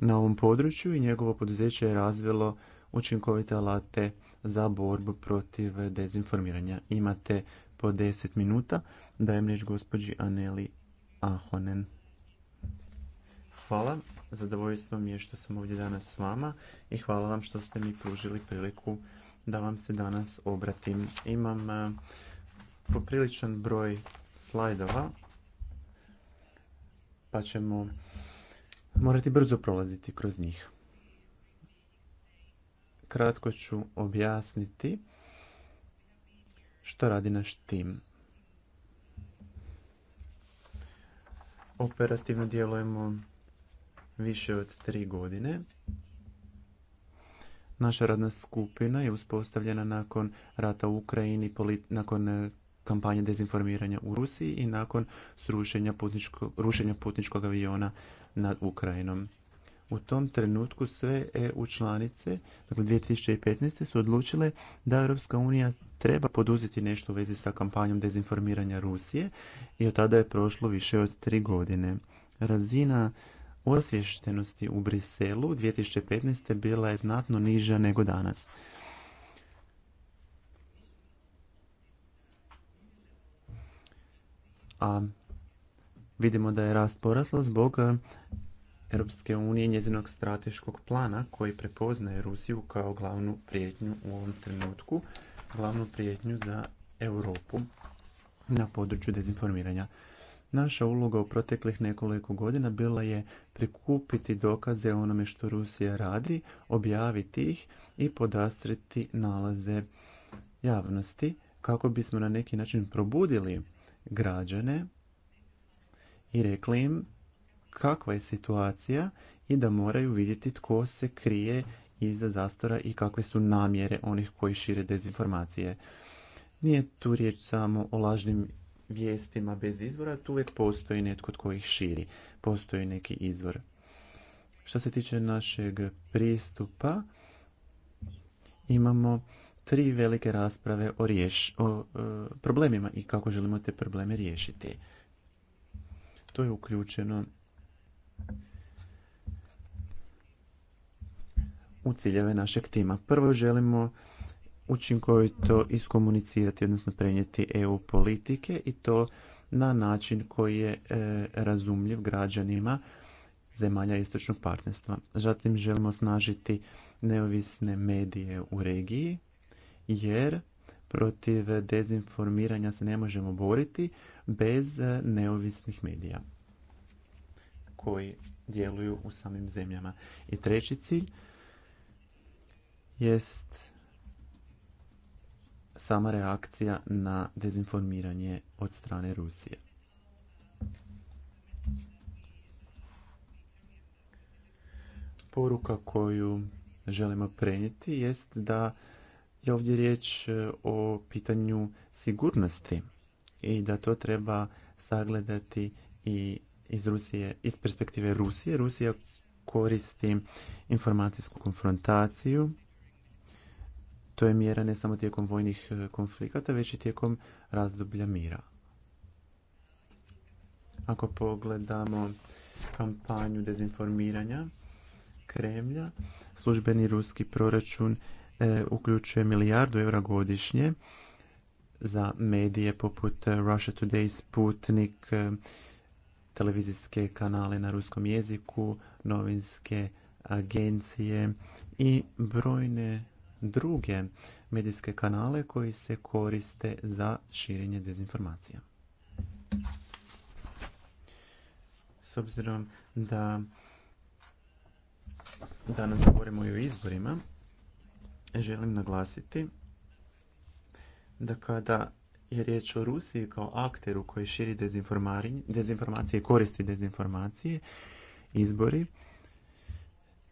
Speaker 4: na ovom području i njegovo poduzeće je razvilo učinkovite alate za borbu protiv dezinformiranja. Imate po 10 minuta. Dajem riječ gospođi Aneli Ahonen. Hvala. Zadovoljstvo mi je što sam ovdje danas s vama i hvala vam što ste mi pružili priliku da vam se danas obratim. Imam e, popriličan broj slajdova, pa ćemo morati brzo prolaziti kroz njih. Kratko ću objasniti što radi naš tim. Operativno djelujemo više od tri godine Naša radna skupina je uspostavljena nakon rata u Ukrajini, nakon e, kampanje dezinformiranja u Rusiji i nakon srušenja rušenja putničkog aviona nad Ukrajinom. U tom trenutku sve EU članice, dakle 2015. su odlučile da Europska unija treba poduzeti nešto u vezi sa kampanjom dezinformiranja Rusije i od tada je prošlo više od tri godine. Razina osvještenosti osviještenosti u Briselu 2015. bila je znatno niža nego danas. A vidimo da je rast porasla zbog Europske unije njezinog strateškog plana koji prepoznaje Rusiju kao glavnu prijetnju u ovom trenutku, glavnu prijetnju za Europu na području dezinformiranja. Naša uloga u proteklih nekoliko godina bila je prikupiti dokaze o onome što Rusija radi, objaviti ih i podastriti nalaze javnosti kako bismo na neki način probudili građane i rekli im kakva je situacija i da moraju vidjeti tko se krije iza zastora i kakve su namjere onih koji šire dezinformacije. Nije tu riječ samo o lažnim vijestima bez izvora, tu uvijek postoji netko tko ih širi. Postoji neki izvor. Što se tiče našeg pristupa, imamo tri velike rasprave o, riješ, o e, problemima i kako želimo te probleme riješiti. To je uključeno u ciljeve našeg tima. Prvo želimo učinkovito iskomunicirati, odnosno prenijeti EU politike i to na način koji je e, razumljiv građanima zemalja istočnog partnerstva. Zatim želimo snažiti neovisne medije u regiji jer protiv dezinformiranja se ne možemo boriti bez e, neovisnih medija koji djeluju u samim zemljama. I treći cilj jest sama reakcija na dezinformiranje od strane Rusije. Poruka koju želimo prenijeti jest da je ovdje riječ e, o pitanju sigurnosti i da to treba sagledati i iz Rusije, iz perspektive Rusije. Rusija koristi informacijsku konfrontaciju to je mjera ne samo tijekom vojnih e, konflikata, već i tijekom razdoblja mira. Ako pogledamo kampanju dezinformiranja Kremlja, službeni ruski proračun e, uključuje milijardu eura godišnje za medije poput e, Russia Today, Sputnik, televizijske kanale na ruskom jeziku, novinske agencije i brojne druge medijske kanale koji se koriste za širenje dezinformacija. S obzirom da danas govorimo i o izborima, želim naglasiti da kada je riječ o Rusiji kao akteru koji širi dezinformacije i koristi dezinformacije, izbori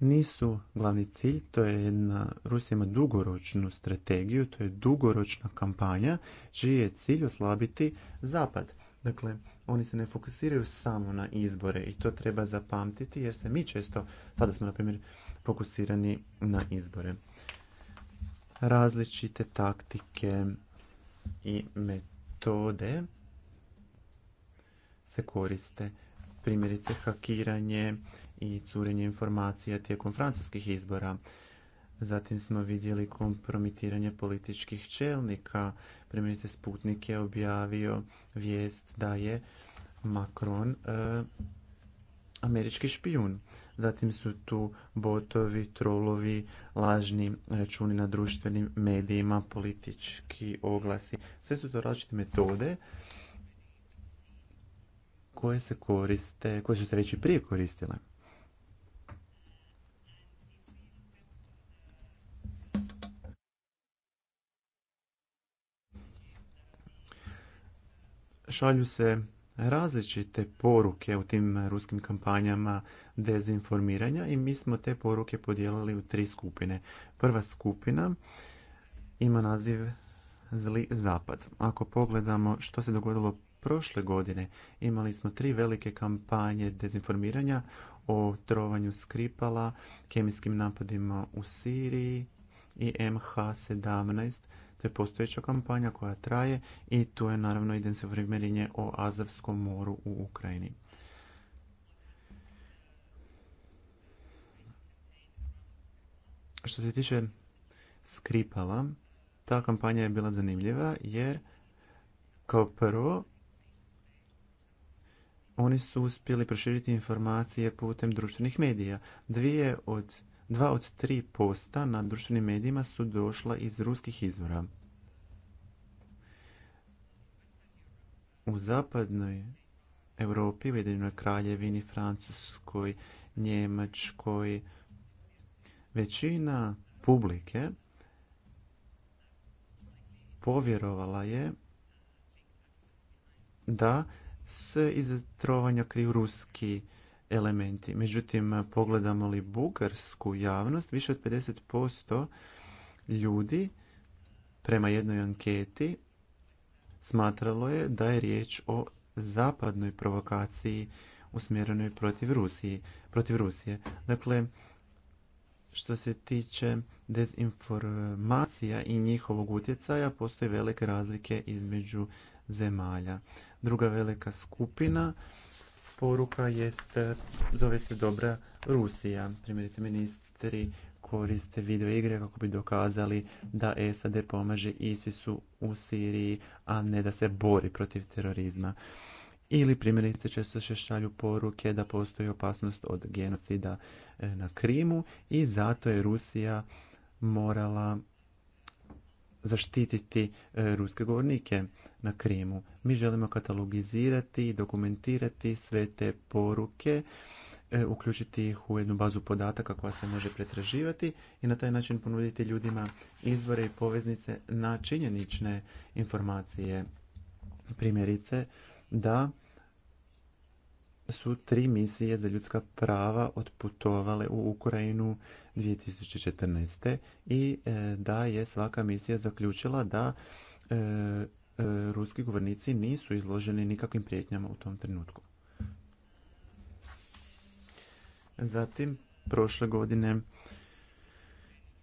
Speaker 4: nisu glavni cilj, to je jedna, Rusija ima dugoročnu strategiju, to je dugoročna kampanja, čiji je cilj oslabiti zapad. Dakle, oni se ne fokusiraju samo na izbore i to treba zapamtiti jer se mi često, sada smo na primjer fokusirani na izbore. Različite taktike i metode se koriste. Primjerice hakiranje, i curenje informacija tijekom francuskih izbora. Zatim smo vidjeli kompromitiranje političkih čelnika. Primjerice Sputnik je objavio vijest da je Macron e, američki špijun. Zatim su tu botovi, trolovi, lažni računi na društvenim medijima, politički oglasi. Sve su to različite metode koje se koriste, koje su se već i prije koristile. šalju se različite poruke u tim ruskim kampanjama dezinformiranja i mi smo te poruke podijelili u tri skupine. Prva skupina ima naziv Zli zapad. Ako pogledamo što se dogodilo prošle godine, imali smo tri velike kampanje dezinformiranja o trovanju Skripala, kemijskim napadima u Siriji i MH17 je postojeća kampanja koja traje i to je naravno primjerinje o Azavskom moru u Ukrajini. Što se tiče Skripala, ta kampanja je bila zanimljiva jer kao prvo oni su uspjeli proširiti informacije putem društvenih medija. Dvije od dva od tri posta na društvenim medijima su došla iz ruskih izvora. U zapadnoj Europi, jedinoj kraljevini, Francuskoj, Njemačkoj, većina publike povjerovala je da se iza trovanja kriju ruski elementi. Međutim, pogledamo li bugarsku javnost, više od 50% ljudi prema jednoj anketi smatralo je da je riječ o zapadnoj provokaciji usmjerenoj protiv, Rusiji, protiv Rusije. Dakle, što se tiče dezinformacija i njihovog utjecaja, postoje velike razlike između zemalja. Druga velika skupina poruka jest, e, zove se dobra Rusija. Primjerice ministri koriste video igre kako bi dokazali da SAD pomaže ISIS-u u Siriji, a ne da se bori protiv terorizma. Ili primjerice često se šalju poruke da postoji opasnost od genocida e, na Krimu i zato je Rusija morala zaštititi e, ruske govornike na Krimu. Mi želimo katalogizirati i dokumentirati sve te poruke, e, uključiti ih u jednu bazu podataka koja se može pretraživati i na taj način ponuditi ljudima izvore i poveznice na činjenične informacije. Primjerice da su tri misije za ljudska prava otputovale u Ukrajinu 2014. i e, da je svaka misija zaključila da e, e, ruski guvernici nisu izloženi nikakvim prijetnjama u tom trenutku. Zatim, prošle godine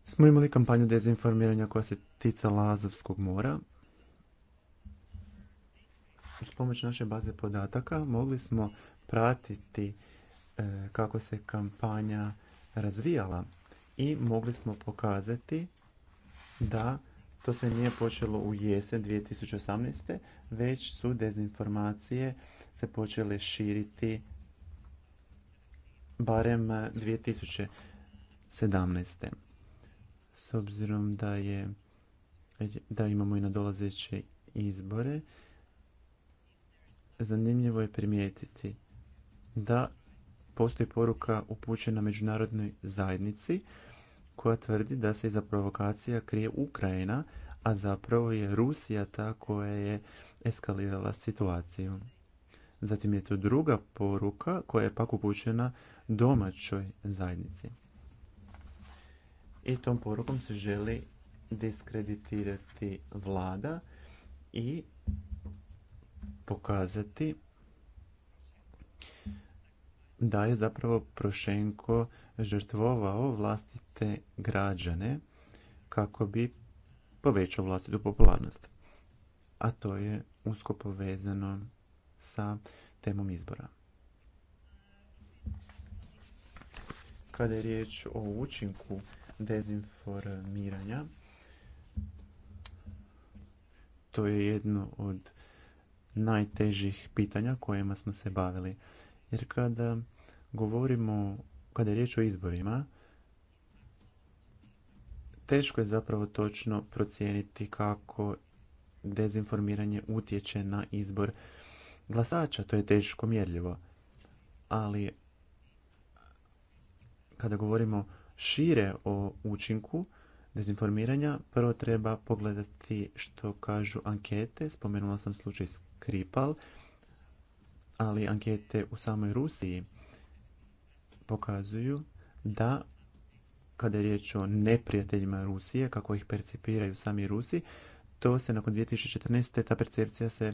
Speaker 4: smo imali kampanju dezinformiranja koja se ticala Azovskog mora. Uz pomoć naše baze podataka mogli smo pratiti kako se kampanja razvijala i mogli smo pokazati da to se nije počelo u jesen 2018. već su dezinformacije se počele širiti barem 2017. S obzirom da, je, da imamo i nadolazeće izbore, zanimljivo je primijetiti da postoji poruka upućena međunarodnoj zajednici koja tvrdi da se iza provokacija krije Ukrajina, a zapravo je Rusija ta koja je eskalirala situaciju. Zatim je to druga poruka koja je pak upućena domaćoj zajednici. I tom porukom se želi diskreditirati vlada i pokazati da je zapravo Prošenko žrtvovao vlastiti građane kako bi povećao vlastitu popularnost. A to je usko povezano sa temom izbora. Kada je riječ o učinku dezinformiranja, to je jedno od najtežih pitanja kojima smo se bavili. Jer kada govorimo, kada je riječ o izborima, Teško je zapravo točno procijeniti kako dezinformiranje utječe na izbor glasača, to je teško mjerljivo. Ali kada govorimo šire o učinku dezinformiranja, prvo treba pogledati što kažu ankete. Spomenula sam slučaj Skripal, ali ankete u samoj Rusiji pokazuju da kada je riječ o neprijateljima Rusije, kako ih percipiraju sami Rusi, to se nakon 2014. ta percepcija se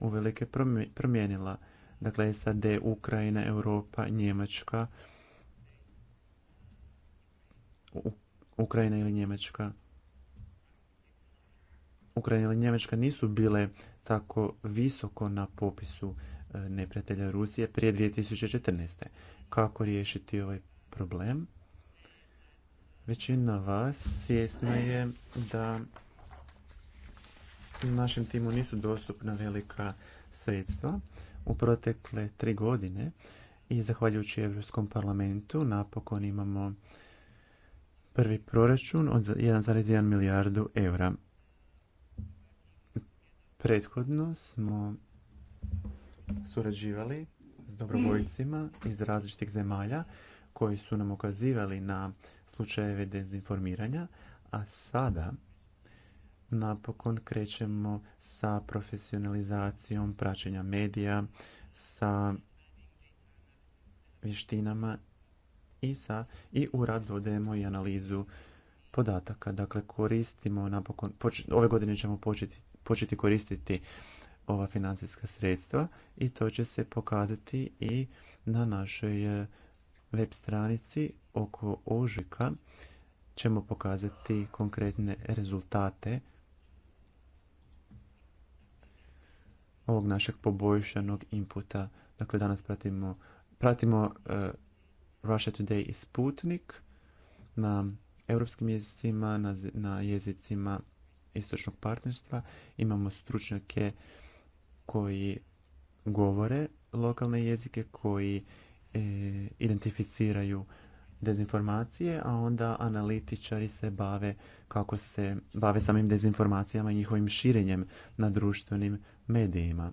Speaker 4: uvelike promijenila. Dakle, SAD, Ukrajina, Europa, Njemačka, Ukrajina ili Njemačka. Ukrajina ili Njemačka nisu bile tako visoko na popisu e, neprijatelja Rusije prije 2014. Kako riješiti ovaj problem? Većina vas svjesna je da našem timu nisu dostupna velika sredstva u protekle tri godine i zahvaljujući Europskom parlamentu napokon imamo prvi proračun od 1,1 milijardu eura. Prethodno smo surađivali s dobrovoljcima iz različitih zemalja koji su nam ukazivali na slučajeve dezinformiranja, a sada napokon krećemo sa profesionalizacijom praćenja medija, sa vještinama i, sa, i u rad dodajemo i analizu podataka. Dakle, koristimo napokon, ove godine ćemo početi, početi koristiti ova financijska sredstva i to će se pokazati i na našoj web stranici oko ožujka ćemo pokazati konkretne rezultate ovog našeg poboljšanog inputa. Dakle, danas pratimo, pratimo uh, Russia Today i Sputnik na europskim jezicima, na, na jezicima istočnog partnerstva. Imamo stručnjake koji govore lokalne jezike, koji E, identificiraju dezinformacije, a onda analitičari se bave kako se bave samim dezinformacijama i njihovim širenjem na društvenim medijima.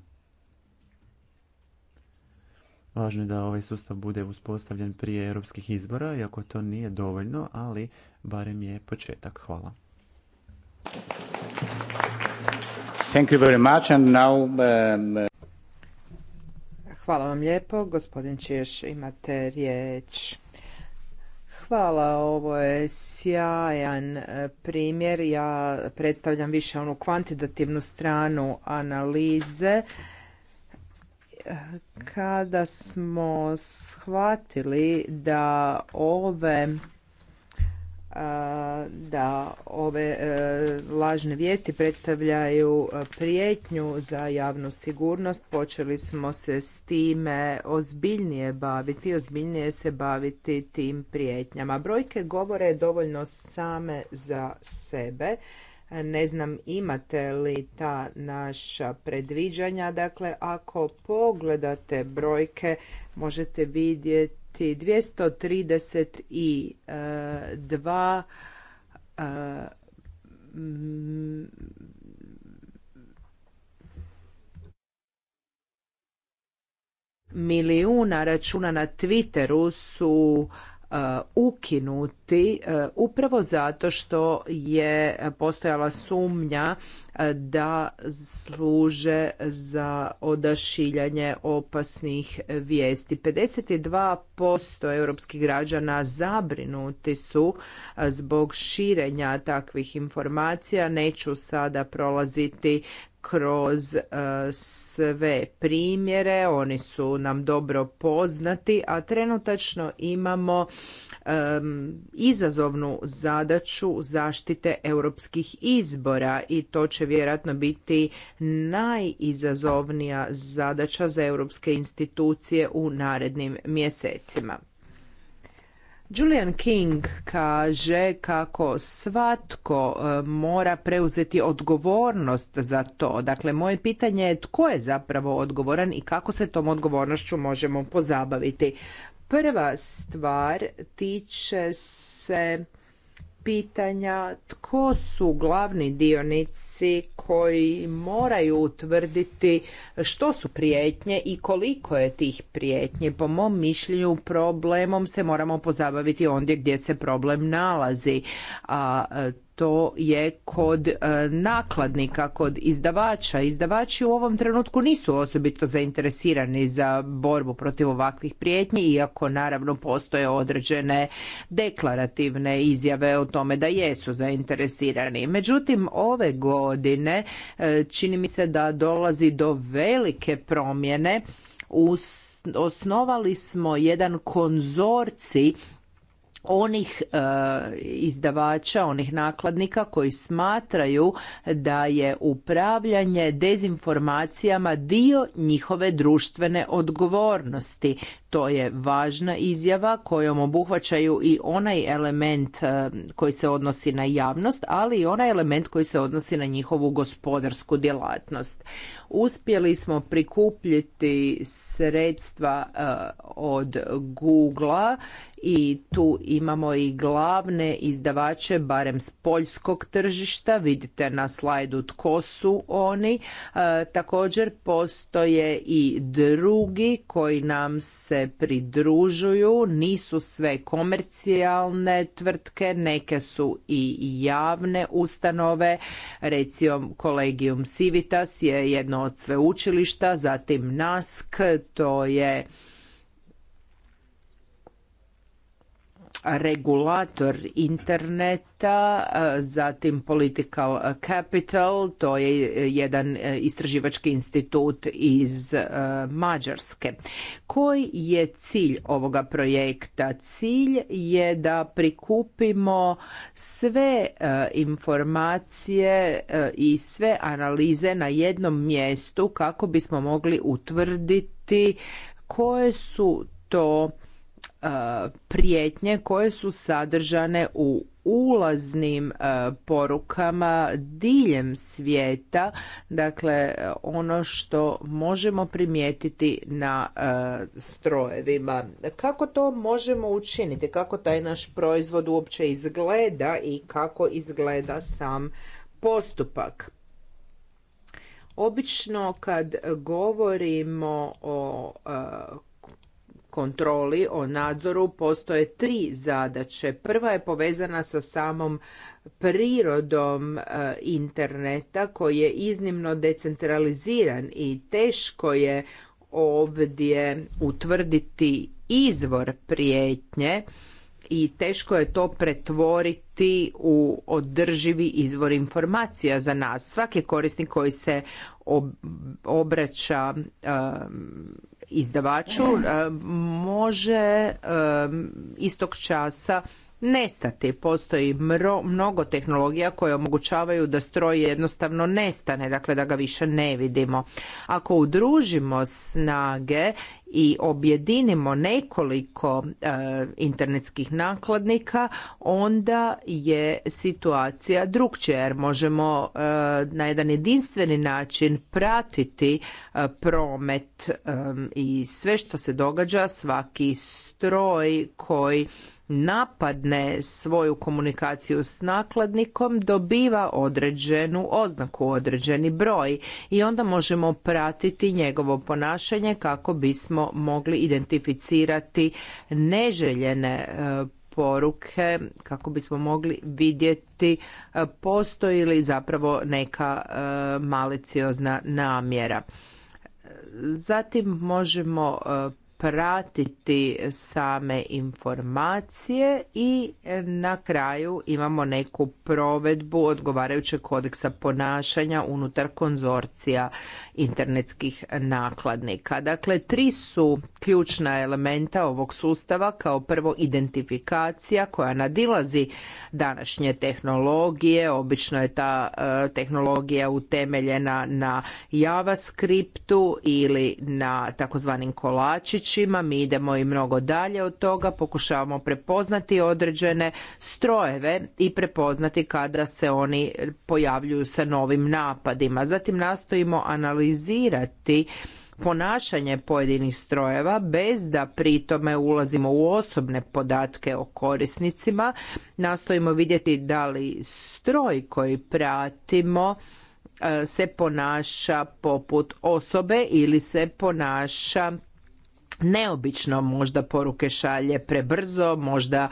Speaker 4: Važno je da ovaj sustav bude uspostavljen prije europskih izbora, iako to nije dovoljno, ali barem je početak. Hvala. Thank you very much and now, um,
Speaker 1: Hvala vam lijepo. Gospodin Češ, imate riječ. Hvala, ovo je sjajan e, primjer. Ja predstavljam više onu kvantitativnu stranu analize. E, kada smo shvatili da ove da ove e, lažne vijesti predstavljaju prijetnju za javnu sigurnost. Počeli smo se s time ozbiljnije baviti, ozbiljnije se baviti tim prijetnjama. Brojke govore dovoljno same za sebe. Ne znam imate li ta naša predviđanja. Dakle, ako pogledate brojke možete vidjeti imati 232 e, milijuna računa na Twitteru su e, ukinuti ti e, upravo zato što je postojala sumnja e, da služe za odašiljanje opasnih vijesti. 52% europskih građana zabrinuti su e, zbog širenja takvih informacija. Neću sada prolaziti kroz sve primjere, oni su nam dobro poznati, a trenutačno imamo izazovnu zadaću zaštite europskih izbora i to će vjerojatno biti najizazovnija zadaća za europske institucije u narednim mjesecima. Julian King kaže kako svatko e, mora preuzeti odgovornost za to. Dakle, moje pitanje je tko je zapravo odgovoran i kako se tom odgovornošću možemo pozabaviti. Prva stvar tiče se pitanja tko su glavni dionici koji moraju utvrditi što su prijetnje i koliko je tih prijetnje. Po mom mišljenju problemom se moramo pozabaviti ondje gdje se problem nalazi. A to je kod e, nakladnika, kod izdavača. Izdavači u ovom trenutku nisu osobito zainteresirani za borbu protiv ovakvih prijetnji, iako naravno postoje određene deklarativne izjave o tome da jesu zainteresirani. Međutim, ove godine e, čini mi se da dolazi do velike promjene u osnovali smo jedan konzorci onih e, izdavača, onih nakladnika koji smatraju da je upravljanje dezinformacijama dio njihove društvene odgovornosti. To je važna izjava kojom obuhvaćaju i onaj element e, koji se odnosi na javnost, ali i onaj element koji se odnosi na njihovu gospodarsku djelatnost. Uspjeli smo prikupljiti sredstva e, od Google i tu imamo i glavne izdavače barem s poljskog tržišta vidite na slajdu tko su oni e, također postoje i drugi koji nam se pridružuju, nisu sve komercijalne tvrtke, neke su i javne ustanove, recimo Collegium Civitas je jedno od sveučilišta, zatim NASK, to je regulator interneta, zatim Political Capital, to je jedan e, istraživački institut iz e, Mađarske. Koji je cilj ovoga projekta? Cilj je da prikupimo sve e, informacije i sve analize na jednom mjestu kako bismo mogli utvrditi koje su to E, prijetnje koje su sadržane u ulaznim e, porukama diljem svijeta dakle ono što možemo primijetiti na e, strojevima kako to možemo učiniti kako taj naš proizvod uopće izgleda i kako izgleda sam postupak Obično kad govorimo o kontroli, o nadzoru postoje tri zadaće. Prva je povezana sa samom prirodom e, interneta koji je iznimno decentraliziran i teško je ovdje utvrditi izvor prijetnje i teško je to pretvoriti u održivi izvor informacija za nas. Svaki korisnik koji se obraća izdavaču (clears throat) e, može e, istog časa nestati. Postoji mnogo tehnologija koje omogućavaju da stroj jednostavno nestane, dakle da ga više ne vidimo. Ako udružimo snage i objedinimo nekoliko e, internetskih nakladnika, onda je situacija drugčija jer možemo e, na jedan jedinstveni način pratiti e, promet i sve što se događa, svaki stroj koji napadne svoju komunikaciju s nakladnikom dobiva određenu oznaku, određeni broj i onda možemo pratiti njegovo ponašanje kako bismo mogli identificirati neželjene e, poruke kako bismo mogli vidjeti e, postoji li zapravo neka e, maliciozna namjera. Zatim možemo pratiti same informacije i na kraju imamo neku provedbu odgovarajućeg kodeksa ponašanja unutar konzorcija internetskih nakladnika. Dakle, tri su ključna elementa ovog sustava. Kao prvo identifikacija koja nadilazi današnje tehnologije. Obično je ta e, tehnologija utemeljena na JavaScriptu ili na takozvanim kolačićima mi idemo i mnogo dalje od toga, pokušavamo prepoznati određene strojeve i prepoznati kada se oni pojavljuju sa novim napadima. Zatim nastojimo analizirati ponašanje pojedinih strojeva bez da pritome ulazimo u osobne podatke o korisnicima. Nastojimo vidjeti da li stroj koji pratimo e, se ponaša poput osobe ili se ponaša neobično možda poruke šalje prebrzo, možda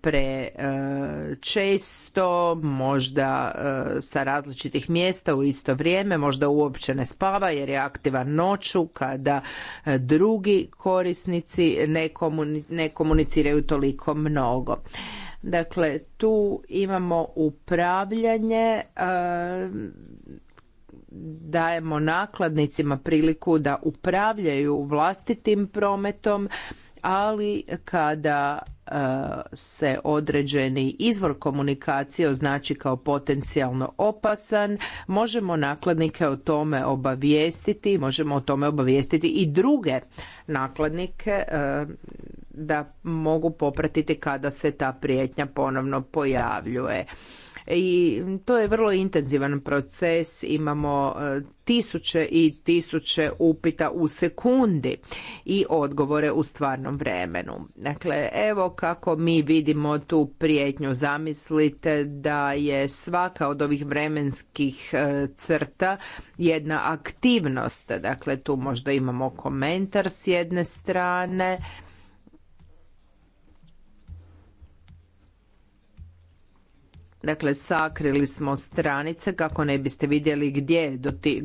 Speaker 1: prečesto, možda sa različitih mjesta u isto vrijeme, možda uopće ne spava jer je aktivan noću kada drugi korisnici ne, ne komuniciraju toliko mnogo. Dakle, tu imamo upravljanje dajemo nakladnicima priliku da upravljaju vlastitim prometom, ali kada e, se određeni izvor komunikacije označi kao potencijalno opasan, možemo nakladnike o tome obavijestiti, možemo o tome obavijestiti i druge nakladnike e, da mogu popratiti kada se ta prijetnja ponovno pojavljuje i to je vrlo intenzivan proces, imamo e, tisuće i tisuće upita u sekundi i odgovore u stvarnom vremenu. Dakle, evo kako mi vidimo tu prijetnju. Zamislite da je svaka od ovih vremenskih e, crta jedna aktivnost. Dakle, tu možda imamo komentar s jedne strane, Dakle, sakrili smo stranice kako ne biste vidjeli gdje je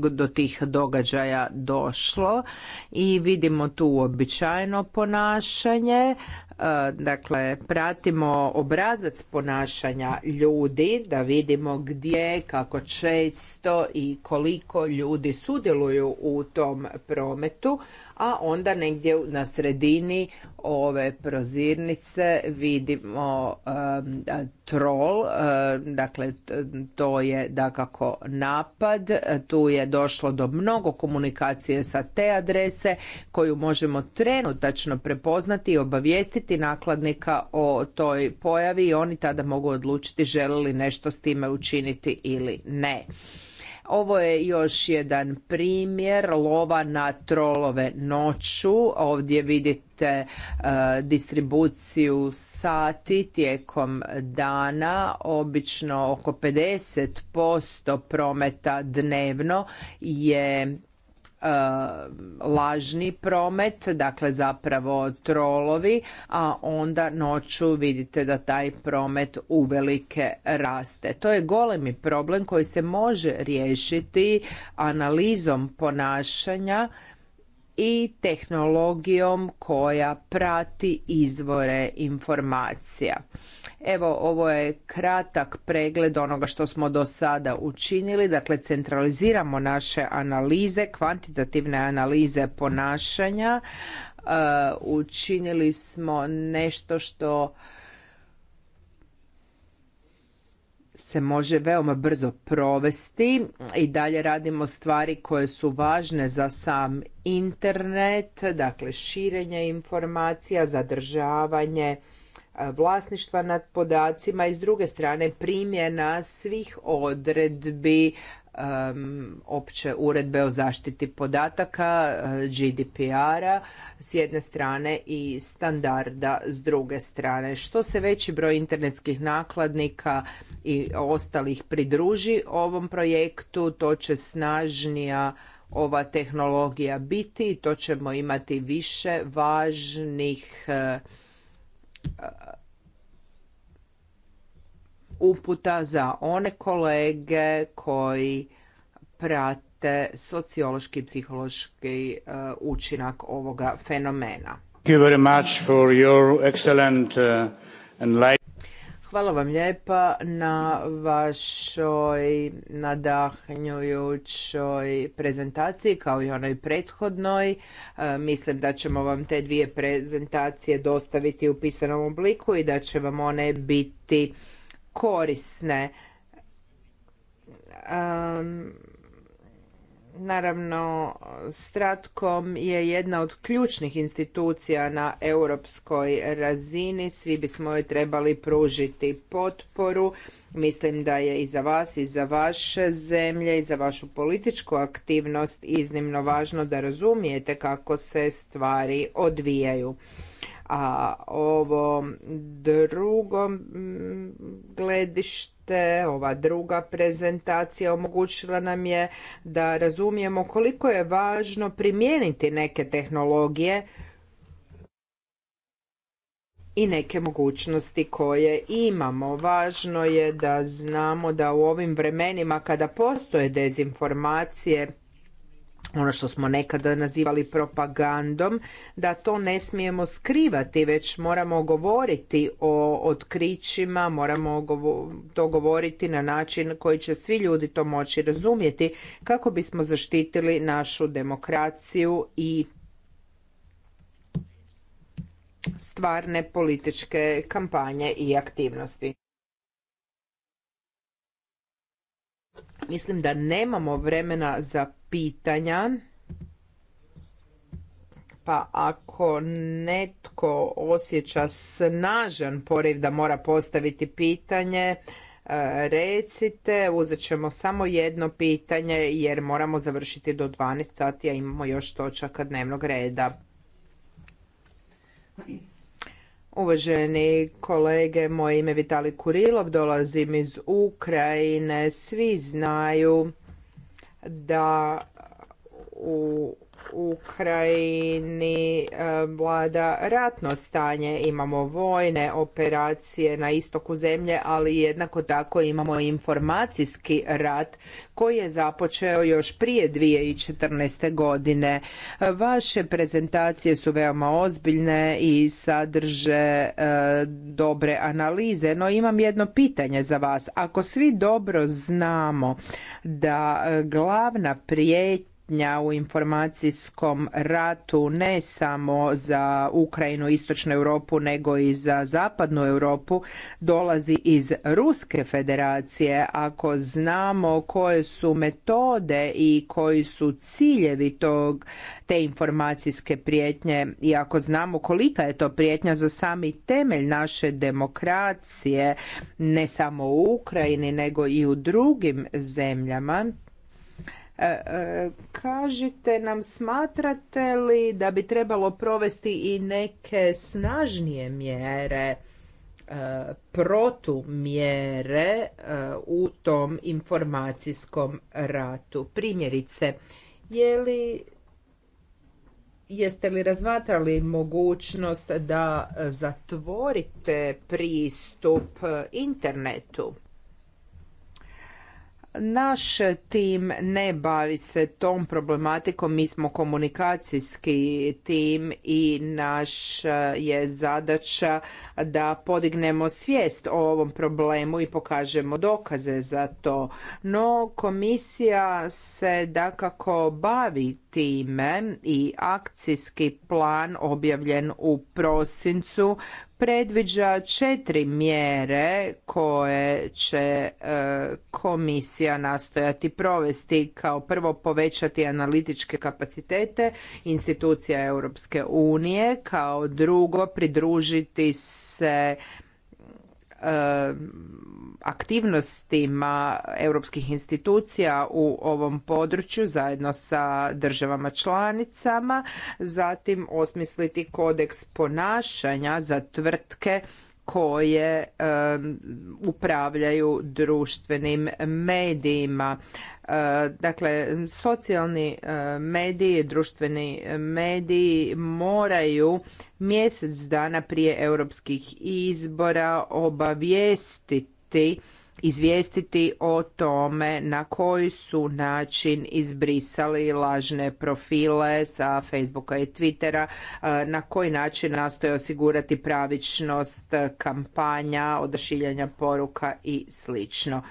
Speaker 1: do tih događaja došlo i vidimo tu uobičajeno ponašanje. E, dakle, pratimo obrazac ponašanja ljudi da vidimo gdje, kako često i koliko ljudi sudjeluju u tom prometu a onda negdje na sredini ove prozirnice vidimo um, trol, dakle to je dakako napad, tu je došlo do mnogo komunikacije sa te adrese koju možemo trenutačno prepoznati i obavijestiti nakladnika o toj pojavi i oni tada mogu odlučiti žele li nešto s time učiniti ili ne. Ovo je još jedan primjer lova na trolove noću. Ovdje vidite e, distribuciju sati tijekom dana, obično oko 50% prometa dnevno je E, lažni promet, dakle zapravo trolovi, a onda noću vidite da taj promet uvelike raste. To je golemi problem koji se može riješiti analizom ponašanja i tehnologijom koja prati izvore informacija. Evo, ovo je kratak pregled onoga što smo do sada učinili. Dakle, centraliziramo naše analize, kvantitativne analize ponašanja. E, učinili smo nešto što se može veoma brzo provesti i dalje radimo stvari koje su važne za sam internet, dakle širenje informacija, zadržavanje vlasništva nad podacima i s druge strane primjena svih odredbi opće uredbe o zaštiti podataka, e, GDPR-a s jedne strane i standarda s druge strane. Što se veći broj internetskih nakladnika i ostalih pridruži ovom projektu, to će snažnija ova tehnologija biti i to ćemo imati više važnih e, uputa za one kolege koji prate sociološki i psihološki e, učinak ovoga fenomena.
Speaker 3: Thank you very much for your excellent and e,
Speaker 1: Hvala vam lijepa na vašoj nadahnjujućoj prezentaciji kao i onoj prethodnoj. E, mislim da ćemo vam te dvije prezentacije dostaviti u pisanom obliku i da će vam one biti korisne. Naravno, Stratkom je jedna od ključnih institucija na europskoj razini. Svi bismo joj trebali pružiti potporu. Mislim da je i za vas i za vaše zemlje i za vašu političku aktivnost iznimno važno da razumijete kako se stvari odvijaju. A ovo drugo mm, gledište, ova druga prezentacija omogućila nam je da razumijemo koliko je važno primijeniti neke tehnologije i neke mogućnosti koje imamo. Važno je da znamo da u ovim vremenima kada postoje dezinformacije ono što smo nekada nazivali propagandom, da to ne smijemo skrivati, već moramo govoriti o otkrićima, moramo to govoriti na način koji će svi ljudi to moći razumjeti kako bismo zaštitili našu demokraciju i stvarne političke kampanje i aktivnosti. Mislim da nemamo vremena za pitanja. Pa ako netko osjeća snažan poriv da mora postaviti pitanje, e, recite, uzet ćemo samo jedno pitanje jer moramo završiti do 12 sati, a imamo još točaka dnevnog reda. Uvaženi kolege, moje ime je Vitali Kurilov, dolazim iz Ukrajine, svi znaju da u Ukrajini e, vlada ratno stanje, imamo vojne operacije na istoku zemlje, ali jednako tako imamo informacijski rat koji je započeo još prije 2014. godine. Vaše prezentacije su veoma ozbiljne i sadrže e, dobre analize, no imam jedno pitanje za vas. Ako svi dobro znamo da e, glavna prijetnja u informacijskom ratu ne samo za Ukrajinu, Istočnu Europu, nego i za Zapadnu Europu dolazi iz Ruske federacije. Ako znamo koje su metode i koji su ciljevi tog, te informacijske prijetnje i ako znamo kolika je to prijetnja za sami temelj naše demokracije, ne samo u Ukrajini, nego i u drugim zemljama, E, e, kažite nam, smatrate li da bi trebalo provesti i neke snažnije mjere e, protumjere u tom informacijskom ratu. Primjerice, je li, jeste li razmatrali mogućnost da zatvorite pristup internetu? naš tim ne bavi se tom problematikom, mi smo komunikacijski tim i naš je zadaća da podignemo svijest o ovom problemu i pokažemo dokaze za to. No komisija se dakako bavi time i akcijski plan objavljen u prosincu predviđa četiri mjere koje će e, komisija nastojati provesti kao prvo povećati analitičke kapacitete institucija Europske unije, kao drugo pridružiti se Eh, aktivnostima europskih institucija u ovom području zajedno sa državama članicama, zatim osmisliti kodeks ponašanja za tvrtke koje upravljaju društvenim medijima. E, dakle, socijalni e, mediji, društveni mediji moraju mjesec dana prije europskih izbora obavijestiti izvijestiti o tome na koji su način izbrisali lažne profile sa Facebooka i Twittera, e, na koji način nastoje osigurati pravičnost kampanja, odašiljanja poruka i slično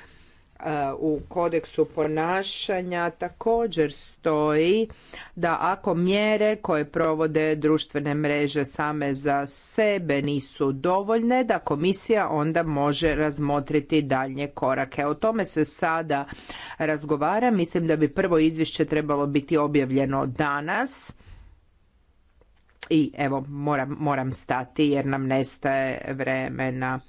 Speaker 1: u kodeksu ponašanja također stoji da ako mjere koje provode društvene mreže same za sebe nisu dovoljne, da komisija onda može razmotriti daljnje korake. O tome se sada razgovara. Mislim da bi prvo izvješće trebalo biti objavljeno danas i evo moram, moram stati jer nam nestaje vremena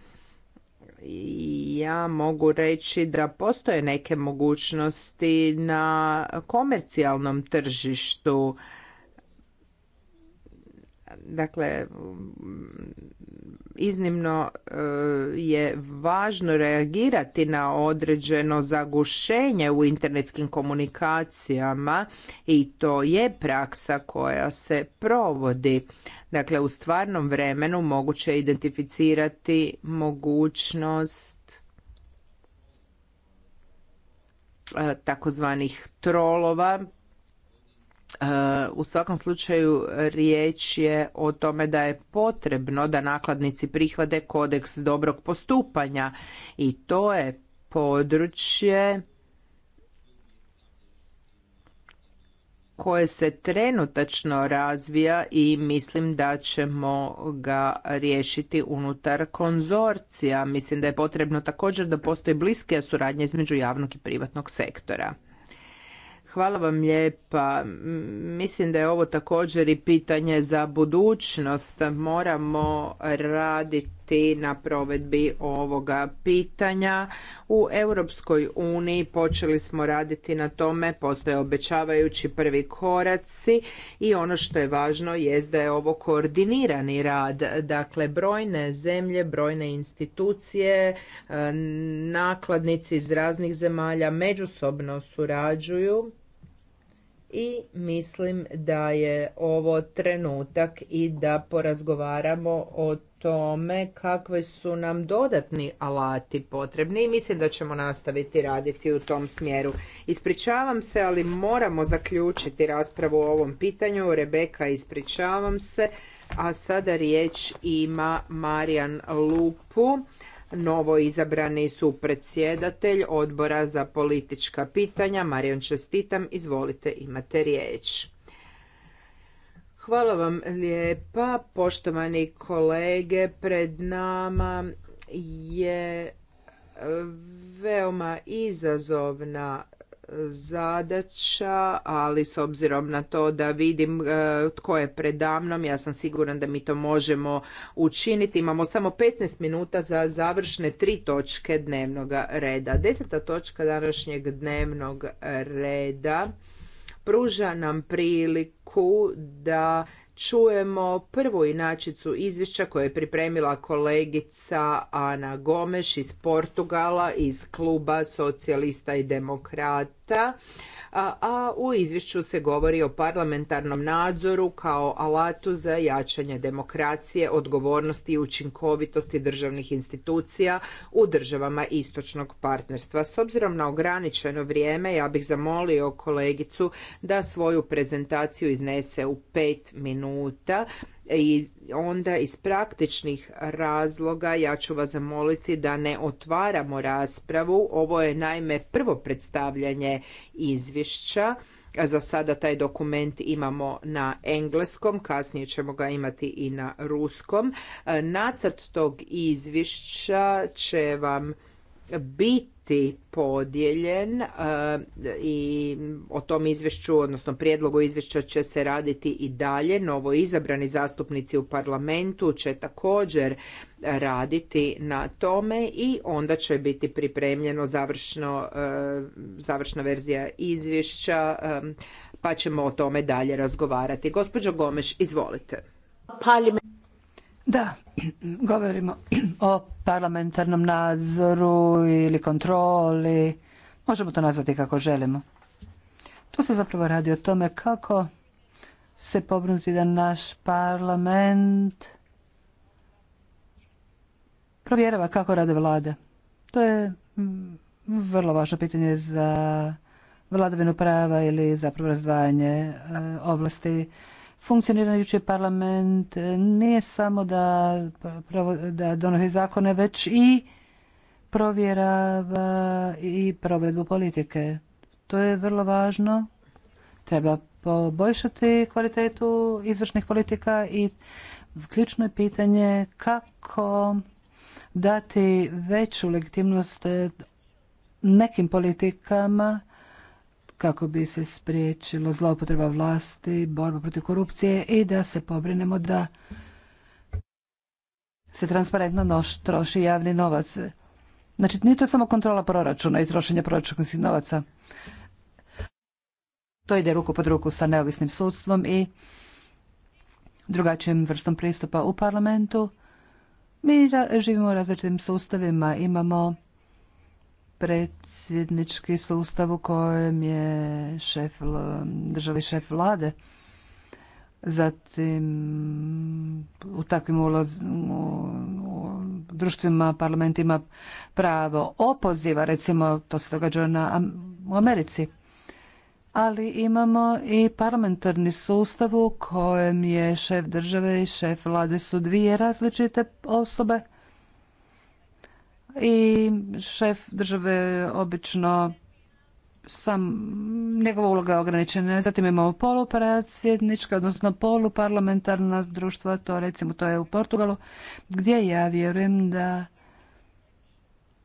Speaker 1: ja mogu reći da postoje neke mogućnosti na komercijalnom tržištu dakle iznimno e, je važno reagirati na određeno zagušenje u internetskim komunikacijama i to je praksa koja se provodi Dakle, u stvarnom vremenu moguće je identificirati mogućnost e, takozvanih trolova. E, u svakom slučaju riječ je o tome da je potrebno da nakladnici prihvade kodeks dobrog postupanja i to je područje koje se trenutačno razvija i mislim da ćemo ga riješiti unutar konzorcija. Mislim da je potrebno također da postoji bliske suradnje između javnog i privatnog sektora. Hvala vam lijepa. Mislim da je ovo također i pitanje za budućnost. Moramo raditi raditi na provedbi ovoga pitanja. U Europskoj uniji počeli smo raditi na tome, postoje obećavajući prvi koraci i ono što je važno je da je ovo koordinirani rad. Dakle, brojne zemlje, brojne institucije, e, nakladnici iz raznih zemalja međusobno surađuju i mislim da je ovo trenutak i da porazgovaramo o tome kakve su nam dodatni alati potrebni i mislim da ćemo nastaviti raditi u tom smjeru. Ispričavam se, ali moramo zaključiti raspravu o ovom pitanju. Rebeka, ispričavam se. A sada riječ ima Marijan Lupu, novo izabrani su predsjedatelj odbora za politička pitanja. Marijan, čestitam, izvolite, imate riječ. Hvala vam lijepa, poštovani kolege, pred nama je e, veoma izazovna zadaća, ali s obzirom na to da vidim e, tko je predamnom, ja sam siguran da mi to možemo učiniti. Imamo samo 15 minuta za završne tri točke dnevnog reda. Deseta točka današnjeg dnevnog reda pruža nam priliku da čujemo prvu inačicu izvješća koje je pripremila kolegica Ana Gomes iz Portugala iz kluba socijalista i demokrata a u izvješću se govori o parlamentarnom nadzoru kao alatu za jačanje demokracije, odgovornosti i učinkovitosti državnih institucija u državama istočnog partnerstva. S obzirom na ograničeno vrijeme, ja bih zamolio kolegicu da svoju prezentaciju iznese u pet minuta i onda iz praktičnih razloga ja ću vas zamoliti da ne otvaramo raspravu. Ovo je naime prvo predstavljanje izvješća. Za sada taj dokument imamo na engleskom, kasnije ćemo ga imati i na ruskom. E, nacrt tog izvješća će vam biti biti podijeljen e, i o tom izvješću, odnosno prijedlogu izvješća će se raditi i dalje. Novo izabrani zastupnici u parlamentu će također raditi na tome i onda će biti pripremljeno završno, e, završna verzija izvješća e, pa ćemo o tome dalje razgovarati. Gospođo Gomeš, izvolite.
Speaker 2: Parlament da, (clears throat) govorimo (clears throat) o parlamentarnom nadzoru ili kontroli. Možemo to nazvati kako želimo. Tu se zapravo radi o tome kako se pobrinuti da naš parlament provjerava kako rade vlade. To je mm, vrlo važno pitanje za vladavinu prava ili zapravo razdvajanje e, ovlasti funkcionirajući parlament nije samo da, da donosi zakone, već i provjerava i provedbu politike. To je vrlo važno. Treba poboljšati kvalitetu izvršnih politika i ključno je pitanje kako dati veću legitimnost nekim politikama kako bi se spriječilo zloupotreba vlasti, borba protiv korupcije i da se pobrinemo da se transparentno troši javni novac. Znači, nije to samo kontrola proračuna i trošenje proračunskih novaca. To ide ruku pod ruku sa neovisnim sudstvom i drugačijim vrstom pristupa u parlamentu. Mi živimo u različitim sustavima, imamo predsjednički sustav u kojem je šef, državi šef vlade. Zatim u takvim društvima u, društvima, parlamentima pravo opoziva, recimo to se događa na, u Americi. Ali imamo i parlamentarni sustav u kojem je šef države i šef vlade su dvije različite osobe i šef države obično sam, njegova uloga je ograničena. Zatim imamo polupredsjednička, odnosno poluparlamentarna društva, to recimo to je u Portugalu, gdje ja vjerujem da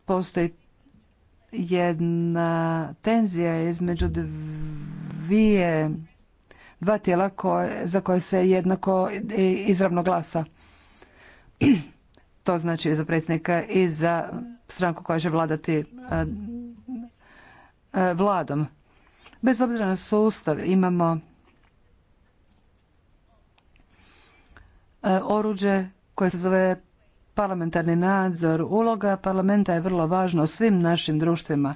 Speaker 2: postoji jedna tenzija između dvije dva tijela za koje se jednako izravno glasa to znači za predsjednika i za stranku koja će vladati e, e, vladom. Bez obzira na sustav imamo e, oruđe koje se zove parlamentarni nadzor. Uloga parlamenta je vrlo važna u svim našim društvima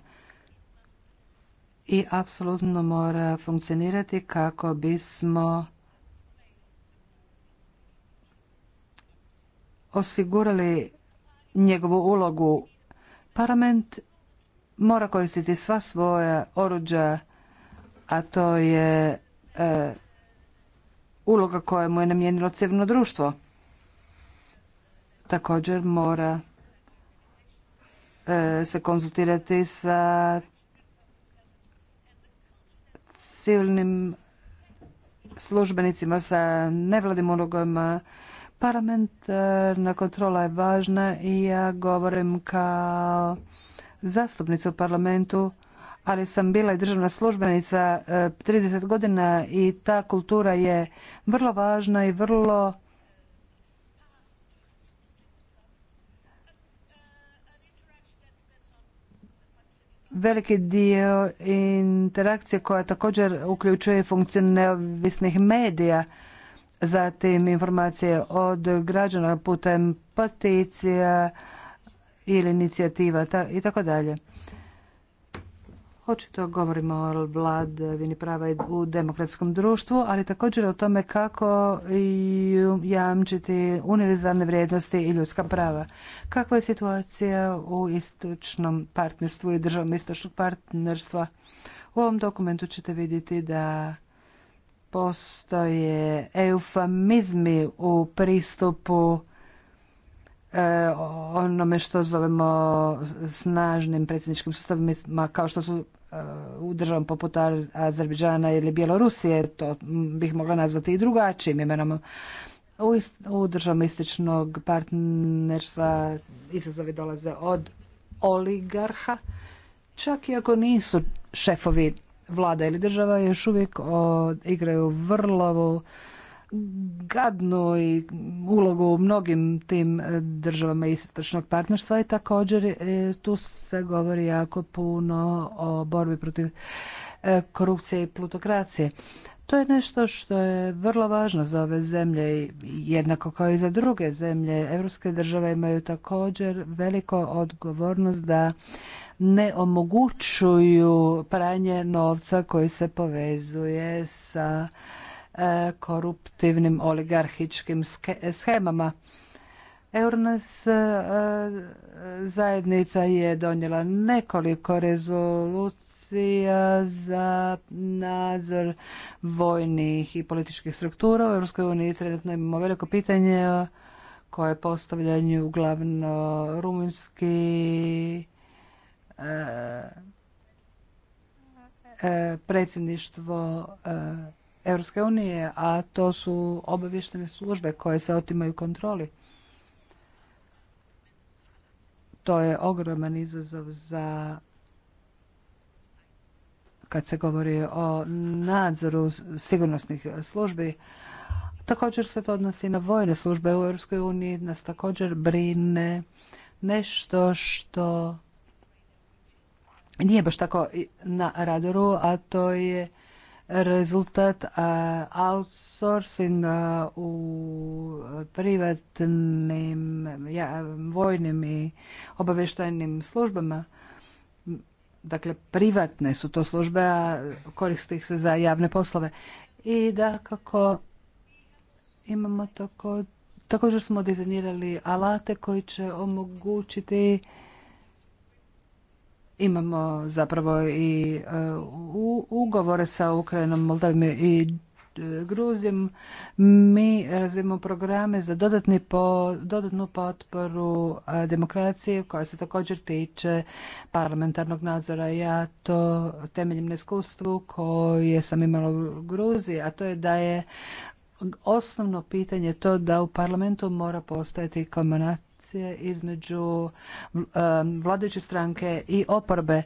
Speaker 2: i apsolutno mora funkcionirati kako bismo osigurali njegovu ulogu. Parlament mora koristiti sva svoja oruđa, a to je e, uloga koja mu je namijenilo civilno društvo. Također mora e, se konzultirati sa civilnim službenicima, sa nevladim ulogama, Parlamentarna e, kontrola je važna i ja govorim kao zastupnica u parlamentu, ali sam bila i državna službenica 30 e, godina i ta kultura je vrlo važna i vrlo veliki dio interakcije koja također uključuje funkciju neovisnih medija zatim informacije od građana putem peticija ili inicijativa i tako dalje. Očito govorimo o vladavini prava u demokratskom društvu, ali također o tome kako jamčiti univerzalne vrijednosti i ljudska prava. Kakva je situacija u istočnom partnerstvu i državom istočnog partnerstva? U ovom dokumentu ćete vidjeti da postoje eufamizmi u pristupu e, onome što zovemo snažnim predsjedničkim sustavima kao što su e, u državom poput Azerbiđana ili Bjelorusije, to bih mogla nazvati i drugačijim imenom. U, u državama ističnog partnerstva izazovi dolaze od oligarha, čak i ako nisu šefovi vlada ili država još uvijek igraju vrlo gadnu i ulogu u mnogim tim e, državama istočnog partnerstva i također e, tu se govori jako puno o borbi protiv e, korupcije i plutokracije. To je nešto što je vrlo važno za ove zemlje, jednako kao i za druge zemlje. Evropske države imaju također veliko odgovornost da ne omogućuju pranje novca koji se povezuje sa e, koruptivnim oligarhičkim schemama. EURNAS e, zajednica je donijela nekoliko rezolucija za nadzor vojnih i političkih struktura. U EU trenutno imamo veliko pitanje koje postavljaju glavno rumunski E, predsjedništvo e, Europske unije, a to su obavještene službe koje se otimaju kontroli. To je ogroman izazov za kad se govori o nadzoru sigurnosnih službi. Također se to odnosi na vojne službe u Europskoj uniji. Nas također brine nešto što nije baš tako na radaru, a to je rezultat e, outsourcinga e, u privatnim vojnim i obavještajnim službama. Dakle, privatne su to službe, a koristi ih se za javne poslove. I da kako imamo tako, također smo dizajnirali alate koji će omogućiti Imamo zapravo i e, ugovore sa Ukrajinom, Moldavijom i e, Gruzijom. Mi razvijemo programe za dodatni dodatnu potporu e, demokracije koja se također tiče parlamentarnog nadzora. Ja to temeljem na iskustvu koje sam imala u Gruziji, a to je da je osnovno pitanje to da u parlamentu mora postojati između vladajuće stranke i oporbe.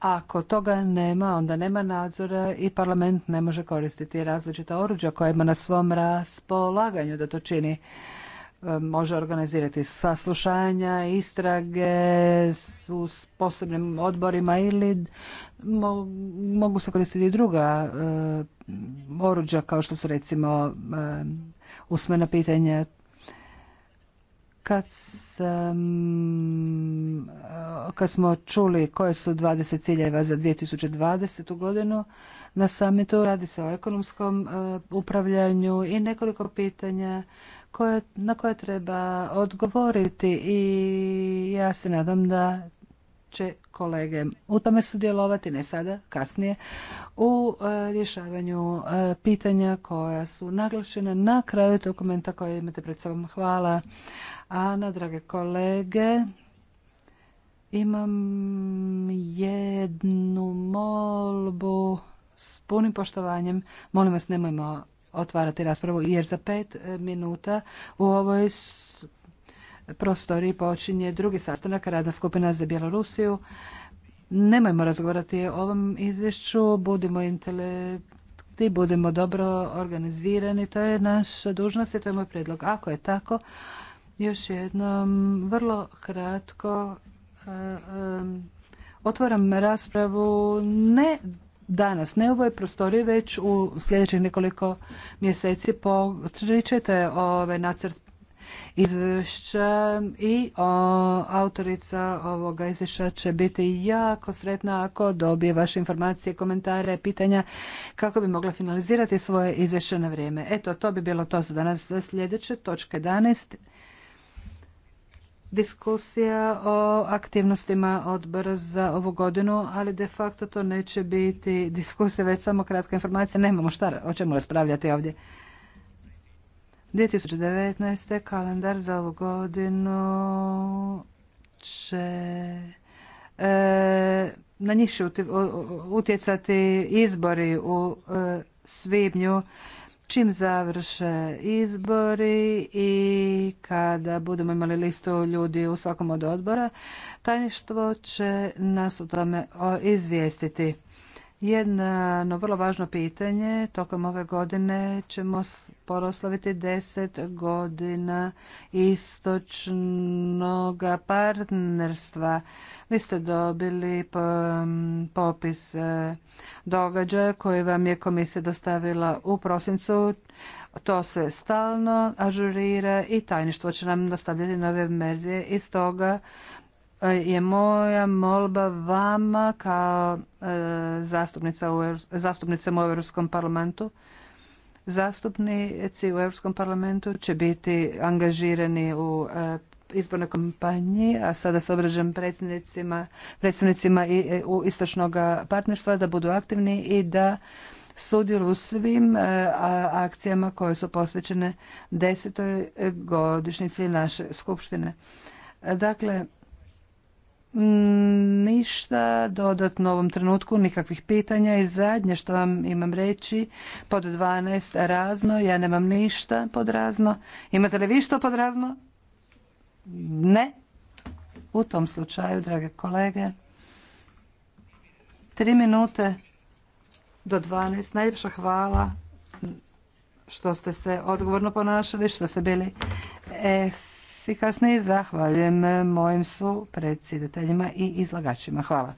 Speaker 2: Ako toga nema, onda nema nadzora i parlament ne može koristiti različita oruđa koja ima na svom raspolaganju da to čini. Može organizirati saslušanja, istrage u posebnim odborima ili mogu se koristiti i druga oruđa kao što su recimo usmena pitanja. Kad, sam, e, smo čuli koje su 20 ciljeva za 2020. godinu na samitu, radi se o ekonomskom e, upravljanju i nekoliko pitanja na koje treba odgovoriti i ja se nadam da će kolege u tome sudjelovati, ne sada, kasnije, u e, rješavanju pitanja koja su naglašena na kraju dokumenta koje imate pred sobom. Hvala Ana, drage kolege, imam jednu molbu s punim poštovanjem. Molim vas, nemojmo otvarati raspravu, jer za pet e, minuta u ovoj prostoriji počinje drugi sastanak Rada skupina za Bjelorusiju. Nemojmo razgovarati o ovom izvješću, budimo intelekti, budimo dobro organizirani, to je naša dužnost i to je moj prijedlog. Ako je tako, još jednom vrlo kratko e, e, otvaram raspravu ne danas, ne u ovoj prostoriji, već u sljedećih nekoliko mjeseci potričete ovaj nacrt izvješća i autorica ovoga izvješća će biti jako sretna ako dobije vaše informacije, komentare, pitanja kako bi mogla finalizirati svoje izvješće na vrijeme. Eto, to bi bilo to za danas. Sljedeće, točka 11 diskusija o aktivnostima odbora za ovu godinu, ali de facto to neće biti diskusija, već samo kratka informacija. Nemamo šta o čemu raspravljati ovdje. 2019. kalendar za ovu godinu će e, na njih će utjecati izbori u e, svibnju čim završe izbori i kada budemo imali listu ljudi u svakom od odbora, tajništvo će nas o tome izvijestiti. Jedno vrlo važno pitanje, tokom ove godine ćemo poroslaviti deset godina istočnog partnerstva. Vi ste dobili um, popis uh, događaja koji vam je komisija dostavila u prosincu. To se stalno ažurira i tajništvo će nam dostavljati nove verzije. Iz toga E, je moja molba vama kao e, zastupnica u, zastupnicama u Europskom parlamentu. Zastupnici u Europskom parlamentu će biti angažirani u e, izbornoj kampanji, a sada se obrađam predsjednicima, u istočnog partnerstva da budu aktivni i da sudjeluju u svim akcijama koje su posvećene desetoj godišnjici naše skupštine. Dakle, Ništa dodatno u ovom trenutku, nikakvih pitanja i zadnje što vam imam reći, pod 12 razno, ja nemam ništa pod razno. Imate li vi što pod razno? Ne. U tom slučaju, drage kolege, tri minute do 12. Najljepša hvala što ste se odgovorno ponašali, što ste bili efektivni efikasniji. Zahvaljujem mojim su predsjedateljima i izlagačima. Hvala.